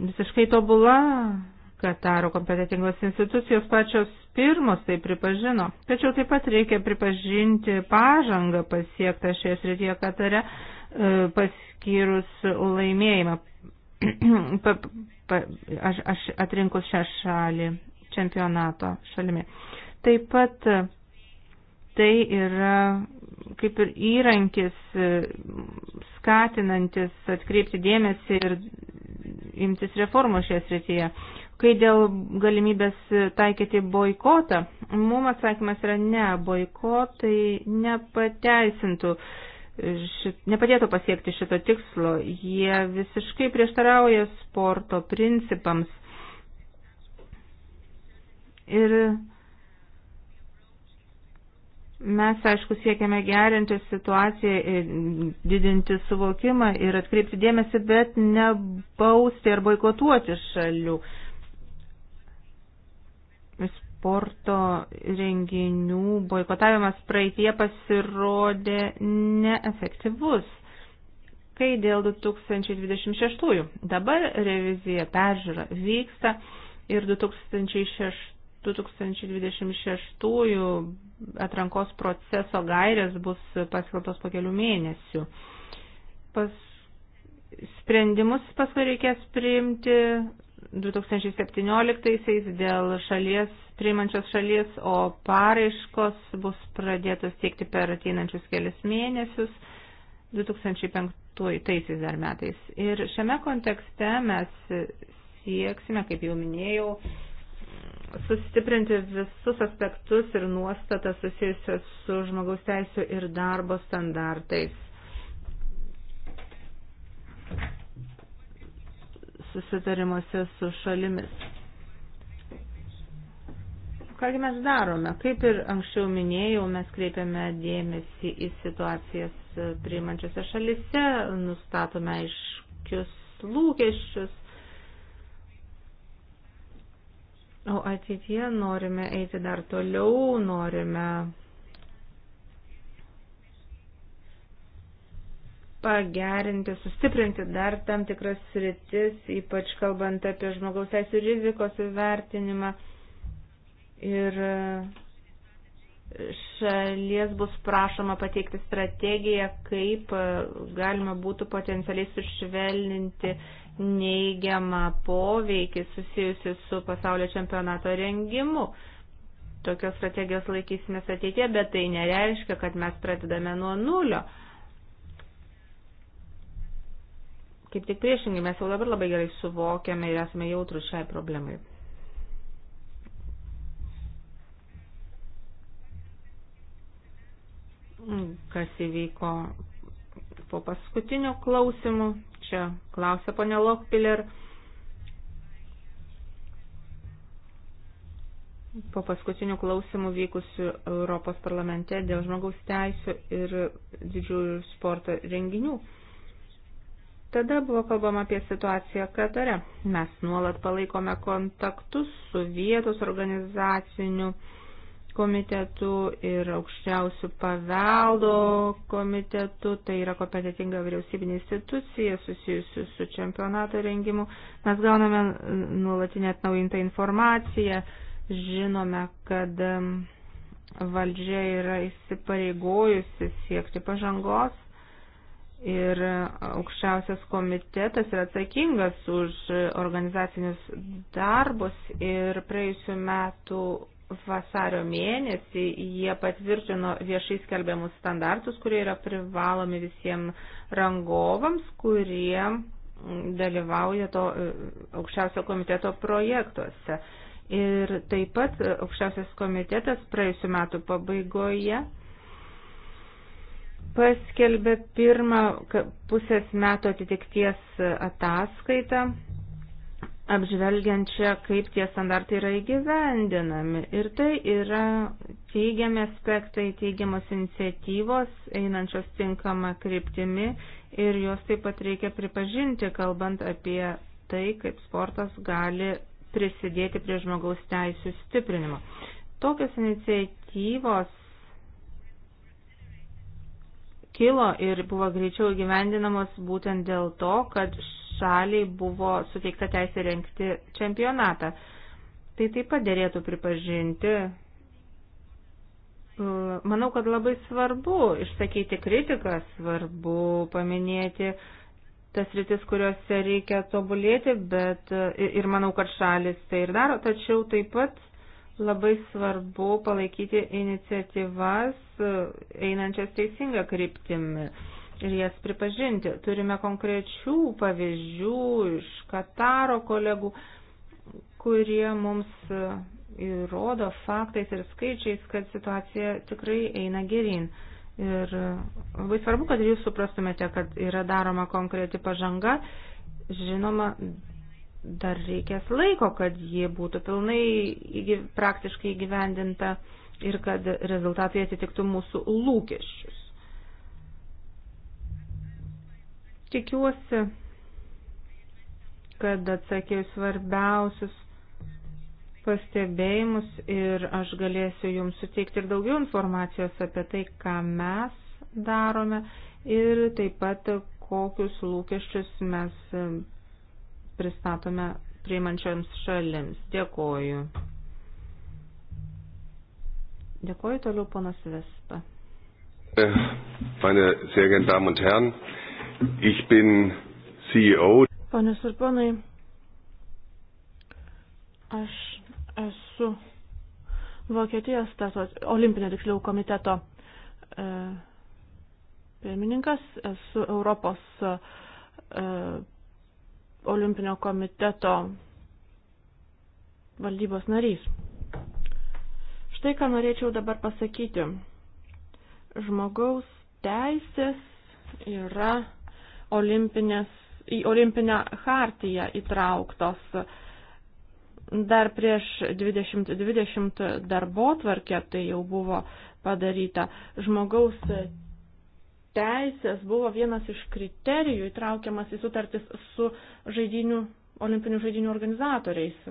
visiškai tobula, Kataro kompetitingos institucijos pačios pirmus tai pripažino. Tačiau taip pat reikia pripažinti pažangą pasiektą šioje srityje Katare, e, paskyrus laimėjimą. <clears throat> pa, pa, aš, aš atrinkus šią šalį čempionato šalimi. Taip pat e, tai yra kaip ir įrankis e, skatinantis atkreipti dėmesį ir imtis reformų šioje srityje. Kai dėl galimybės taikyti boikotą, mums atsakymas yra ne, boikotai nepateisintų, šit, nepadėtų pasiekti šito tikslo. Jie visiškai prieštarauja sporto principams. Ir Mes, aišku, siekiame gerinti situaciją, didinti suvokimą ir atkreipti dėmesį, bet nebausti ar boikotuoti šalių sporto renginių boikotavimas praeitie pasirodė neefektyvus. Kai dėl 2026-ųjų dabar revizija peržiūra vyksta ir 2006, 2026-ųjų atrankos proceso gairės bus paskelbtos po kelių mėnesių. Pas, sprendimus paskui reikės priimti 2017-aisiais dėl šalies priimančios šalies, o paraiškos bus pradėtos teikti per ateinančius kelias mėnesius 2005 dar metais. Ir šiame kontekste mes sieksime, kaip jau minėjau, sustiprinti visus aspektus ir nuostatas susijusios su žmogaus teisų ir darbo standartais. susitarimuose su šalimis. Kągi mes darome? Kaip ir anksčiau minėjau, mes kreipiame dėmesį į situacijas priimančiose šalise, nustatome aiškius lūkesčius. O ateitie norime eiti dar toliau, norime pagerinti, sustiprinti dar tam tikras sritis, ypač kalbant apie žmogaus teisų rizikos įvertinimą. vertinimą ir e, šalies bus prašoma pateikti strategiją, kaip e, galima būtų potencialiai sušvelninti neigiamą poveikį susijusi su pasaulio čempionato rengimu. Tokios strategijos laikysimės ateitie, bet tai nereiškia, kad mes pradedame nuo nulio. Kaip tik priešingai, mes jau dabar labai gerai suvokiame ir esame jautrus šiai problemai. kas įvyko po paskutinių klausimų. Čia klausia ponė Lokpiller. Po paskutinių klausimų vykusių Europos parlamente dėl žmogaus teisų ir didžiųjų sporto renginių. Tada buvo kalbama apie situaciją Katare. Mes nuolat palaikome kontaktus su vietos organizaciniu komitetu ir aukščiausių paveldo komitetu, tai yra kompetitinga vyriausybinė institucija susijusi su čempionato rengimu. Mes gauname nuolatinę atnaujintą informaciją, žinome, kad valdžia yra įsipareigojusi siekti pažangos ir aukščiausias komitetas yra atsakingas už organizacinius darbus ir praėjusiu metu vasario mėnesį jie patvirtino viešai skelbiamus standartus, kurie yra privalomi visiems rangovams, kurie dalyvauja to e, aukščiausio komiteto projektuose. Ir taip pat aukščiausias komitetas praėjusiu metu pabaigoje paskelbė pirmą pusės metų atitikties ataskaitą apžvelgiančią, kaip tie standartai yra įgyvendinami. Ir tai yra teigiami aspektai, teigiamos iniciatyvos, einančios tinkamą kryptimi ir jos taip pat reikia pripažinti, kalbant apie tai, kaip sportas gali prisidėti prie žmogaus teisų stiprinimo. Tokios iniciatyvos kilo ir buvo greičiau gyvendinamos būtent dėl to, kad šaliai buvo suteikta teisė renkti čempionatą. Tai taip pat dėrėtų pripažinti. E, manau, kad labai svarbu išsakyti kritiką, svarbu paminėti tas rytis, kuriuose reikia tobulėti, bet e, ir manau, kad šalis tai ir daro, tačiau taip pat labai svarbu palaikyti iniciatyvas e, einančias teisingą kryptimį ir jas pripažinti. Turime konkrečių pavyzdžių iš Kataro kolegų, kurie mums e, įrodo faktais ir skaičiais, kad situacija tikrai eina gerin. Ir e, labai svarbu, kad jūs suprastumėte, kad yra daroma konkreti pažanga. Žinoma, dar reikės laiko, kad ji būtų pilnai įgy, praktiškai įgyvendinta ir kad rezultatai atitiktų mūsų lūkesčius. Tikiuosi, kad atsakiau svarbiausius pastebėjimus ir aš galėsiu jums suteikti ir daugiau informacijos apie tai, ką mes darome ir taip pat kokius lūkesčius mes pristatome priimančioms šalims. Dėkoju. Dėkoju toliau, ponas Vespa. Meine sehr geehrten Damen und Herren, Ich bin CEO. Panas ir panai, aš esu Vokietijos tesos, olimpinio tiksliau komiteto e, pirmininkas, esu Europos e, olimpinio komiteto valdybos narys. Štai ką norėčiau dabar pasakyti. Žmogaus teisės yra olimpinės, į olimpinę hartiją įtrauktos. Dar prieš 2020 darbo tvarkę tai jau buvo padaryta. Žmogaus teisės buvo vienas iš kriterijų įtraukiamas į sutartis su žaidinių, olimpinių žaidinių organizatoriais.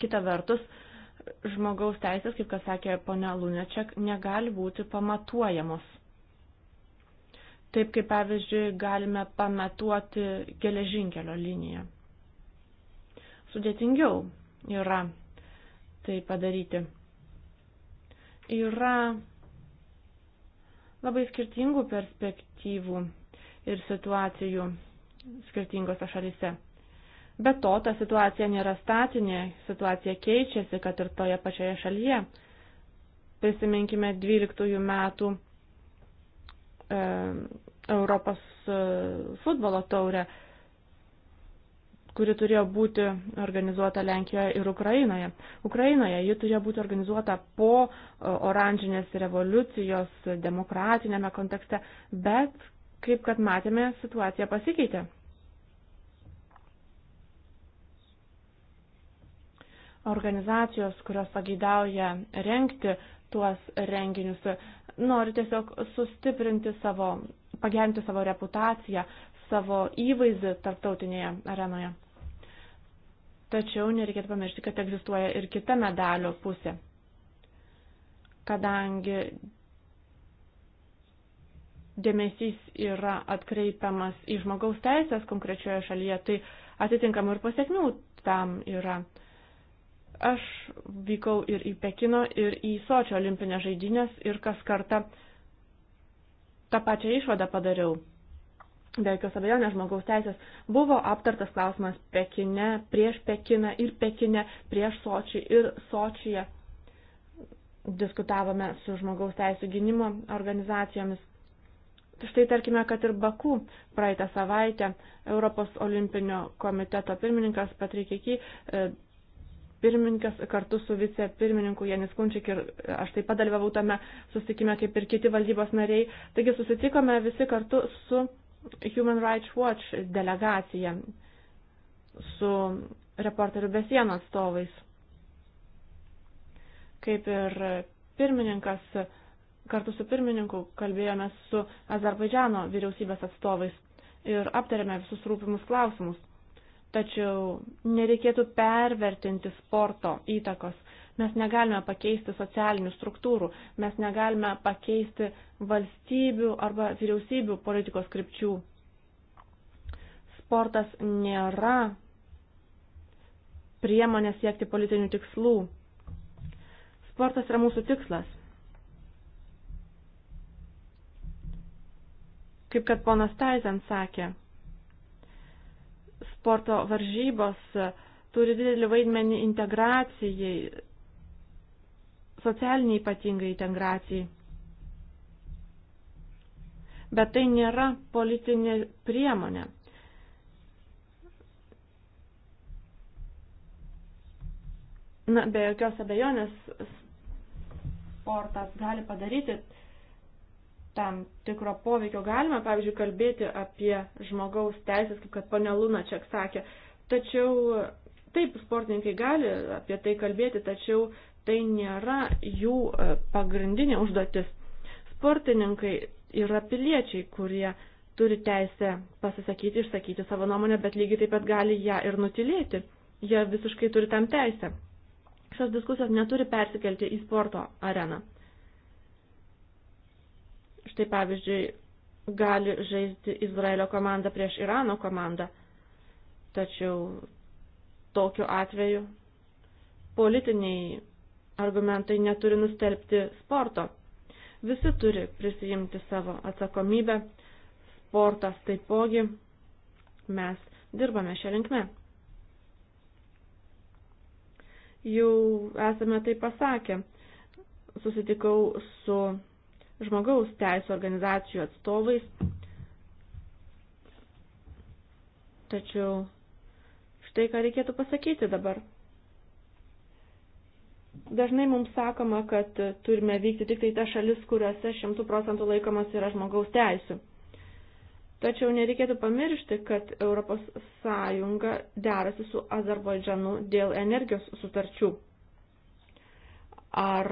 Kita vertus, žmogaus teisės, kaip kas sakė ponia Lunečiak, negali būti pamatuojamos. Taip kaip pavyzdžiui galime pamatuoti geležinkelio liniją. Sudėtingiau yra tai padaryti. Yra labai skirtingų perspektyvų ir situacijų skirtingose šalise. Be to, ta situacija nėra statinė, situacija keičiasi, kad ir toje pačioje šalyje. Prisiminkime 12 metų E, Europos e, futbolo taurę, kuri turėjo būti organizuota Lenkijoje ir Ukrainoje. Ukrainoje ji turėjo būti organizuota po e, oranžinės revoliucijos demokratinėme kontekste, bet, kaip kad matėme, situacija pasikeitė. Organizacijos, kurios pageidauja renkti tuos renginius, nori tiesiog sustiprinti savo, pagerinti savo reputaciją, savo įvaizdį tarptautinėje arenoje. Tačiau nereikėtų pamiršti, kad egzistuoja ir kita medalio pusė. Kadangi dėmesys yra atkreipiamas į žmogaus teisės konkrečioje šalyje, tai atitinkamų ir pasiekmių tam yra. Uh, Aš vykau ir į Pekino, ir į Sočio olimpinės žaidynės ir kas kartą tą pačią išvadą padariau. Be jokios abejonės žmogaus teisės buvo aptartas klausimas Pekine, prieš Pekiną ir Pekine, prieš Sočį ir Sočyje. Diskutavome su žmogaus teisų gynimo organizacijomis. Štai tarkime, kad ir Baku praeitą savaitę Europos olimpinio komiteto pirmininkas Patrikėky pirmininkas kartu su vicepirmininku Janis Kunčik ir aš taip pat dalyvavau tame susitikime kaip ir kiti valdybos nariai. Taigi susitikome visi kartu su Human Rights Watch delegacija, su reporterių besienų atstovais. Kaip ir pirmininkas, kartu su pirmininku kalbėjome su Azerbaidžiano vyriausybės atstovais ir aptarėme visus rūpimus klausimus. Tačiau nereikėtų pervertinti sporto įtakos. Mes negalime pakeisti socialinių struktūrų, mes negalime pakeisti valstybių arba vyriausybių politikos krypčių. Sportas nėra priemonė siekti politinių tikslų. Sportas yra mūsų tikslas. Kaip kad ponas Taizen sakė, Sporto varžybos e, turi didelį vaidmenį integracijai, socialiniai ypatingai integracijai. Bet tai nėra politinė priemonė. Na, be jokios abejonės sportas gali padaryti tam tikro poveikio galime, pavyzdžiui, kalbėti apie žmogaus teisės, kaip kad ponia Luna čia sakė. Tačiau taip, sportininkai gali apie tai kalbėti, tačiau tai nėra jų e, pagrindinė užduotis. Sportininkai yra piliečiai, kurie turi teisę pasisakyti, išsakyti savo nuomonę, bet lygiai taip pat gali ją ir nutilėti. Jie visiškai turi tam teisę. Šios diskusijos neturi persikelti į sporto areną. Tai pavyzdžiui, gali žaisti Izraelio komanda prieš Irano komandą. Tačiau tokiu atveju politiniai argumentai neturi nustelbti sporto. Visi turi prisijimti savo atsakomybę, sportas taipogi mes dirbame šią linkmę. Jau esame tai pasakę. Susitikau su žmogaus teisų organizacijų atstovais. Tačiau štai ką reikėtų pasakyti dabar. Dažnai mums sakoma, kad turime vykti tik tai tas šalis, kuriuose šimtų procentų laikomas yra žmogaus teisų. Tačiau nereikėtų pamiršti, kad ES derasi su Azerbaidžanu dėl energijos sutarčių. Ar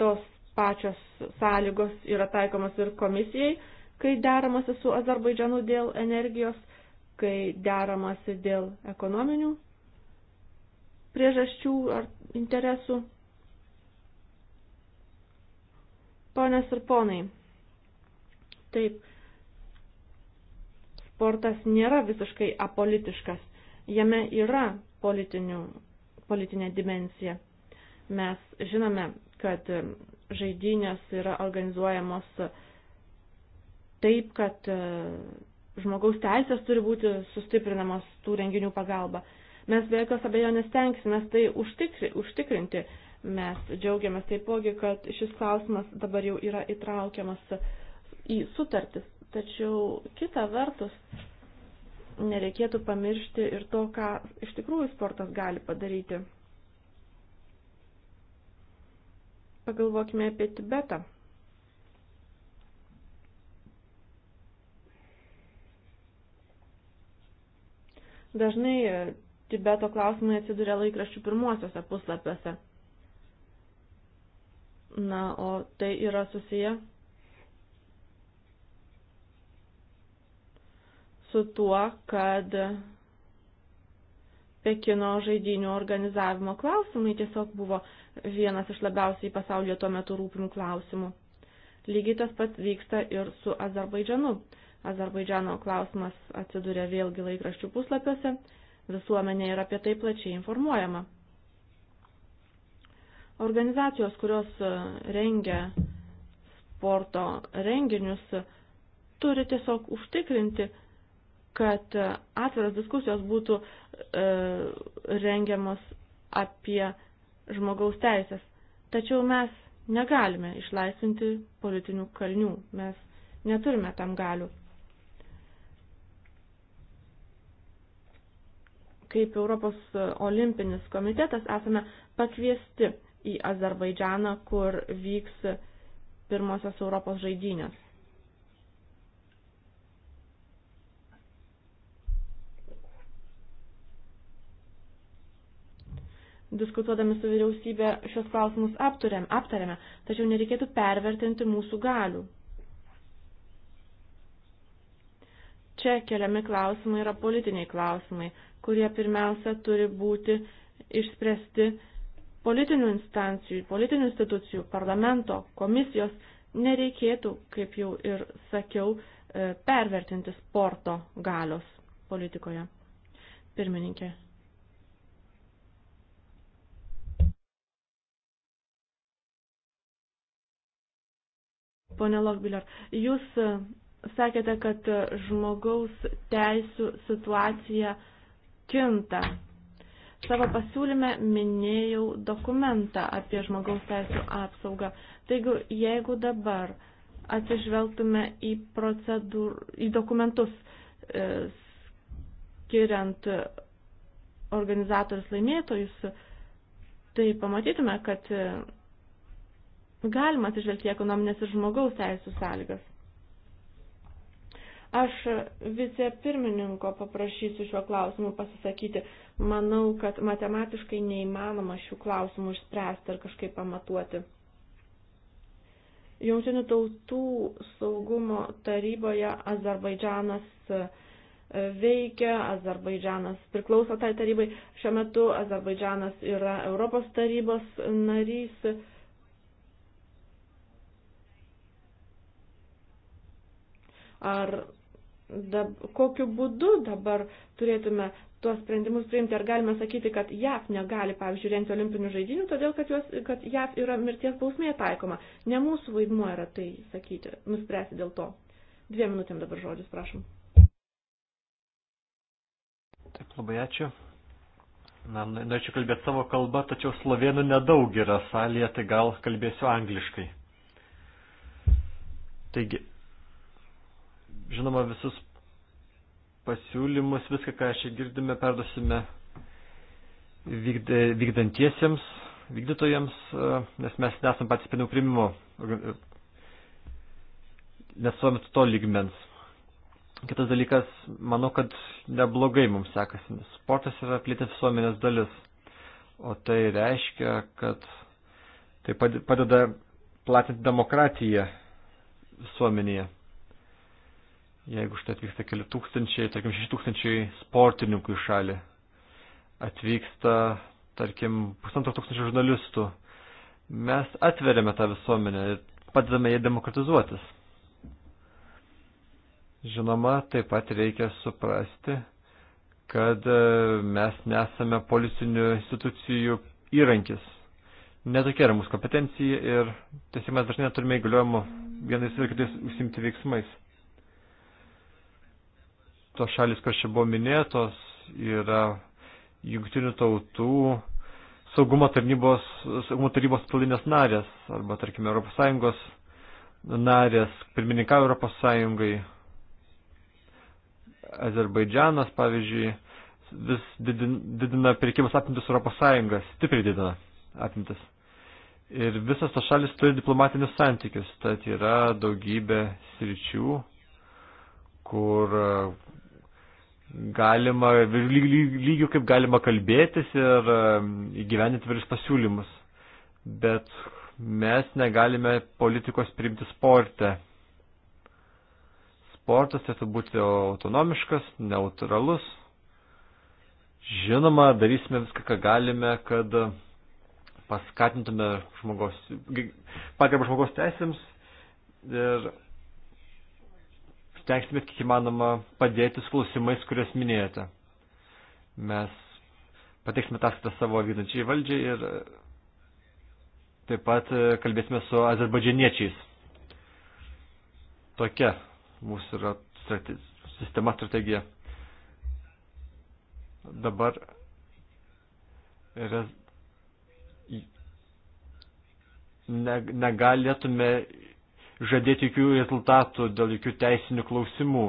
tos pačios sąlygos yra taikomas ir komisijai, kai deramasi su Azerbaidžianu dėl energijos, kai deramasi dėl ekonominių priežasčių ar interesų. Ponės ir ponai, taip, sportas nėra visiškai apolitiškas, jame yra politinių, politinė dimensija. Mes žinome, kad žaidynės yra organizuojamos taip, kad e, žmogaus teisės turi būti sustiprinamos tų renginių pagalba. Mes be jokios abejonės tenksimės tai užtikrinti. Mes džiaugiamės taipogi, kad šis klausimas dabar jau yra įtraukiamas į sutartis. Tačiau kita vertus, nereikėtų pamiršti ir to, ką iš tikrųjų sportas gali padaryti. pagalvokime apie Tibetą. Dažnai e, Tibeto klausimai atsiduria laikraščių pirmuosiuose puslapiuose. Na, o tai yra susiję su tuo, kad Pekino žaidinių organizavimo klausimai tiesiog buvo vienas iš labiausiai pasaulyje tuo metu rūpimų klausimų. Lygiai tas pats vyksta ir su Azerbaidžanu. Azerbaidžano klausimas atsiduria vėlgi laikraščių puslapiuose, visuomenė yra apie tai plačiai informuojama. Organizacijos, kurios rengia sporto renginius, turi tiesiog užtikrinti kad e, atviros diskusijos būtų e, rengiamos apie žmogaus teisės. Tačiau mes negalime išlaisvinti politinių kalnių, mes neturime tam galių. Kaip Europos olimpinis komitetas esame pakviesti į Azerbaidžaną, kur vyks pirmosios Europos žaidynės. diskutuodami su vyriausybė šios klausimus aptarėm, aptarėme, tačiau nereikėtų pervertinti mūsų galių. Čia keliami klausimai yra politiniai klausimai, kurie pirmiausia turi būti išspręsti politinių instancijų, politinių institucijų, parlamento, komisijos. Nereikėtų, kaip jau ir sakiau, e, pervertinti sporto galios politikoje. Pirmininkė, Pone Lokbiller, jūs e, sakėte, kad e, žmogaus teisų situacija kinta. Savo pasiūlyme minėjau dokumentą apie žmogaus teisų apsaugą. Taigi, jeigu dabar atsižvelgtume į, procedur, į dokumentus, e, skiriant organizatorius laimėtojus, tai pamatytume, kad e, galima atsižvelgti ekonominės ir žmogaus teisų sąlygas. Aš vice pirmininko paprašysiu šiuo klausimu pasisakyti. Manau, kad matematiškai neįmanoma šių klausimų išspręsti ar kažkaip pamatuoti. Jungtinių tautų saugumo taryboje Azerbaidžanas e, veikia, Azerbaidžanas priklauso tai tarybai. Šiuo metu Azerbaidžanas yra Europos tarybos narys Ar dab, kokiu būdu dabar turėtume tuos sprendimus priimti, ar galime sakyti, kad JAF negali, pavyzdžiui, rengti olimpinių žaidynių, todėl kad, juos, kad JAF yra mirties bausmė taikoma. Ne mūsų vaidmuo yra tai sakyti, nuspręsti dėl to. Dviem minutėm dabar žodis, prašom. Taip, labai ačiū. Na, norėčiau kalbėti savo kalbą, tačiau slovenų nedaug yra salėje, tai gal kalbėsiu angliškai. Taigi, žinoma, visus pasiūlymus, viską, ką čia girdime, perdosime vykdantiesiems, vykdytojams, e, nes mes nesam patys sprendimų primimo, e, nesuomit to lygmens. Kitas dalykas, manau, kad neblogai mums sekasi, nes sportas yra plėtės visuomenės dalis, o tai reiškia, kad tai padeda platinti demokratiją visuomenėje jeigu štai atvyksta keli tūkstančiai, tarkim, šeši tūkstančiai sportininkų į šalį, atvyksta, tarkim, pusantro tūkstančio žurnalistų, mes atveriame tą visuomenę ir padedame jai demokratizuotis. Žinoma, taip pat reikia suprasti, kad e, mes nesame policinių institucijų įrankis. Netokia yra mūsų kompetencija ir tiesiog mes dažnai neturime įgaliojimų vienais ir kitais užsimti veiksmais tos šalis, kur čia buvo minėtos, yra jungtinių tautų saugumo tarnybos, saugumo tarybos palinės narės, arba tarkime ES narės, pirmininkavo Europos Sąjungai. Azerbaidžianas, pavyzdžiui, vis didina, didina pirkimus apimtis Europos Sąjungas, stipriai didina apimtis. Ir visas tos šalis turi diplomatinius santykius, tad yra daugybė sričių, kur galima, lygių kaip galima kalbėtis ir įgyveninti virš pasiūlymus. Bet mes negalime politikos priimti sporte. Sportas turėtų būti autonomiškas, neutralus. Žinoma, darysime viską, ką galime, kad paskatintume žmogaus, pagarbą žmogaus teisėms ir stengsime kiek įmanoma padėti su klausimais, kuriuos minėjote. Mes pateiksime ataskaitą savo vykdančiai valdžiai ir taip pat e, kalbėsime su azerbaidžianiečiais. Tokia mūsų yra strate sistema strategija. Dabar yra negalėtume žadėti jokių rezultatų dėl jokių teisinių klausimų.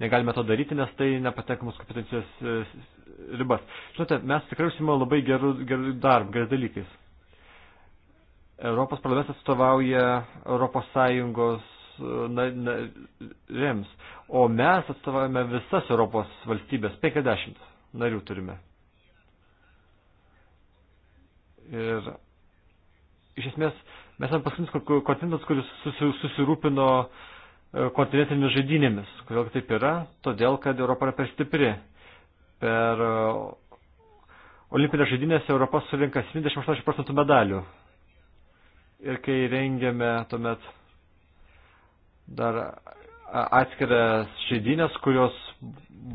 Negalime to daryti, nes tai nepatenka mūsų kompetencijos e, ribas. Žinote, mes tikrai užsimame labai gerų, gerų darbų, gerais dalykais. Europos parlamentas atstovauja Europos Sąjungos e, narims, o mes atstovaujame visas Europos valstybės, 50 narių turime. Ir iš esmės Mes esame paskutinis kontinentas, kuris susirūpino e, kontinentinėmis žaidynėmis. Kodėl taip yra? Todėl, kad Europa yra per stipri. Per e, olimpinės žaidynės Europa surinka 78 procentų medalių. Ir kai rengėme tuomet dar atskiras žaidynės, kurios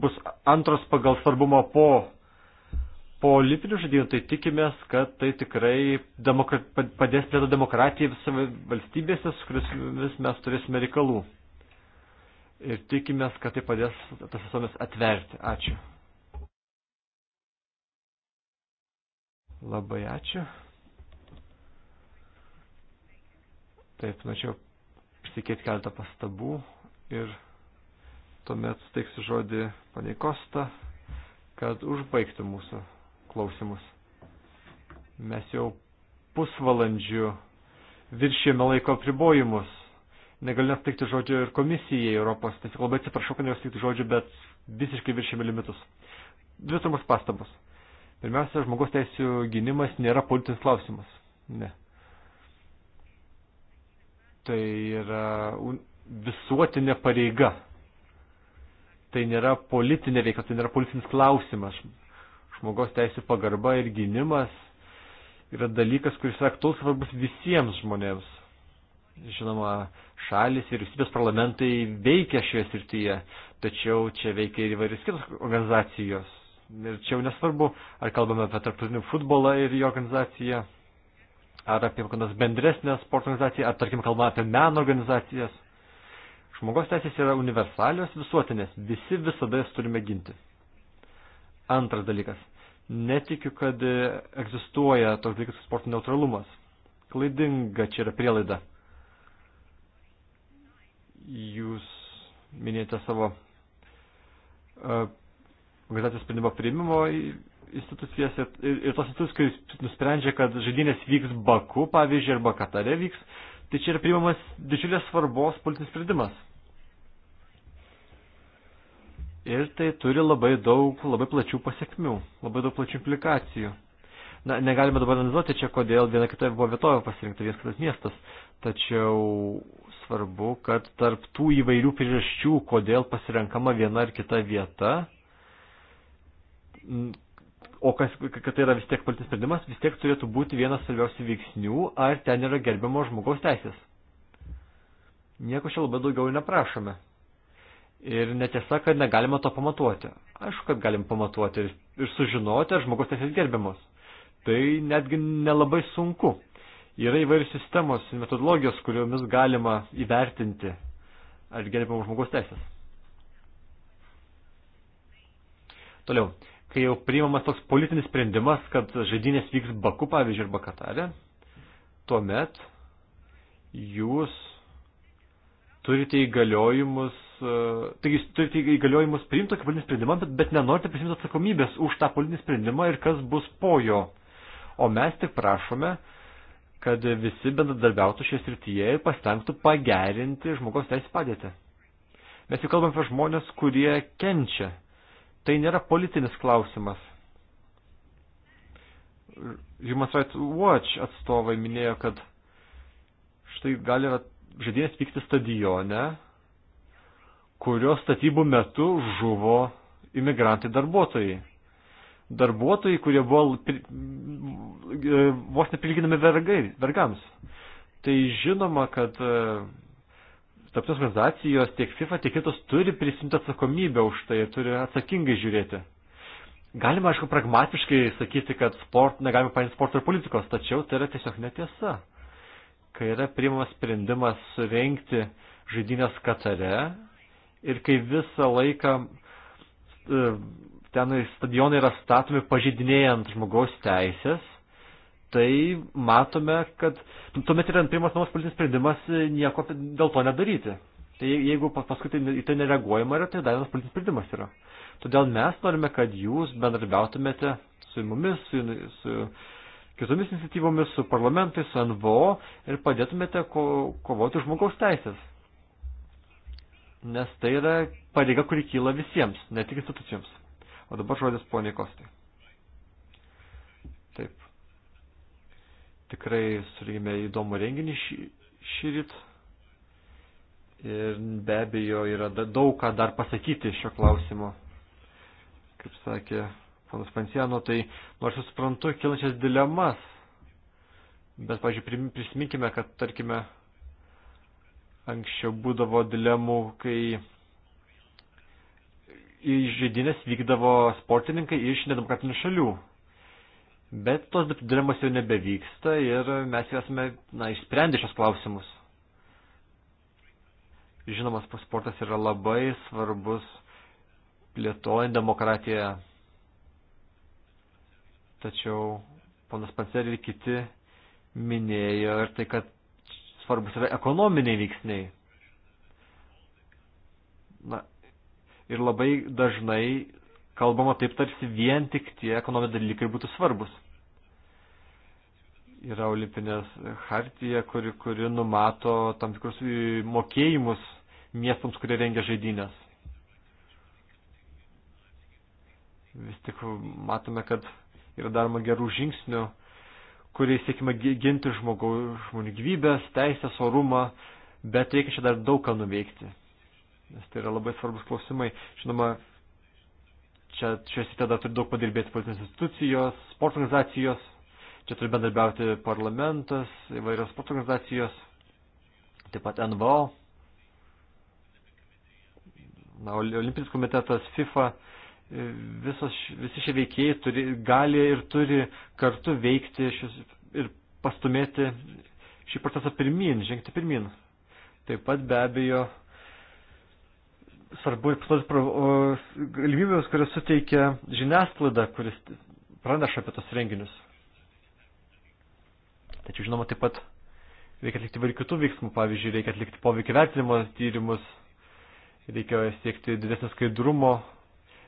bus antros pagal svarbumą po politinių žaidėjų, tai tikimės, kad tai tikrai demokra... padės plėto demokratijai visose valstybėse, su kuriamis mes turėsime reikalų. Ir tikimės, kad tai padės tas visuomis atverti. Ačiū. Labai ačiū. Taip, norėčiau išsikėti keletą pastabų ir tuomet steiksiu žodį paneikostą, kad užbaigtų mūsų klausimus. Mes jau pusvalandžių viršėjome laiko pribojimus. Negaliu atlikti žodžio ir komisijai Europos. Tiesiog labai atsiprašau, kad negaliu atlikti žodžio, bet visiškai viršėjome limitus. Dvi trumpos pastabos. Pirmiausia, žmogaus teisų gynimas nėra politinis klausimas. Ne. Tai yra visuotinė pareiga. Tai nėra politinė veikla, tai nėra politinis klausimas žmogaus teisų pagarba ir gynimas yra dalykas, kuris yra aktuolus svarbus visiems žmonėms. Žinoma, šalis ir visybės parlamentai veikia šioje srityje, tačiau čia veikia ir įvairios kitos organizacijos. Ir čia jau nesvarbu, ar kalbame apie tarptautinį futbolą ir jo organizaciją, ar apie kokias bendresnę sporto organizaciją, ar tarkim kalbame apie meno organizacijas. Žmogaus teisės yra universalios visuotinės, visi visada jas turime ginti. Antras dalykas netikiu, kad e, egzistuoja toks dalykas kaip sporto neutralumas. Klaidinga čia yra prielaida. Jūs minėjote savo uh, organizacijos sprendimo priimimo institucijas ir, ir, ir tos institucijos, kai nusprendžia, kad žaidynės vyks Baku, pavyzdžiui, arba Katare vyks, tai čia yra priimamas didžiulės svarbos politinis sprendimas ir tai turi labai daug, labai plačių pasiekmių, labai daug plačių implikacijų. Na, negalime dabar analizuoti čia, kodėl viena kita buvo vietovė pasirinkta, vienas kitas miestas, tačiau svarbu, kad tarp tų įvairių priežasčių, kodėl pasirenkama viena ar kita vieta, o kas, kad tai yra vis tiek politinis sprendimas, vis tiek turėtų būti vienas svarbiausių veiksnių, ar ten yra gerbiamo žmogaus teisės. Nieko čia labai daugiau neprašome. Ir netiesa, kad negalima to pamatuoti. Aišku, kad galim pamatuoti ir, ir sužinoti, ar žmogus teisės gerbiamos. Tai netgi nelabai sunku. Yra įvairios sistemos, metodologijos, kuriomis galima įvertinti, ar gerbiamos žmogus teisės. Toliau, kai jau priimamas toks politinis sprendimas, kad žaidynės vyks Baku, pavyzdžiui, arba Katare, tuomet jūs turite įgaliojimus E, taigi jūs tai, turite įgaliojimus priimti tokį politinį sprendimą, bet, bet nenorite prisimti atsakomybės už tą politinį sprendimą ir kas bus po jo. O mes tik prašome, kad visi bendradarbiautų šioje srityje ir pasitengtų pagerinti žmogaus teisų padėtį. Mes jau kalbame apie žmonės, kurie kenčia. Tai nėra politinis klausimas. Human Rights Watch atstovai minėjo, kad štai gali žaidėjas vykti stadione, kurios statybų metu žuvo imigrantai darbuotojai. Darbuotojai, kurie buvo e, vos nepilginami vergai, vergams. Tai žinoma, kad e, taptos organizacijos tiek FIFA, tiek kitos turi prisimti atsakomybę už tai ir turi atsakingai žiūrėti. Galima, aišku, pragmatiškai sakyti, kad sport, negalime paimti sporto ir politikos, tačiau tai yra tiesiog netiesa. Kai yra priimamas sprendimas surenkti žaidynės Katare, ir kai visą laiką e, ten stadionai yra statomi pažydinėjant žmogaus teisės, tai matome, kad tuomet yra primas namas politinis sprendimas e, nieko dėl to nedaryti. Tai jeigu paskui tai, į tai nereaguojama yra, tai dar vienas politinis sprendimas yra. Todėl mes norime, kad jūs bendradarbiautumėte su mumis, su, su kitomis iniciatyvomis, su parlamentais, su NVO ir padėtumėte ko, kovoti žmogaus teisės nes tai yra pareiga, kuri kyla visiems, ne tik institucijoms. O dabar žodis poniai Kostai. Taip. Tikrai surime įdomų renginį šį, šį ryt. Ir be abejo yra daug ką dar pasakyti šio klausimo. Kaip sakė panas Panciano, tai nors suprantu kilančias dilemas, bet, pažiūrėjau, prisiminkime, kad, tarkime, Anksčiau būdavo dilemų, kai į žaidynės vykdavo sportininkai iš nedemokratinių šalių. Bet tos dilemos jau nebevyksta ir mes jau esame na, išsprendę šios klausimus. Žinomas, sportas yra labai svarbus plėtojant demokratiją. Tačiau ponas Panceri ir kiti minėjo ir tai, kad svarbus yra ekonominiai veiksniai. Na, ir labai dažnai kalbama taip tarsi vien tik tie ekonominiai dalykai būtų svarbus. Yra olimpinės hartija, kuri, kuri numato tam tikrus e, mokėjimus miestams, kurie rengia žaidynės. Vis tik matome, kad yra daroma gerų žingsnių kuriais siekime ginti žmogų, žmonių gyvybės, teisės, orumą, bet reikia čia dar daug ką nuveikti. Nes tai yra labai svarbus klausimai. Žinoma, čia šiuose tada turi daug padirbėti politinės institucijos, sporto organizacijos, čia turi bendarbiauti parlamentas, įvairios sporto organizacijos, taip pat NVO, na, Olimpinis komitetas, FIFA, visos, visi šie veikėjai turi, gali ir turi kartu veikti šis, ir pastumėti šį procesą pirmin, žengti pirmin. Taip pat be abejo svarbu ir pasinaudos galimybėmis, kurias suteikia žiniasklaida, kuris praneša apie tos renginius. Tačiau žinoma, taip pat reikia atlikti ir kitų veiksmų, pavyzdžiui, reikia atlikti poveikį vertinimo tyrimus, reikia siekti didesnio skaidrumo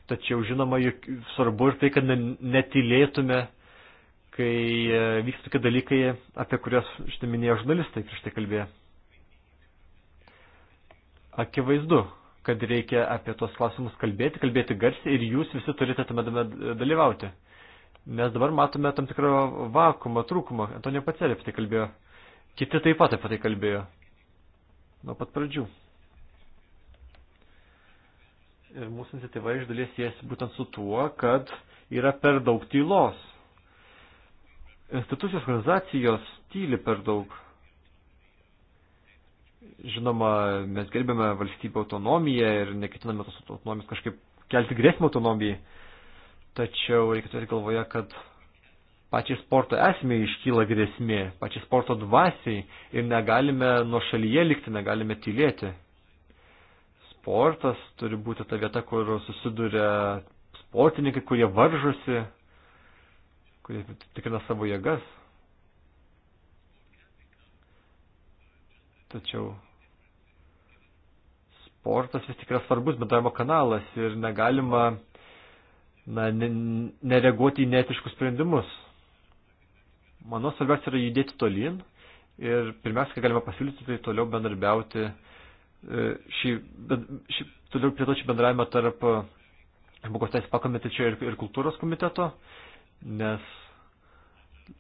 tačiau žinoma, jok, svarbu ir tai, kad netilėtume, kai e, vyksta tokie dalykai, apie kuriuos štai minėjo žurnalistai prieš tai kalbėjo. Akivaizdu, kad reikia apie tos klausimus kalbėti, kalbėti garsiai ir jūs visi turite tame dalyvauti. Nes dabar matome tam tikrą vakumą, trūkumą. Antonija Pacelė apie tai kalbėjo. Kiti taip pat apie tai kalbėjo. Nuo pat pradžių mūsų iniciatyva iš dalies jėsi būtent su tuo, kad yra per daug tylos. Institucijos organizacijos tyli per daug. Žinoma, mes gerbėme valstybių autonomiją ir neketiname tos autonomijos kažkaip kelti grėsmę autonomijai. Tačiau reikia turėti galvoje, kad pačiai sporto esmė iškyla grėsmė, pačiai sporto dvasiai ir negalime nuo šalyje likti, negalime tylėti sportas turi būti ta vieta, kur susiduria sportininkai, kurie varžosi, kurie tikrina savo jėgas. Tačiau sportas vis tik yra svarbus bendravimo kanalas ir negalima na, ne, nereaguoti į netiškus sprendimus. Mano svarbiausia yra judėti tolyn ir pirmiausia, ką galima pasiūlyti, tai toliau bendarbiauti E, šį, šį toliau plėtočių bendravimą tarp e, žmogaus teisės pakomitečio ir, ir kultūros komiteto, nes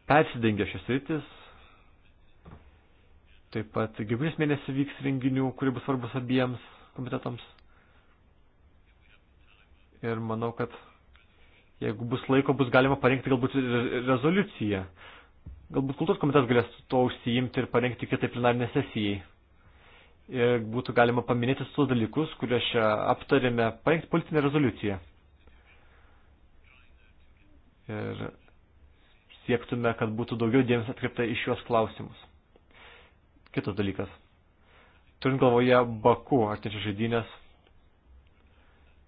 persidengia šis rytis. Taip pat gegužės mėnesį vyks renginių, kurie bus svarbus abiems komitetams. Ir manau, kad jeigu bus laiko, bus galima parengti galbūt rezoliuciją. Galbūt kultūros komitetas galės to užsiimti ir parengti kitai plenarinę sesijai ir būtų galima paminėti tuos dalykus, kuriuos čia aptarėme, parengs politinę rezoliuciją. Ir siektume, kad būtų daugiau dėmesio atkreipta į šiuos klausimus. Kitas dalykas. Turint galvoje Baku artinčias žaidynės,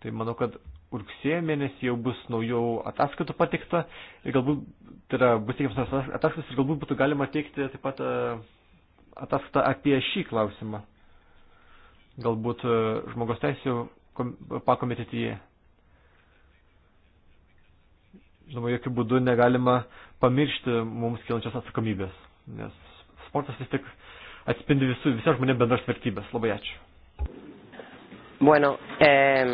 tai manau, kad rugsėjo mėnesį jau bus naujų ataskaitų patikta ir galbūt, tai yra, bus teikiamas ataskaitas ir galbūt būtų galima teikti taip pat e, ataskaitą apie šį klausimą galbūt e, žmogaus teisų pakomitetyje. Žinoma, jokių būdų negalima pamiršti mums kilančios atsakomybės, nes sportas vis tik atspindi visų, visiems žmonėms bendras vertybės. Labai ačiū. Bueno, eh,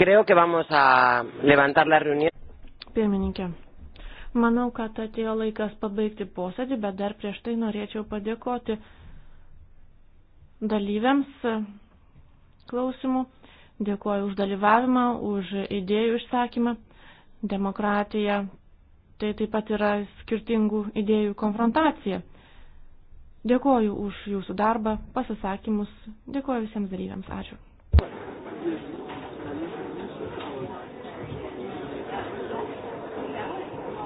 creo que vamos a levantar la reunión. Pirmininkė, manau, kad atėjo laikas pabaigti posėdį, bet dar prieš tai norėčiau padėkoti dalyviams klausimų. Dėkuoju už dalyvavimą, už idėjų išsakymą. Demokratija tai taip pat yra skirtingų idėjų konfrontacija. Dėkuoju už jūsų darbą, pasisakymus. Dėkuoju visiems dalyviams. Ačiū.